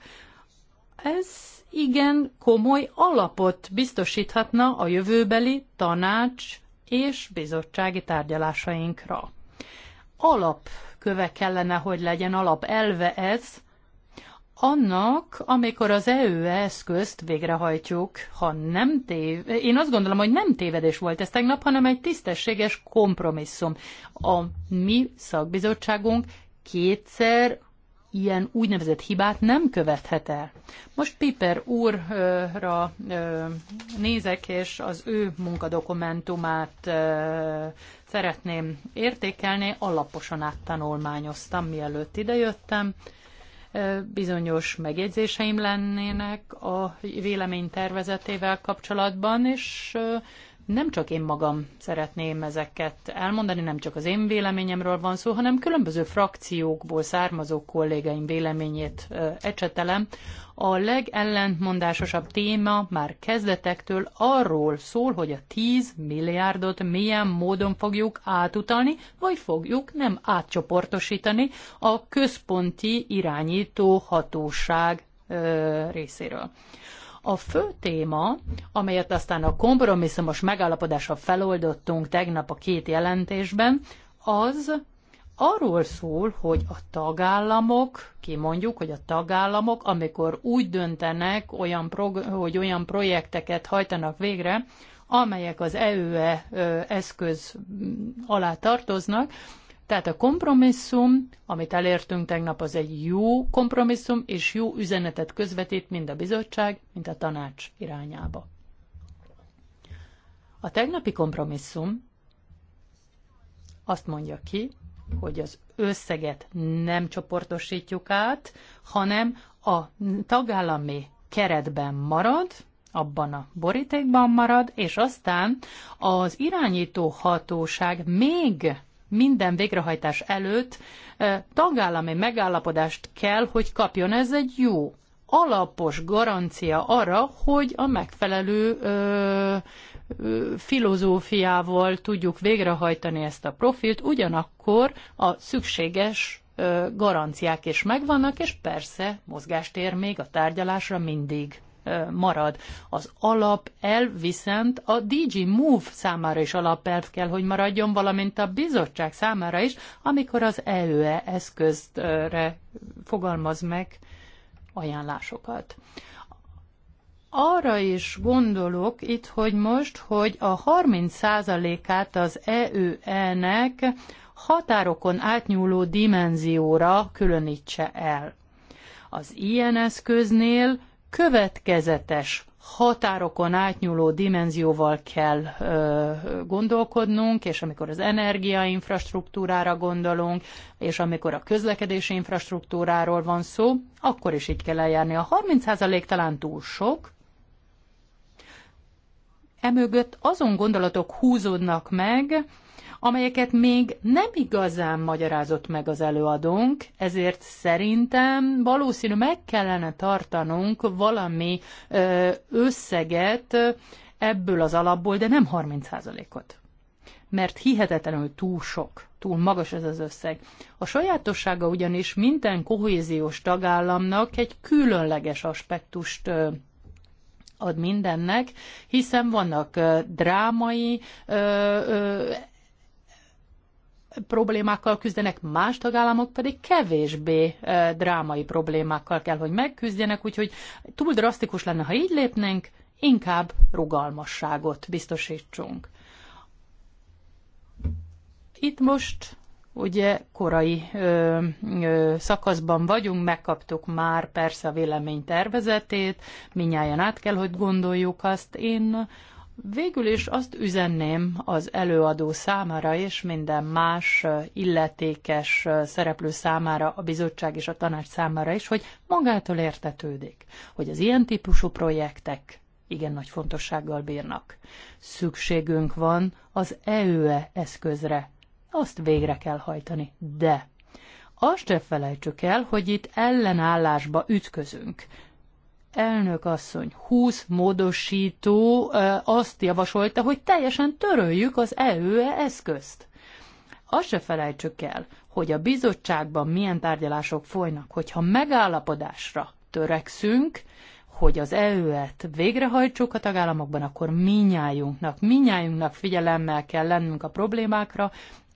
[SPEAKER 3] ez igen komoly alapot biztosíthatna a jövőbeli tanács és bizottsági tárgyalásainkra. Alapköve kellene, hogy legyen alapelve ez, annak, amikor az EU eszközt végrehajtjuk, ha nem tév... Én azt gondolom, hogy nem tévedés volt ez tegnap, hanem egy tisztességes kompromisszum. A mi szakbizottságunk kétszer ilyen úgynevezett hibát nem követhet el. Most Piper úrra nézek, és az ő munkadokumentumát szeretném értékelni. Alaposan áttanulmányoztam, mielőtt idejöttem bizonyos megjegyzéseim lennének a vélemény tervezetével kapcsolatban, és nem csak én magam szeretném ezeket elmondani, nem csak az én véleményemről van szó, hanem különböző frakciókból származó kollégáim véleményét ecsetelem. A legellentmondásosabb téma már kezdetektől arról szól, hogy a 10 milliárdot milyen módon fogjuk átutalni, vagy fogjuk nem átcsoportosítani a központi irányító hatóság részéről. A fő téma, amelyet aztán a kompromisszumos megállapodásra feloldottunk tegnap a két jelentésben, az arról szól, hogy a tagállamok, kimondjuk, hogy a tagállamok, amikor úgy döntenek, olyan hogy olyan projekteket hajtanak végre, amelyek az EUE e, eszköz alá tartoznak, tehát a kompromisszum, amit elértünk tegnap, az egy jó kompromisszum, és jó üzenetet közvetít mind a bizottság, mind a tanács irányába. A tegnapi kompromisszum azt mondja ki, hogy az összeget nem csoportosítjuk át, hanem a tagállami keretben marad, abban a borítékban marad, és aztán az irányító hatóság még minden végrehajtás előtt tagállami megállapodást kell, hogy kapjon. Ez egy jó alapos garancia arra, hogy a megfelelő ö, ö, filozófiával tudjuk végrehajtani ezt a profilt, ugyanakkor a szükséges ö, garanciák is megvannak, és persze mozgástér még a tárgyalásra mindig marad. Az alapelv viszont a DG Move számára is alapelv kell, hogy maradjon, valamint a bizottság számára is, amikor az EUE e eszközre fogalmaz meg ajánlásokat arra is gondolok itt, hogy most, hogy a 30%-át az EÜE-nek határokon átnyúló dimenzióra különítse el. Az ilyen eszköznél következetes határokon átnyúló dimenzióval kell ö, gondolkodnunk, és amikor az energiainfrastruktúrára gondolunk, és amikor a közlekedési infrastruktúráról van szó, akkor is így kell eljárni. A 30% talán túl sok, Emögött azon gondolatok húzódnak meg, amelyeket még nem igazán magyarázott meg az előadónk, ezért szerintem valószínű meg kellene tartanunk valami összeget ebből az alapból, de nem 30%-ot. Mert hihetetlenül túl sok, túl magas ez az összeg. A sajátossága ugyanis minden kohéziós tagállamnak egy különleges aspektust ad mindennek, hiszen vannak drámai problémákkal küzdenek, más tagállamok pedig kevésbé drámai problémákkal kell, hogy megküzdjenek, úgyhogy túl drasztikus lenne, ha így lépnénk, inkább rugalmasságot biztosítsunk. Itt most ugye korai ö, ö, szakaszban vagyunk, megkaptuk már persze a vélemény tervezetét, minnyáján át kell, hogy gondoljuk azt. Én Végül is azt üzenném az előadó számára és minden más illetékes szereplő számára, a bizottság és a tanács számára is, hogy magától értetődik, hogy az ilyen típusú projektek igen nagy fontossággal bírnak. Szükségünk van az EUE e eszközre. Azt végre kell hajtani, de azt se felejtsük el, hogy itt ellenállásba ütközünk. Elnök asszony, 20 módosító azt javasolta, hogy teljesen töröljük az EUE e eszközt. Azt se felejtsük el, hogy a bizottságban milyen tárgyalások folynak, hogyha megállapodásra törekszünk, hogy az EU-et végrehajtsuk a tagállamokban, akkor minnyájunknak, minnyájunknak figyelemmel kell lennünk a problémákra,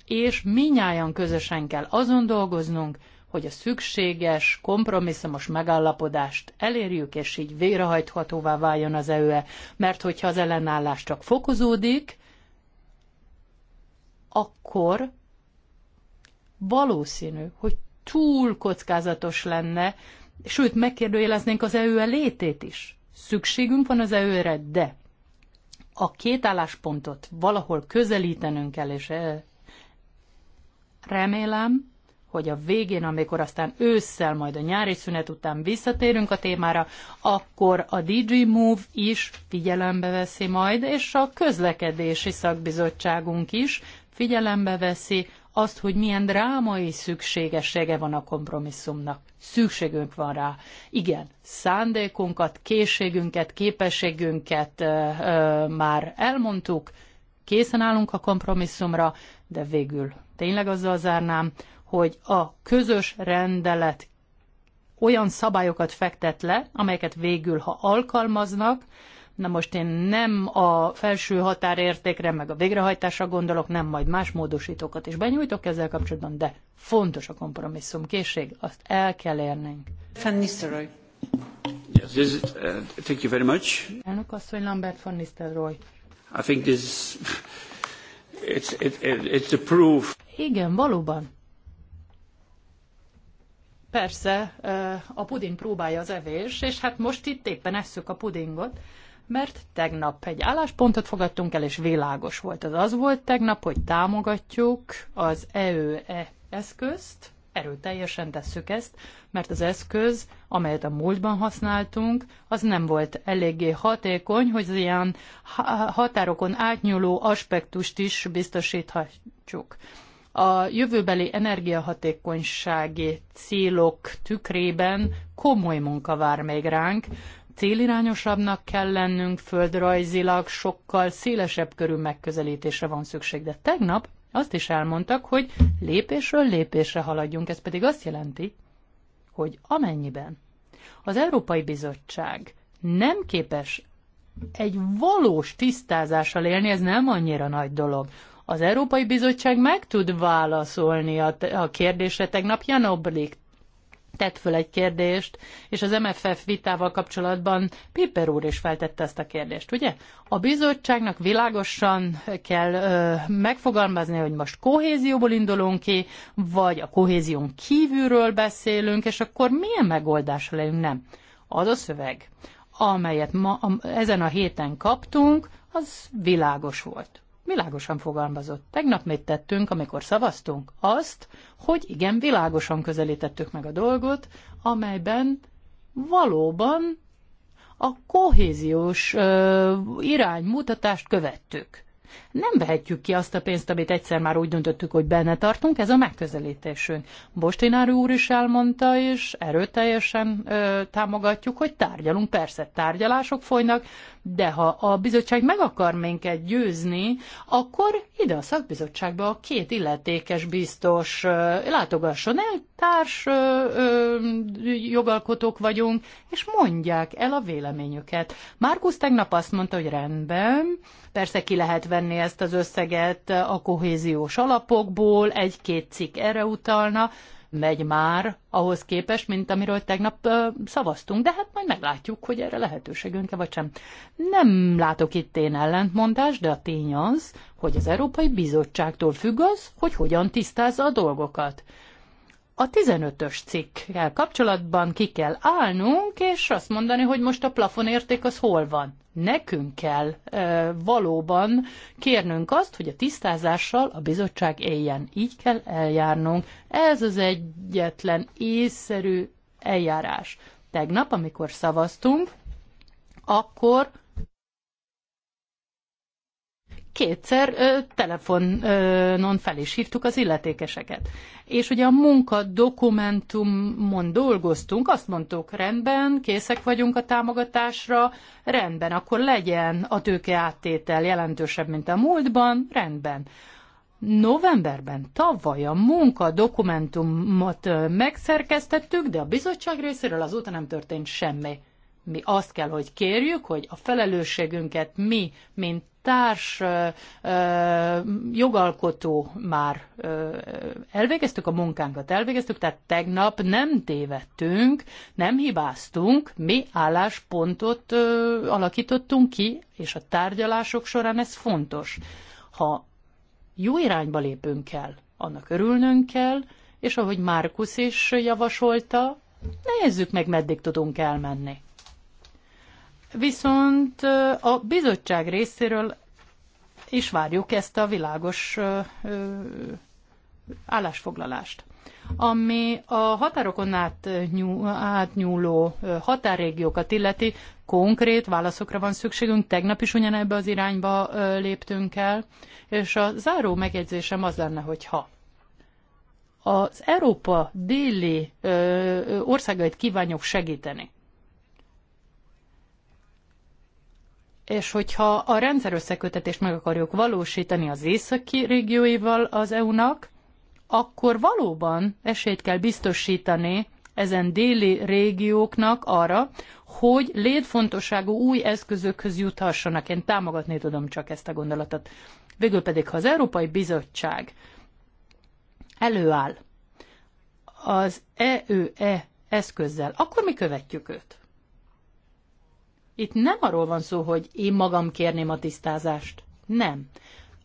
[SPEAKER 3] és minnyájan közösen kell azon dolgoznunk, hogy a szükséges, kompromisszumos megállapodást elérjük, és így végrehajthatóvá váljon az EUE, e. Mert hogyha az ellenállás csak fokozódik, akkor valószínű, hogy túl kockázatos lenne, sőt, megkérdőjeleznénk az EU-e e létét is. Szükségünk van az EU-re, de a két álláspontot valahol közelítenünk kell, és remélem, hogy a végén, amikor aztán ősszel, majd a nyári szünet után visszatérünk a témára, akkor a DG Move is figyelembe veszi majd, és a közlekedési szakbizottságunk is figyelembe veszi azt, hogy milyen drámai szükségessége van a kompromisszumnak. Szükségünk van rá. Igen, szándékunkat, készségünket, képességünket ö, ö, már elmondtuk, készen állunk a kompromisszumra, de végül tényleg azzal zárnám, hogy a közös rendelet olyan szabályokat fektet le, amelyeket végül, ha alkalmaznak, na most én nem a felső határértékre, meg a végrehajtásra gondolok, nem majd más módosítókat is benyújtok ezzel kapcsolatban, de fontos a kompromisszum készség, azt el kell érnünk. Van Nistelrooy.
[SPEAKER 1] Yes, this is, uh, thank you very much.
[SPEAKER 3] Elnök asszony Lambert van Nistelrooy.
[SPEAKER 1] I think this is,
[SPEAKER 2] it's, it, it, it's the proof.
[SPEAKER 3] Igen, valóban persze a puding próbálja az evés, és hát most itt éppen esszük a pudingot, mert tegnap egy álláspontot fogadtunk el, és világos volt. Az az volt tegnap, hogy támogatjuk az EÖE e eszközt, erőteljesen tesszük ezt, mert az eszköz, amelyet a múltban használtunk, az nem volt eléggé hatékony, hogy az ilyen határokon átnyúló aspektust is biztosíthatjuk a jövőbeli energiahatékonysági célok tükrében komoly munka vár még ránk, célirányosabbnak kell lennünk, földrajzilag sokkal szélesebb körű megközelítésre van szükség. De tegnap azt is elmondtak, hogy lépésről lépésre haladjunk, ez pedig azt jelenti, hogy amennyiben az Európai Bizottság nem képes egy valós tisztázással élni, ez nem annyira nagy dolog. Az Európai Bizottság meg tud válaszolni a, a kérdésre. Tegnap Oblik tett föl egy kérdést, és az MFF vitával kapcsolatban Piper úr is feltette ezt a kérdést, ugye? A bizottságnak világosan kell ö, megfogalmazni, hogy most kohézióból indulunk ki, vagy a kohézión kívülről beszélünk, és akkor milyen megoldás legyünk, nem? Az a szöveg, amelyet ma, a, ezen a héten kaptunk, az világos volt világosan fogalmazott. Tegnap mit tettünk, amikor szavaztunk? Azt, hogy igen, világosan közelítettük meg a dolgot, amelyben valóban a kohéziós uh, iránymutatást követtük nem vehetjük ki azt a pénzt, amit egyszer már úgy döntöttük, hogy benne tartunk, ez a megközelítésünk. Bostinári úr is elmondta, és erőteljesen ö, támogatjuk, hogy tárgyalunk, persze tárgyalások folynak, de ha a bizottság meg akar minket győzni, akkor ide a szakbizottságba a két illetékes biztos ö, látogasson el, társ ö, ö, jogalkotók vagyunk, és mondják el a véleményüket. Márkusz tegnap azt mondta, hogy rendben, persze ki lehet venni ezt az összeget a kohéziós alapokból, egy-két cikk erre utalna, megy már ahhoz képest, mint amiről tegnap ö, szavaztunk, de hát majd meglátjuk, hogy erre lehetőségünk-e vagy sem. Nem látok itt én ellentmondást, de a tény az, hogy az Európai Bizottságtól függ az, hogy hogyan tisztázza a dolgokat a 15-ös cikkkel kapcsolatban ki kell állnunk, és azt mondani, hogy most a plafonérték az hol van. Nekünk kell e, valóban kérnünk azt, hogy a tisztázással a bizottság éljen. Így kell eljárnunk. Ez az egyetlen észszerű eljárás. Tegnap, amikor szavaztunk, akkor kétszer ö, telefonon fel is hívtuk az illetékeseket. És ugye a munka dokumentumon dolgoztunk, azt mondtuk, rendben, készek vagyunk a támogatásra, rendben, akkor legyen a tőke áttétel jelentősebb, mint a múltban, rendben. Novemberben tavaly a munka dokumentumot megszerkesztettük, de a bizottság részéről azóta nem történt semmi mi azt kell, hogy kérjük, hogy a felelősségünket mi, mint társ ö, ö, jogalkotó már ö, elvégeztük a munkánkat, elvégeztük, tehát tegnap nem tévedtünk, nem hibáztunk, mi álláspontot ö, alakítottunk ki, és a tárgyalások során ez fontos. Ha jó irányba lépünk el, annak örülnünk kell, és ahogy Márkusz is javasolta, nézzük meg, meddig tudunk elmenni Viszont a bizottság részéről is várjuk ezt a világos állásfoglalást ami a határokon átnyúló határrégiókat illeti, konkrét válaszokra van szükségünk. Tegnap is ugyanebbe az irányba léptünk el, és a záró megjegyzésem az lenne, hogy ha az Európa déli országait kívánjuk segíteni, és hogyha a rendszer összekötetést meg akarjuk valósítani az északi régióival az EU-nak, akkor valóban esélyt kell biztosítani ezen déli régióknak arra, hogy létfontosságú új eszközökhöz juthassanak. Én támogatni tudom csak ezt a gondolatot. Végül pedig, ha az Európai Bizottság előáll az EÖE e eszközzel, akkor mi követjük őt. Itt nem arról van szó, hogy én magam kérném a tisztázást. Nem.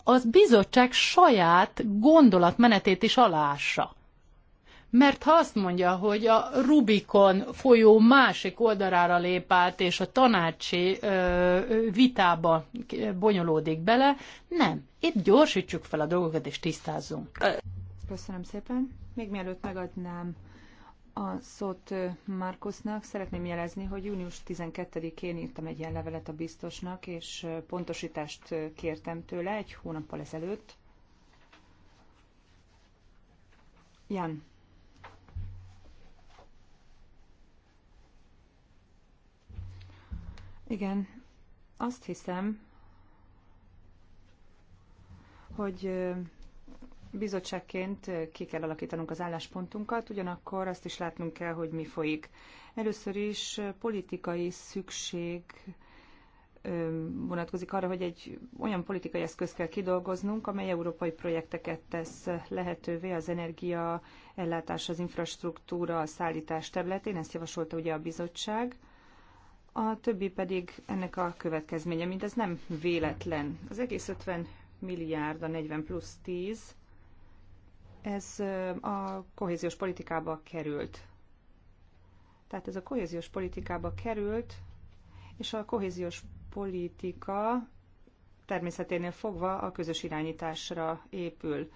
[SPEAKER 3] Az bizottság saját gondolatmenetét is aláássa. Mert ha azt mondja, hogy a Rubikon folyó másik oldalára lép át, és a tanácsi ö, vitába bonyolódik bele, nem. Itt gyorsítsuk fel a dolgokat, és tisztázzunk.
[SPEAKER 1] Köszönöm szépen. Még mielőtt megadnám a szót Markusnak. Szeretném jelezni, hogy június 12-én írtam egy ilyen levelet a biztosnak, és pontosítást kértem tőle egy hónappal ezelőtt. Jan. Igen, azt hiszem, hogy bizottságként eh, ki kell alakítanunk az álláspontunkat, ugyanakkor azt is látnunk kell, hogy mi folyik. Először is eh, politikai szükség eh, vonatkozik arra, hogy egy olyan politikai eszköz kell kidolgoznunk, amely európai projekteket tesz lehetővé az energia ellátás, az infrastruktúra, a szállítás területén. Ezt javasolta ugye a bizottság. A többi pedig ennek a következménye, mindez nem véletlen. Az egész 50 milliárd, a 40 plusz 10 ez a kohéziós politikába került. Tehát ez a kohéziós politikába került, és a kohéziós politika természeténél fogva a közös irányításra épül.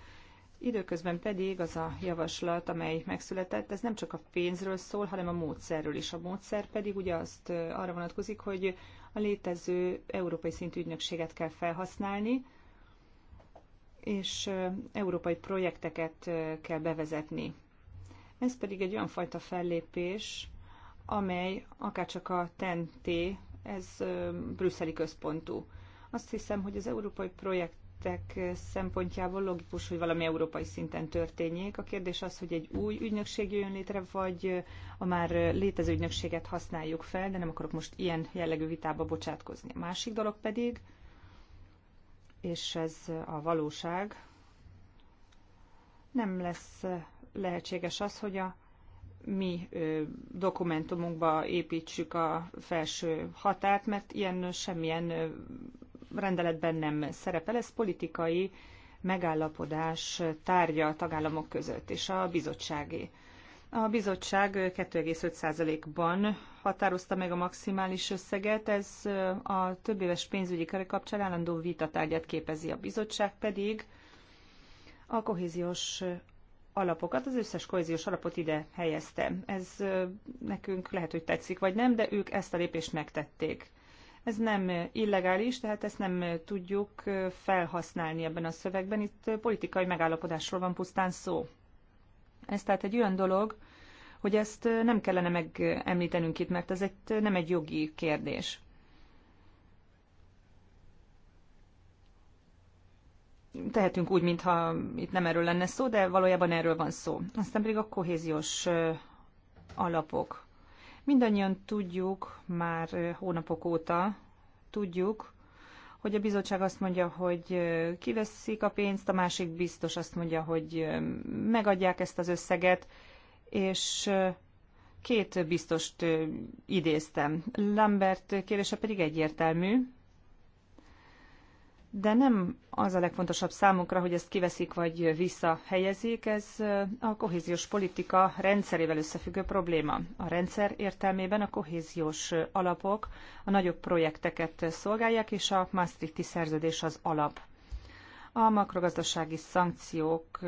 [SPEAKER 1] Időközben pedig az a javaslat, amely megszületett, ez nem csak a pénzről szól, hanem a módszerről is. A módszer pedig ugye azt arra vonatkozik, hogy a létező európai szintű ügynökséget kell felhasználni, és európai projekteket kell bevezetni. Ez pedig egy olyan fajta fellépés, amely akárcsak a TNT, ez brüsszeli központú. Azt hiszem, hogy az európai projektek szempontjából logikus, hogy valami európai szinten történjék. A kérdés az, hogy egy új ügynökség jön létre, vagy a már létező ügynökséget használjuk fel, de nem akarok most ilyen jellegű vitába bocsátkozni. A másik dolog pedig, és ez a valóság, nem lesz lehetséges az, hogy a mi dokumentumunkba építsük a felső határt, mert ilyen semmilyen rendeletben nem szerepel. Ez politikai megállapodás tárgya a tagállamok között és a bizottságé. A bizottság 2,5%-ban határozta meg a maximális összeget, ez a több éves pénzügyi kerek kapcsán állandó vitatárgyát képezi a bizottság, pedig a kohéziós alapokat, az összes kohéziós alapot ide helyezte. Ez nekünk lehet, hogy tetszik, vagy nem, de ők ezt a lépést megtették. Ez nem illegális, tehát ezt nem tudjuk felhasználni ebben a szövegben. Itt politikai megállapodásról van pusztán szó. Ez tehát egy olyan dolog, hogy ezt nem kellene megemlítenünk itt, mert ez egy, nem egy jogi kérdés. Tehetünk úgy, mintha itt nem erről lenne szó, de valójában erről van szó. Aztán pedig a kohéziós alapok. Mindannyian tudjuk már hónapok óta, tudjuk, hogy a bizottság azt mondja, hogy kiveszik a pénzt, a másik biztos azt mondja, hogy megadják ezt az összeget, és két biztost idéztem. Lambert kérése pedig egyértelmű, de nem az a legfontosabb számunkra, hogy ezt kiveszik vagy visszahelyezik, ez a kohéziós politika rendszerével összefüggő probléma. A rendszer értelmében a kohéziós alapok a nagyobb projekteket szolgálják, és a Maastrichti szerződés az alap. A makrogazdasági szankciók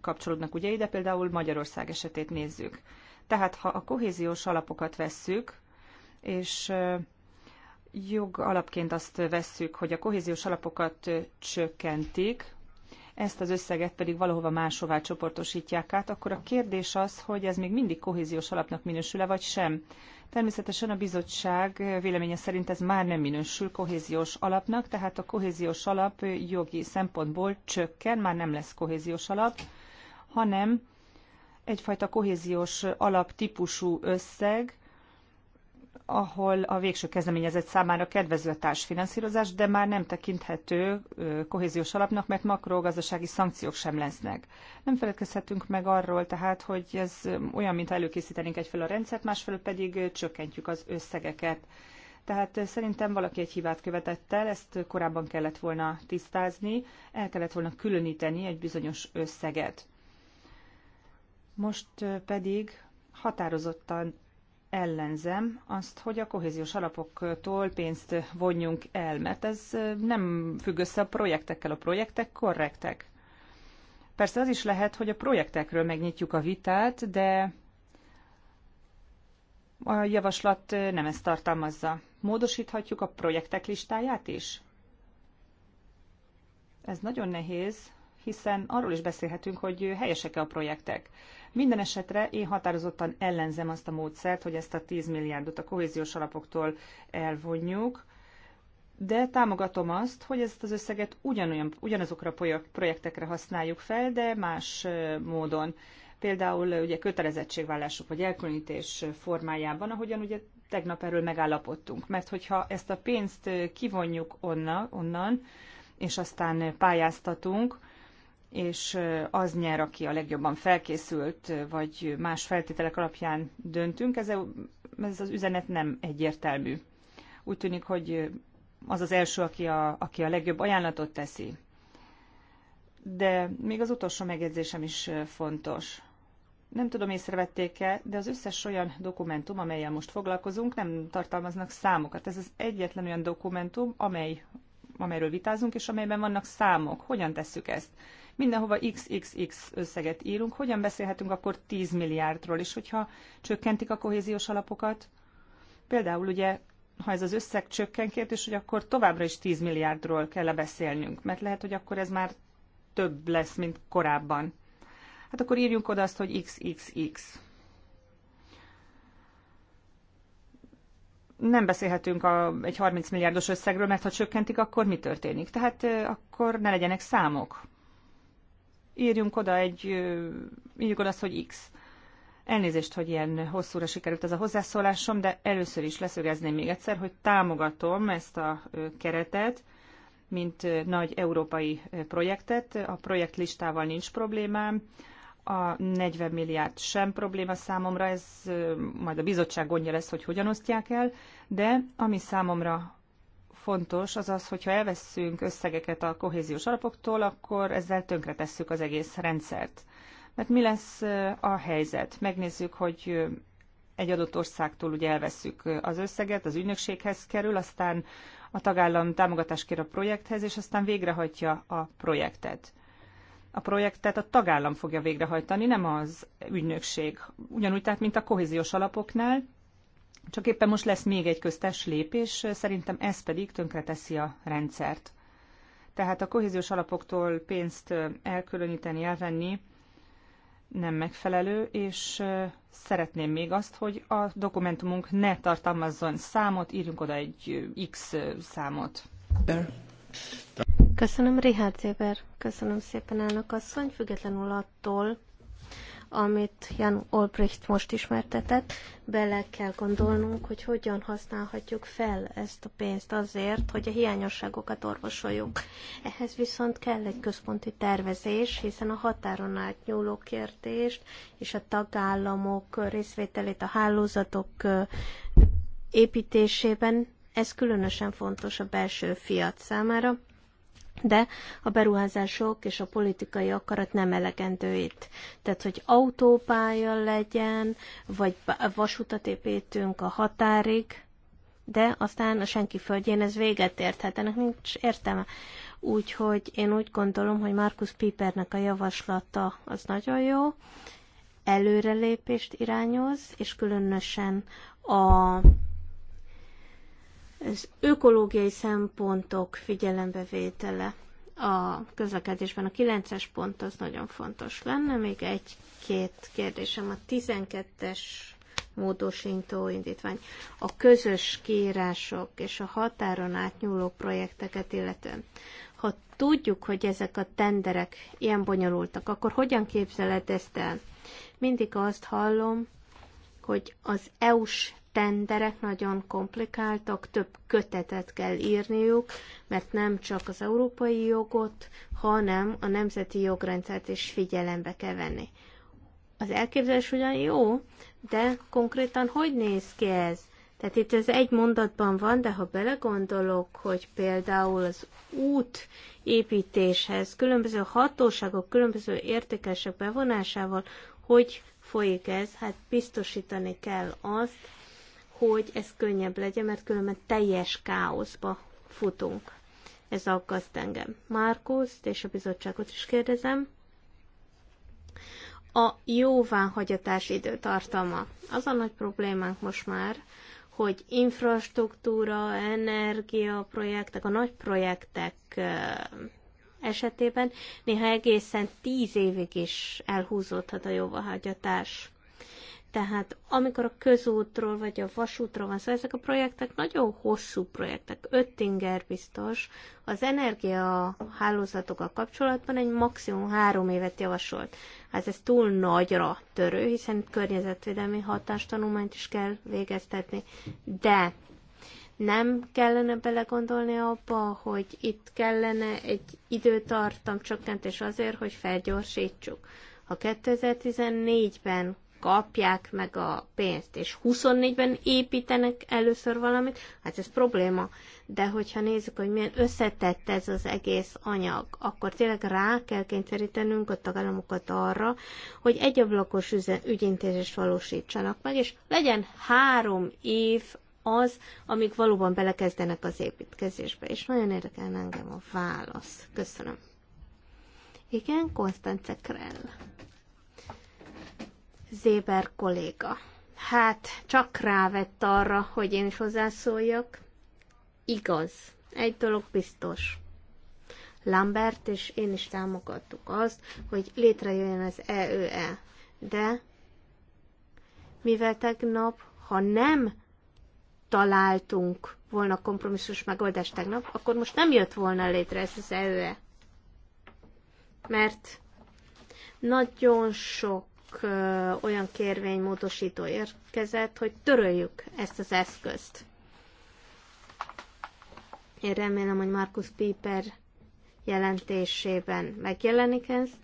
[SPEAKER 1] kapcsolódnak ugye ide, például Magyarország esetét nézzük. Tehát ha a kohéziós alapokat vesszük, és jog alapként azt vesszük, hogy a kohéziós alapokat csökkentik, ezt az összeget pedig valahova máshová csoportosítják át, akkor a kérdés az, hogy ez még mindig kohéziós alapnak minősül-e vagy sem. Természetesen a bizottság véleménye szerint ez már nem minősül kohéziós alapnak, tehát a kohéziós alap jogi szempontból csökken, már nem lesz kohéziós alap, hanem egyfajta kohéziós alap típusú összeg, ahol a végső kezdeményezett számára kedvező a társfinanszírozás, de már nem tekinthető kohéziós alapnak, mert makrogazdasági szankciók sem lesznek. Nem feledkezhetünk meg arról tehát, hogy ez olyan, mint előkészítenénk egyfelől a rendszert, másfelől pedig csökkentjük az összegeket. Tehát szerintem valaki egy hibát követett el, ezt korábban kellett volna tisztázni, el kellett volna különíteni egy bizonyos összeget. Most pedig határozottan ellenzem azt, hogy a kohéziós alapoktól pénzt vonjunk el, mert ez nem függ össze a projektekkel. A projektek korrektek. Persze az is lehet, hogy a projektekről megnyitjuk a vitát, de a javaslat nem ezt tartalmazza. Módosíthatjuk a projektek listáját is? Ez nagyon nehéz, hiszen arról is beszélhetünk, hogy helyesek-e a projektek. Minden esetre én határozottan ellenzem azt a módszert, hogy ezt a 10 milliárdot a kohéziós alapoktól elvonjuk, de támogatom azt, hogy ezt az összeget ugyanolyan, ugyanazokra a projektekre használjuk fel, de más módon. Például ugye kötelezettségvállások vagy elkülönítés formájában, ahogyan ugye tegnap erről megállapodtunk. Mert hogyha ezt a pénzt kivonjuk onna, onnan, és aztán pályáztatunk, és az nyer, aki a legjobban felkészült, vagy más feltételek alapján döntünk. Ez, ez az üzenet nem egyértelmű. Úgy tűnik, hogy az az első, aki a, aki a legjobb ajánlatot teszi. De még az utolsó megjegyzésem is fontos. Nem tudom, észrevették-e, de az összes olyan dokumentum, amelyel most foglalkozunk, nem tartalmaznak számokat. Ez az egyetlen olyan dokumentum, amely, amelyről vitázunk, és amelyben vannak számok. Hogyan tesszük ezt? mindenhova XXX összeget írunk, hogyan beszélhetünk akkor 10 milliárdról, és hogyha csökkentik a kohéziós alapokat? Például ugye, ha ez az összeg csökken, kérdés, hogy akkor továbbra is 10 milliárdról kell -e beszélnünk, mert lehet, hogy akkor ez már több lesz, mint korábban. Hát akkor írjunk oda azt, hogy XXX. nem beszélhetünk a, egy 30 milliárdos összegről, mert ha csökkentik, akkor mi történik? Tehát akkor ne legyenek számok írjunk oda egy, írjuk oda azt, hogy X. Elnézést, hogy ilyen hosszúra sikerült ez a hozzászólásom, de először is leszögezném még egyszer, hogy támogatom ezt a keretet, mint nagy európai projektet. A projektlistával nincs problémám, a 40 milliárd sem probléma számomra, ez majd a bizottság gondja lesz, hogy hogyan osztják el, de ami számomra fontos, az az, hogyha elveszünk összegeket a kohéziós alapoktól, akkor ezzel tönkretesszük az egész rendszert. Mert mi lesz a helyzet? Megnézzük, hogy egy adott országtól ugye elveszük az összeget, az ügynökséghez kerül, aztán a tagállam támogatást kér a projekthez, és aztán végrehajtja a projektet. A projektet a tagállam fogja végrehajtani, nem az ügynökség. Ugyanúgy tehát, mint a kohéziós alapoknál, csak éppen most lesz még egy köztes lépés, szerintem ez pedig tönkreteszi a rendszert. Tehát a kohéziós alapoktól pénzt elkülöníteni, elvenni nem megfelelő, és szeretném még azt, hogy a dokumentumunk ne tartalmazzon számot, írjunk oda egy X számot.
[SPEAKER 2] Köszönöm, Rihád Zéber. Köszönöm szépen, elnök asszony. Függetlenül attól, amit Jan Olbricht most ismertetett, bele kell gondolnunk, hogy hogyan használhatjuk fel ezt a pénzt azért, hogy a hiányosságokat orvosoljuk. Ehhez viszont kell egy központi tervezés, hiszen a határon átnyúló kérdést és a tagállamok részvételét a hálózatok építésében ez különösen fontos a belső fiat számára, de a beruházások és a politikai akarat nem elegendő itt. Tehát, hogy autópálya legyen, vagy vasutat építünk a határig, de aztán a senki földjén ez véget Hát ennek nincs értelme. Úgyhogy én úgy gondolom, hogy Markus Pipernek a javaslata az nagyon jó, előrelépést irányoz, és különösen a az ökológiai szempontok figyelembevétele a közlekedésben. A 9-es pont az nagyon fontos lenne. Még egy-két kérdésem. A 12-es módosító indítvány. A közös kiírások és a határon átnyúló projekteket illetően. Ha tudjuk, hogy ezek a tenderek ilyen bonyolultak, akkor hogyan képzeled ezt el? Mindig azt hallom, hogy az EU-s tenderek nagyon komplikáltak, több kötetet kell írniuk, mert nem csak az európai jogot, hanem a nemzeti jogrendszert is figyelembe kell venni. Az elképzelés ugyan jó, de konkrétan hogy néz ki ez? Tehát itt ez egy mondatban van, de ha belegondolok, hogy például az út építéshez különböző hatóságok, különböző értékesek bevonásával, hogy folyik ez, hát biztosítani kell azt, hogy ez könnyebb legyen, mert különben teljes káoszba futunk. Ez aggaszt engem. Márkuszt és a bizottságot is kérdezem. A jóváhagyatás időtartama. Az a nagy problémánk most már, hogy infrastruktúra, energia projektek, a nagy projektek esetében néha egészen tíz évig is elhúzódhat a jóváhagyatás. Tehát amikor a közútról vagy a vasútról van szó, szóval ezek a projektek nagyon hosszú projektek, öttinger biztos. Az energia hálózatokkal kapcsolatban egy maximum három évet javasolt. Hát ez túl nagyra törő, hiszen környezetvédelmi hatástanulmányt is kell végeztetni. De nem kellene belegondolni abba, hogy itt kellene egy időtartam csökkentés azért, hogy felgyorsítsuk. Ha 2014-ben kapják meg a pénzt, és 24-ben építenek először valamit, hát ez probléma. De hogyha nézzük, hogy milyen összetett ez az egész anyag, akkor tényleg rá kell kényszerítenünk a tagállamokat arra, hogy egy ablakos ügyintézést valósítsanak meg, és legyen három év az, amik valóban belekezdenek az építkezésbe. És nagyon érdekel engem a válasz. Köszönöm. Igen, Konstance Krell. Zéber kolléga. Hát, csak rávett arra, hogy én is hozzászóljak. Igaz. Egy dolog biztos. Lambert és én is támogattuk azt, hogy létrejöjjön az EÖE. E. De mivel tegnap, ha nem találtunk volna kompromisszus megoldást tegnap, akkor most nem jött volna létre ez az EÖE. E. Mert nagyon sok olyan kérvénymódosító érkezett, hogy töröljük ezt az eszközt. Én remélem, hogy Markus Piper jelentésében megjelenik ezt,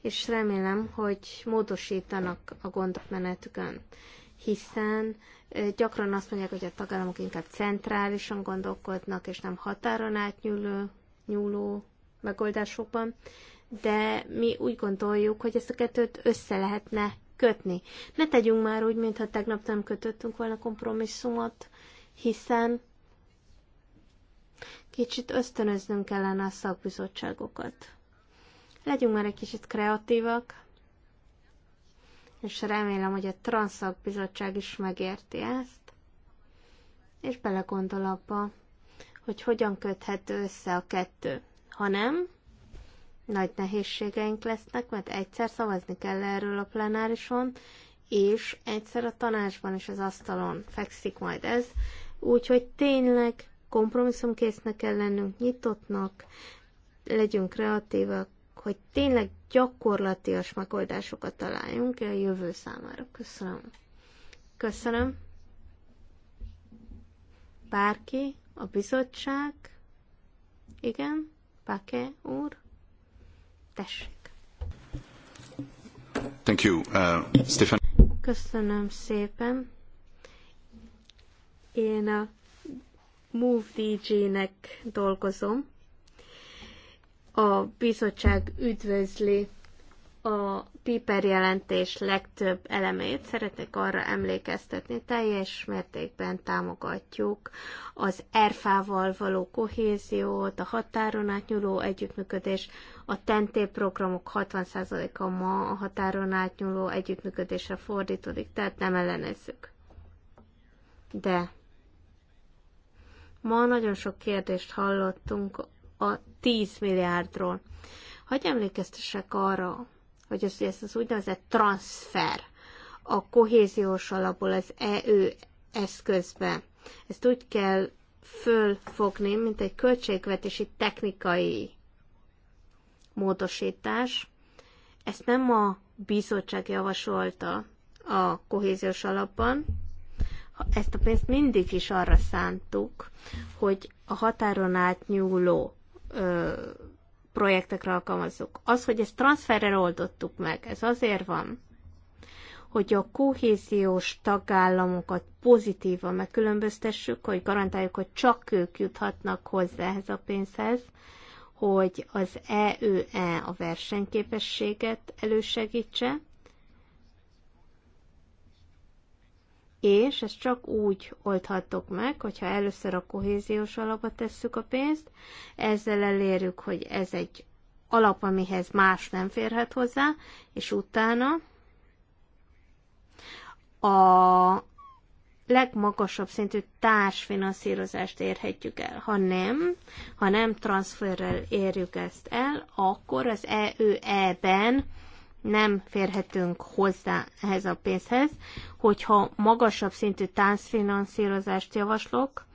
[SPEAKER 2] és remélem, hogy módosítanak a gondokmenetükön, hiszen gyakran azt mondják, hogy a tagállamok inkább centrálisan gondolkodnak, és nem határon átnyúló nyúló megoldásokban, de mi úgy gondoljuk, hogy ezt a kettőt össze lehetne kötni. Ne tegyünk már úgy, mintha tegnap nem kötöttünk volna kompromisszumot, hiszen kicsit ösztönöznünk kellene a szakbizottságokat. Legyünk már egy kicsit kreatívak, és remélem, hogy a Transzakbizottság is megérti ezt, és belegondol abba, hogy hogyan köthető össze a kettő. Ha nem, nagy nehézségeink lesznek, mert egyszer szavazni kell erről a plenárison, és egyszer a tanácsban és az asztalon fekszik majd ez, úgyhogy tényleg kompromisszumkésznek kell lennünk, nyitottnak, legyünk kreatívak, hogy tényleg gyakorlatias megoldásokat találjunk a jövő számára. Köszönöm. Köszönöm. Bárki, a bizottság, igen, Pake úr. Tessék.
[SPEAKER 1] Thank you, uh,
[SPEAKER 2] Köszönöm szépen. Én a Move DG-nek dolgozom. A bizottság üdvözli a Piper jelentés legtöbb elemét szeretnék arra emlékeztetni, teljes mértékben támogatjuk az ERFA-val való kohéziót, a határon átnyúló együttműködés, a TNT programok 60%-a ma a határon átnyúló együttműködésre fordítódik, tehát nem ellenezzük. De ma nagyon sok kérdést hallottunk a 10 milliárdról. Hogy emlékeztesek arra, vagy az, ez az úgynevezett transfer a kohéziós alapból az EU eszközbe. Ezt úgy kell fölfogni, mint egy költségvetési technikai módosítás. Ezt nem a bizottság javasolta a kohéziós alapban, ezt a pénzt mindig is arra szántuk, hogy a határon átnyúló ö, projektekre alkalmazzuk. Az, hogy ezt transferrel oldottuk meg, ez azért van, hogy a kohéziós tagállamokat pozitívan megkülönböztessük, hogy garantáljuk, hogy csak ők juthatnak hozzá ehhez a pénzhez, hogy az EÖE e a versenyképességet elősegítse, és ezt csak úgy oldhattok meg, hogyha először a kohéziós alapba tesszük a pénzt, ezzel elérjük, hogy ez egy alap, amihez más nem férhet hozzá, és utána a legmagasabb szintű társfinanszírozást érhetjük el. Ha nem, ha nem transferrel érjük ezt el, akkor az EÖE-ben nem férhetünk hozzá ehhez a pénzhez, hogyha magasabb szintű táncfinanszírozást javaslok,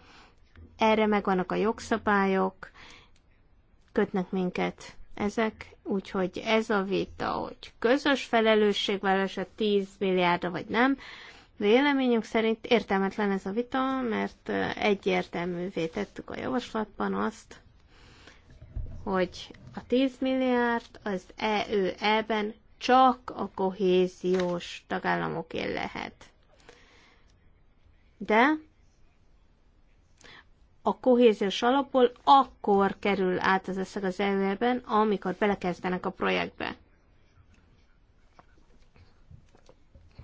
[SPEAKER 2] erre megvannak a jogszabályok, kötnek minket ezek, úgyhogy ez a vita, hogy közös felelősségvállalás a 10 milliárdra vagy nem, véleményünk szerint értelmetlen ez a vita, mert eh, egyértelművé tettük a javaslatban azt, hogy a 10 milliárd az eö ben csak a kohéziós tagállamokért lehet. De a kohéziós alapból akkor kerül át az összeg az EU-ben, amikor belekezdenek a projektbe.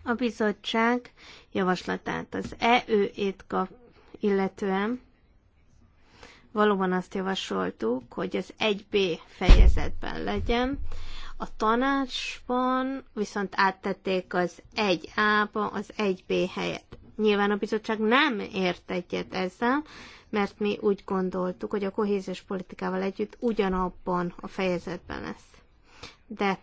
[SPEAKER 2] A bizottság javaslatát az EU-ét kap, illetően valóban azt javasoltuk, hogy az 1B fejezetben legyen, a tanácsban viszont áttették az 1A-ba az 1B helyet. Nyilván a bizottság nem ért egyet ezzel, mert mi úgy gondoltuk, hogy a kohéziós politikával együtt ugyanabban a fejezetben lesz. De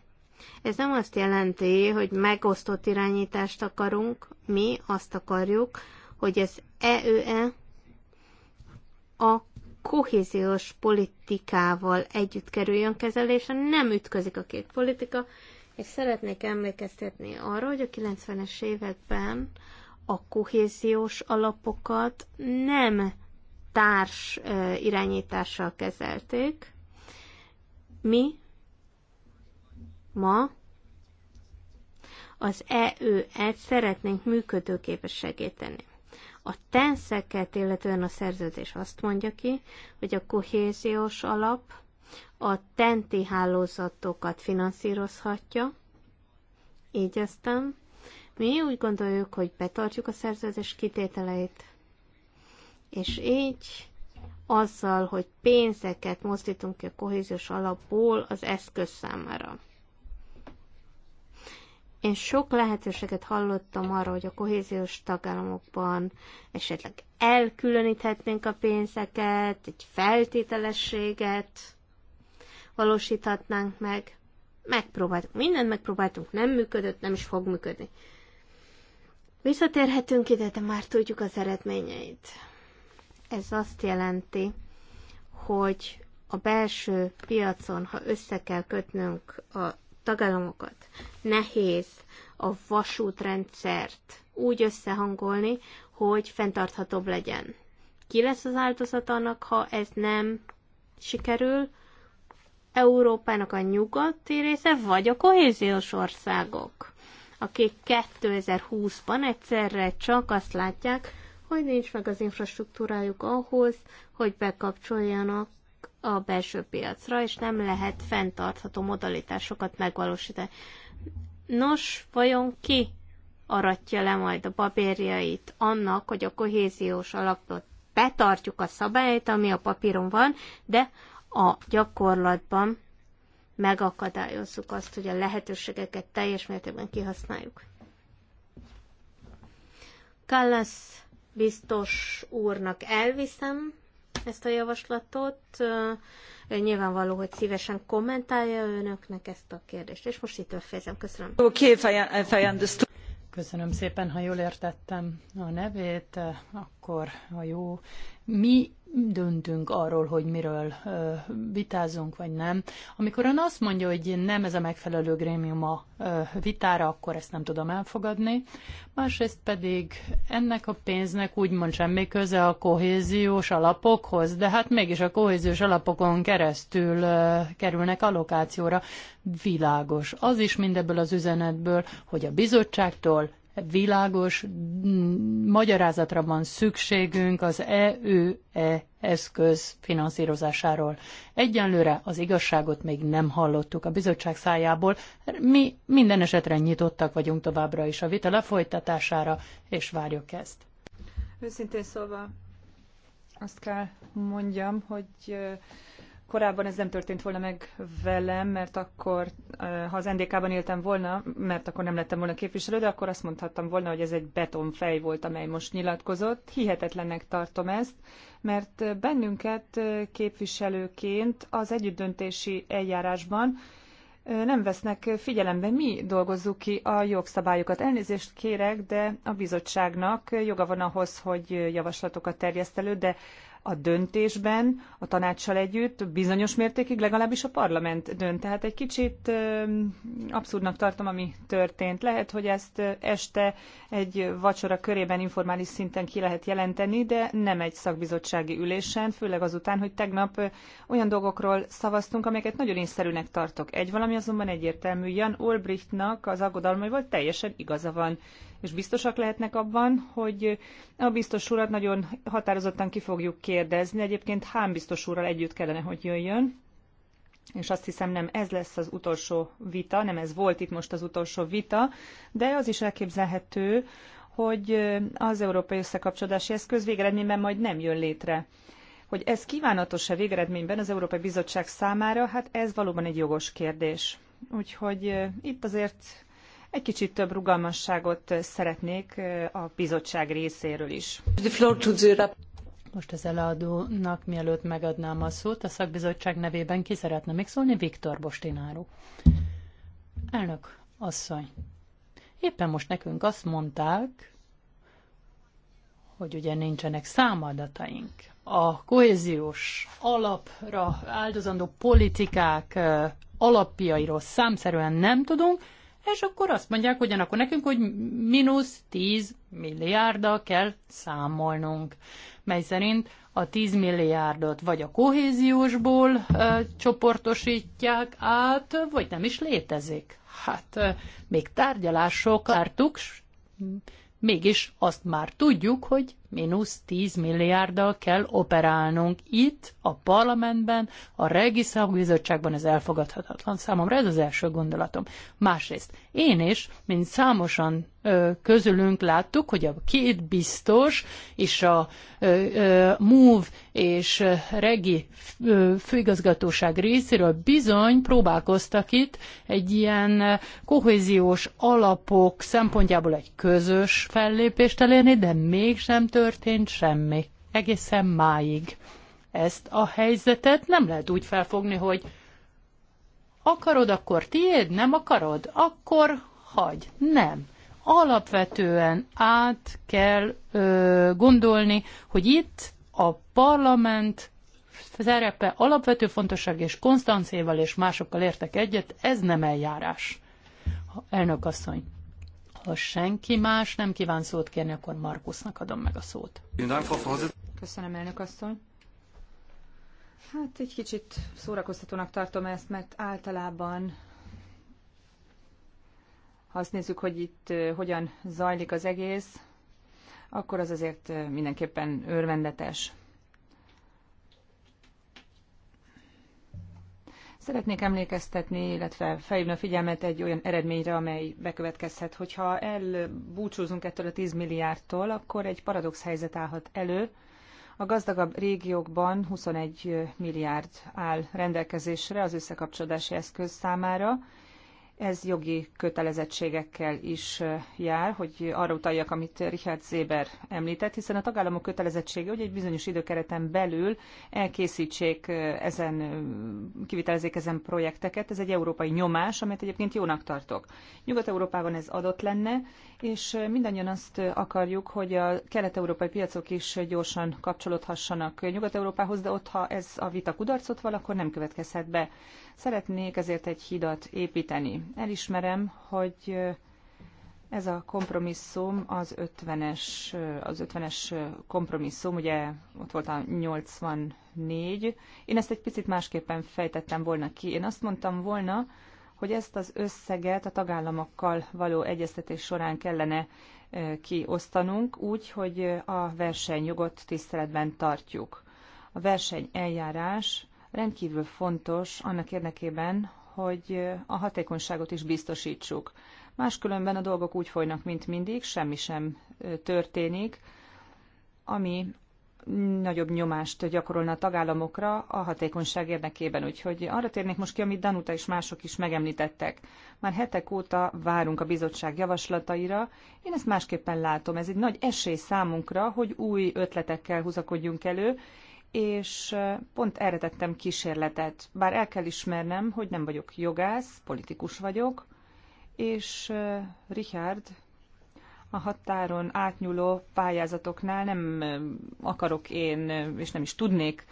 [SPEAKER 2] ez nem azt jelenti, hogy megosztott irányítást akarunk, mi azt akarjuk, hogy az EÖE a kohéziós politikával együtt kerüljön kezelése, nem ütközik a két politika, és szeretnék emlékeztetni arra, hogy a 90-es években a kohéziós alapokat nem társ irányítással kezelték. Mi ma az EÖ-et szeretnénk működőképes segíteni. A tenszeket, illetően a szerződés azt mondja ki, hogy a kohéziós alap a tenti hálózatokat finanszírozhatja, így aztán mi úgy gondoljuk, hogy betartjuk a szerződés kitételeit, és így azzal, hogy pénzeket mozdítunk ki a kohéziós alapból az eszköz számára. Én sok lehetőséget hallottam arra, hogy a kohéziós tagállamokban esetleg elkülöníthetnénk a pénzeket, egy feltételességet valósíthatnánk meg. Megpróbáltunk, mindent megpróbáltunk, nem működött, nem is fog működni. Visszatérhetünk ide, de már tudjuk az eredményeit. Ez azt jelenti, hogy a belső piacon, ha össze kell kötnünk a tagállamokat nehéz a vasútrendszert úgy összehangolni, hogy fenntarthatóbb legyen. Ki lesz az áldozat annak, ha ez nem sikerül? Európának a nyugati része, vagy a kohéziós országok, akik 2020-ban egyszerre csak azt látják, hogy nincs meg az infrastruktúrájuk ahhoz, hogy bekapcsoljanak a belső piacra, és nem lehet fenntartható modalitásokat megvalósítani. Nos, vajon ki aratja le majd a babérjait annak, hogy a kohéziós alapot betartjuk a szabályt, ami a papíron van, de a gyakorlatban megakadályozzuk azt, hogy a lehetőségeket teljes mértékben kihasználjuk. Kallasz biztos úrnak elviszem, ezt a javaslatot. Nyilvánvaló, hogy szívesen kommentálja önöknek ezt a kérdést. És most itt fejezem. Köszönöm. Okay,
[SPEAKER 3] understood. Köszönöm szépen, ha jól értettem a nevét, akkor a jó mi döntünk arról, hogy miről vitázunk, vagy nem. Amikor ön azt mondja, hogy nem ez a megfelelő grémium a vitára, akkor ezt nem tudom elfogadni. Másrészt pedig ennek a pénznek úgymond semmi köze a kohéziós alapokhoz, de hát mégis a kohéziós alapokon keresztül kerülnek allokációra. Világos. Az is mindebből az üzenetből, hogy a bizottságtól világos magyarázatra van szükségünk az EÜE e eszköz finanszírozásáról. Egyenlőre az igazságot még nem hallottuk a bizottság szájából. Mi minden esetre nyitottak vagyunk továbbra is a vita lefolytatására,
[SPEAKER 1] és várjuk ezt. Őszintén szólva azt kell mondjam, hogy korábban ez nem történt volna meg velem, mert akkor, eh, ha az NDK-ban éltem volna, mert akkor nem lettem volna képviselő, de akkor azt mondhattam volna, hogy ez egy betonfej volt, amely most nyilatkozott. Hihetetlennek tartom ezt, mert eh, bennünket eh, képviselőként az együttdöntési eljárásban nem vesznek figyelembe, mi dolgozzuk ki a jogszabályokat. Elnézést kérek, de a bizottságnak joga van ahhoz, hogy javaslatokat terjeszt elő, de a döntésben, a tanácssal együtt, bizonyos mértékig legalábbis a parlament dönt. Tehát egy kicsit abszurdnak tartom, ami történt. Lehet, hogy ezt este egy vacsora körében informális szinten ki lehet jelenteni, de nem egy szakbizottsági ülésen, főleg azután, hogy tegnap olyan dolgokról szavaztunk, amelyeket nagyon észszerűnek tartok. Egy valami azonban egyértelmű, Jan Olbrichtnak az volt teljesen igaza van és biztosak lehetnek abban, hogy a biztos urat nagyon határozottan ki fogjuk kérdezni. Egyébként Hán biztos úrral együtt kellene, hogy jöjjön, és azt hiszem nem ez lesz az utolsó vita, nem ez volt itt most az utolsó vita, de az is elképzelhető, hogy az Európai összekapcsolási Eszköz végeredményben majd nem jön létre. Hogy ez kívánatos-e végeredményben az Európai Bizottság számára, hát ez valóban egy jogos kérdés. Úgyhogy eh, itt azért egy kicsit több rugalmasságot szeretnék a bizottság részéről is.
[SPEAKER 3] Most az előadónak, mielőtt megadnám a szót, a szakbizottság nevében ki szeretne még szólni? Viktor Bostináró. Elnök asszony, éppen most nekünk azt mondták, hogy ugye nincsenek számadataink. A kohéziós alapra áldozandó politikák alapjairól számszerűen nem tudunk, és akkor azt mondják hogy akkor nekünk, hogy mínusz 10 milliárdal kell számolnunk, mely szerint a 10 milliárdot vagy a kohéziósból e, csoportosítják át, vagy nem is létezik. Hát e, még tárgyalások ártuk, mégis azt már tudjuk, hogy mínusz 10 milliárddal kell operálnunk itt, a parlamentben, a regi szakbizottságban, ez elfogadhatatlan számomra, ez az első gondolatom. Másrészt, én is, mint számosan ö, közülünk láttuk, hogy a két biztos és a ö, ö, MOVE és regi ö, főigazgatóság részéről bizony próbálkoztak itt egy ilyen kohéziós alapok szempontjából egy közös fellépést elérni, de mégsem történt történt semmi. Egészen máig. Ezt a helyzetet nem lehet úgy felfogni, hogy akarod, akkor tiéd, nem akarod, akkor hagy. Nem. Alapvetően át kell ö, gondolni, hogy itt a parlament szerepe alapvető fontosság, és Konstancéval és másokkal értek egyet, ez nem eljárás. Elnök asszony. Ha senki más nem kíván szót
[SPEAKER 1] kérni, akkor Markusnak adom meg a szót. Köszönöm, elnök asszony. Hát egy kicsit szórakoztatónak tartom ezt, mert általában ha azt nézzük, hogy itt hogyan zajlik az egész, akkor az azért mindenképpen örvendetes. Szeretnék emlékeztetni, illetve felhívni a figyelmet egy olyan eredményre, amely bekövetkezhet. Hogyha elbúcsúzunk ettől a 10 milliárdtól, akkor egy paradox helyzet állhat elő. A gazdagabb régiókban 21 milliárd áll rendelkezésre az összekapcsolódási eszköz számára, ez jogi kötelezettségekkel is jár, hogy arra utaljak, amit Richard Zéber említett, hiszen a tagállamok kötelezettsége, hogy egy bizonyos időkereten belül elkészítsék ezen, kivitelezzék ezen projekteket. Ez egy európai nyomás, amit egyébként jónak tartok. Nyugat-Európában ez adott lenne, és mindannyian azt akarjuk, hogy a kelet-európai piacok is gyorsan kapcsolódhassanak Nyugat-Európához, de ott, ha ez a vita kudarcot val, akkor nem következhet be. Szeretnék ezért egy hidat építeni. Elismerem, hogy ez a kompromisszum az 50-es, az 50-es kompromisszum, ugye ott volt a 84. Én ezt egy picit másképpen fejtettem volna ki. Én azt mondtam volna, hogy ezt az összeget a tagállamokkal való egyeztetés során kellene kiosztanunk úgy, hogy a versenyjogot tiszteletben tartjuk. A verseny eljárás rendkívül fontos annak érdekében, hogy a hatékonyságot is biztosítsuk. Máskülönben a dolgok úgy folynak, mint mindig, semmi sem történik, ami nagyobb nyomást gyakorolna a tagállamokra a hatékonyság érdekében. Úgyhogy arra térnék most ki, amit Danuta és mások is megemlítettek. Már hetek óta várunk a bizottság javaslataira. Én ezt másképpen látom. Ez egy nagy esély számunkra, hogy új ötletekkel húzakodjunk elő, és pont erre tettem kísérletet. Bár el kell ismernem, hogy nem vagyok jogász, politikus vagyok, és Richard a határon átnyúló pályázatoknál nem akarok én, és nem is tudnék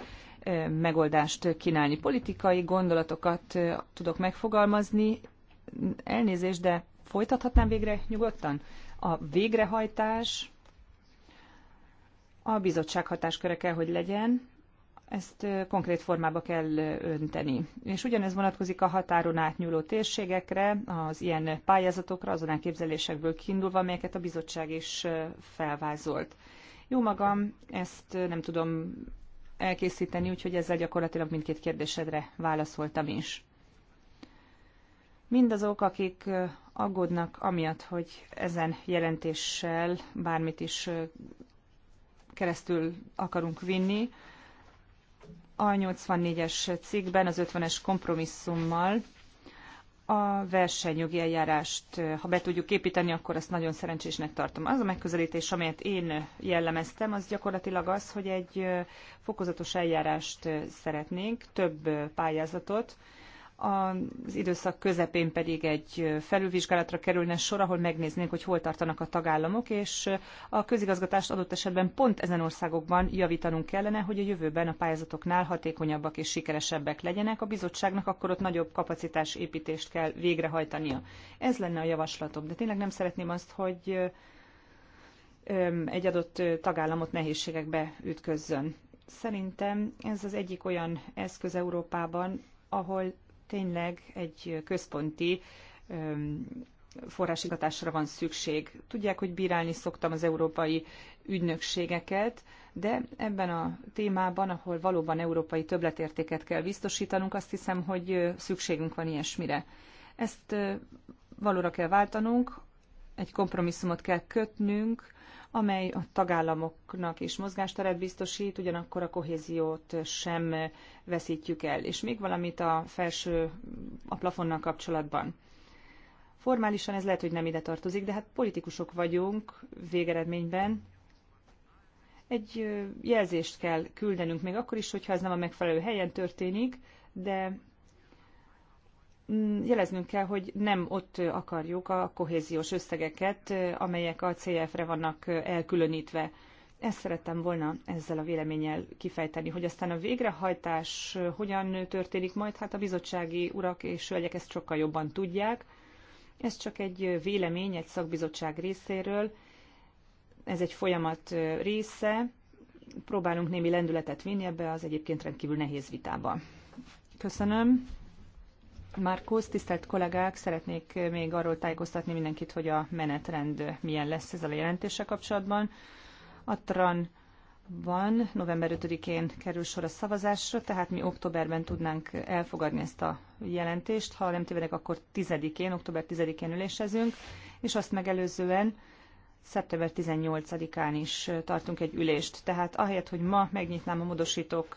[SPEAKER 1] megoldást kínálni. Politikai gondolatokat tudok megfogalmazni, elnézést, de folytathatnám végre nyugodtan? A végrehajtás a bizottság hatásköre kell, hogy legyen, ezt konkrét formába kell önteni. És ugyanez vonatkozik a határon átnyúló térségekre, az ilyen pályázatokra, azon elképzelésekből kiindulva, amelyeket a bizottság is felvázolt. Jó magam, ezt nem tudom elkészíteni, úgyhogy ezzel gyakorlatilag mindkét kérdésedre válaszoltam is. Mindazok, akik aggódnak amiatt, hogy ezen jelentéssel bármit is keresztül akarunk vinni. A 84-es cikkben az 50-es kompromisszummal a versenyjogi eljárást, ha be tudjuk építeni, akkor azt nagyon szerencsésnek tartom. Az a megközelítés, amelyet én jellemeztem, az gyakorlatilag az, hogy egy fokozatos eljárást szeretnénk, több pályázatot, az időszak közepén pedig egy felülvizsgálatra kerülne sor, ahol megnéznénk, hogy hol tartanak a tagállamok, és a közigazgatást adott esetben pont ezen országokban javítanunk kellene, hogy a jövőben a pályázatoknál hatékonyabbak és sikeresebbek legyenek. A bizottságnak akkor ott nagyobb kapacitás építést kell végrehajtania. Ez lenne a javaslatom, de tényleg nem szeretném azt, hogy egy adott tagállamot nehézségekbe ütközzön. Szerintem ez az egyik olyan eszköz Európában, ahol tényleg egy központi forrásigatásra van szükség. Tudják, hogy bírálni szoktam az európai ügynökségeket, de ebben a témában, ahol valóban európai többletértéket kell biztosítanunk, azt hiszem, hogy szükségünk van ilyesmire. Ezt valóra kell váltanunk, egy kompromisszumot kell kötnünk, amely a tagállamoknak is mozgásteret biztosít, ugyanakkor a kohéziót sem veszítjük el. És még valamit a felső, a plafonnal kapcsolatban. Formálisan ez lehet, hogy nem ide tartozik, de hát politikusok vagyunk végeredményben. Egy jelzést kell küldenünk, még akkor is, hogyha ez nem a megfelelő helyen történik, de Mm, jeleznünk kell, hogy nem ott akarjuk a kohéziós összegeket, amelyek a CF-re vannak elkülönítve. Ezt szerettem volna ezzel a véleménnyel kifejteni, hogy aztán a végrehajtás hogyan történik majd, hát a bizottsági urak és hölgyek ezt sokkal jobban tudják. Ez csak egy vélemény egy szakbizottság részéről, ez egy folyamat része, próbálunk némi lendületet vinni ebbe az egyébként rendkívül nehéz vitába. Köszönöm. Márkusz, tisztelt kollégák, szeretnék még arról tájékoztatni mindenkit, hogy a menetrend milyen lesz ezzel a jelentéssel kapcsolatban. A TRAN van, november 5-én kerül sor a szavazásra, tehát mi októberben tudnánk elfogadni ezt a jelentést. Ha nem tévedek, akkor 10-én, október 10-én ülésezünk, és azt megelőzően szeptember 18-án is tartunk egy ülést. Tehát ahelyett, hogy ma megnyitnám a módosítók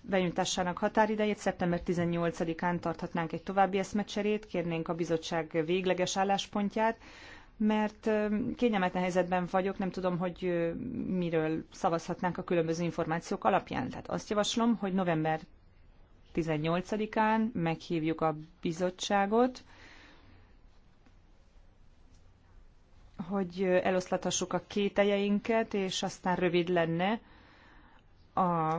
[SPEAKER 1] benyújtásának határidejét. Szeptember 18-án tarthatnánk egy további eszmecserét, kérnénk a bizottság végleges álláspontját, mert kényelmetlen helyzetben vagyok, nem tudom, hogy miről szavazhatnánk a különböző információk alapján. Tehát azt javaslom, hogy november 18-án meghívjuk a bizottságot, hogy eloszlathassuk a kételjeinket, és aztán rövid lenne a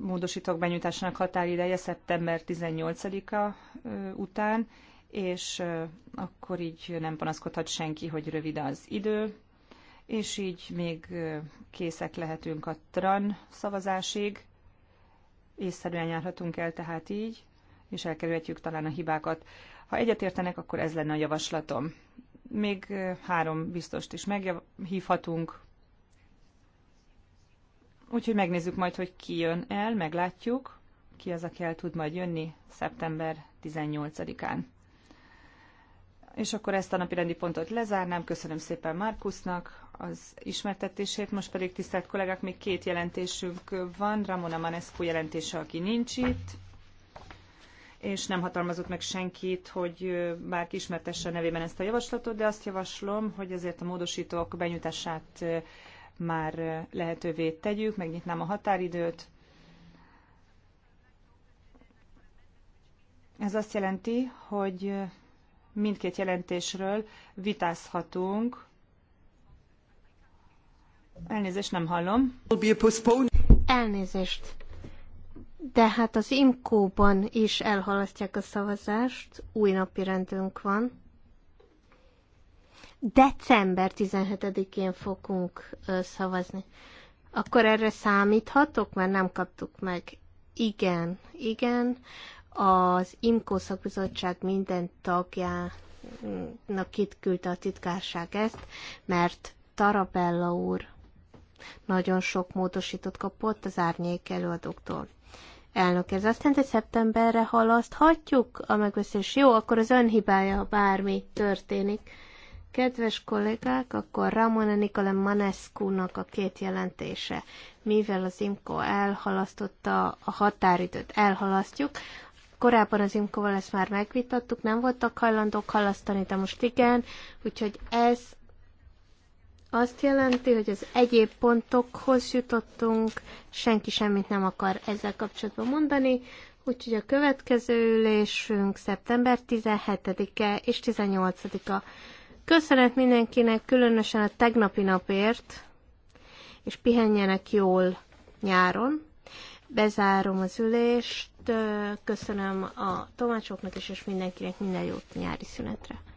[SPEAKER 1] módosítók benyújtásának határideje szeptember 18-a után, és akkor így nem panaszkodhat senki, hogy rövid az idő, és így még készek lehetünk a TRAN szavazásig, észszerűen járhatunk el tehát így, és elkerülhetjük talán a hibákat. Ha egyetértenek, akkor ez lenne a javaslatom. Még három biztost is meghívhatunk, Úgyhogy megnézzük majd, hogy ki jön el, meglátjuk, ki az, aki el tud majd jönni szeptember 18-án. És akkor ezt a napi rendi pontot lezárnám. Köszönöm szépen Markusnak az ismertetését. Most pedig, tisztelt kollégák, még két jelentésünk van. Ramona Manescu jelentése, aki nincs itt és nem hatalmazott meg senkit, hogy bárki ismertesse nevében ezt a javaslatot, de azt javaslom, hogy ezért a módosítók benyújtását már lehetővé tegyük, megnyitnám a határidőt. Ez azt jelenti, hogy mindkét jelentésről vitázhatunk. Elnézést, nem hallom.
[SPEAKER 2] Elnézést. De hát az imkóban is elhalasztják a szavazást, új napi rendünk van december 17-én fogunk szavazni. Akkor erre számíthatok, mert nem kaptuk meg. Igen, igen. Az IMKO szakbizottság minden tagjának itt küldte a titkárság ezt, mert Tarabella úr nagyon sok módosított kapott az árnyék előadóktól. Elnök, ez azt jelenti, hogy szeptemberre halaszthatjuk a megbeszélés. Jó, akkor az ön hibája, ha bármi történik. Kedves kollégák, akkor Ramona Nicole Manescu-nak a két jelentése. Mivel az IMCO elhalasztotta a határidőt, elhalasztjuk. Korábban az IMCO-val ezt már megvitattuk, nem voltak hajlandók halasztani, de most igen, úgyhogy ez azt jelenti, hogy az egyéb pontokhoz jutottunk, senki semmit nem akar ezzel kapcsolatban mondani, úgyhogy a következő ülésünk szeptember 17-e és 18-a. Köszönet mindenkinek, különösen a tegnapi napért, és pihenjenek jól nyáron. Bezárom az ülést, köszönöm a tomácsoknak is, és mindenkinek minden jót nyári szünetre.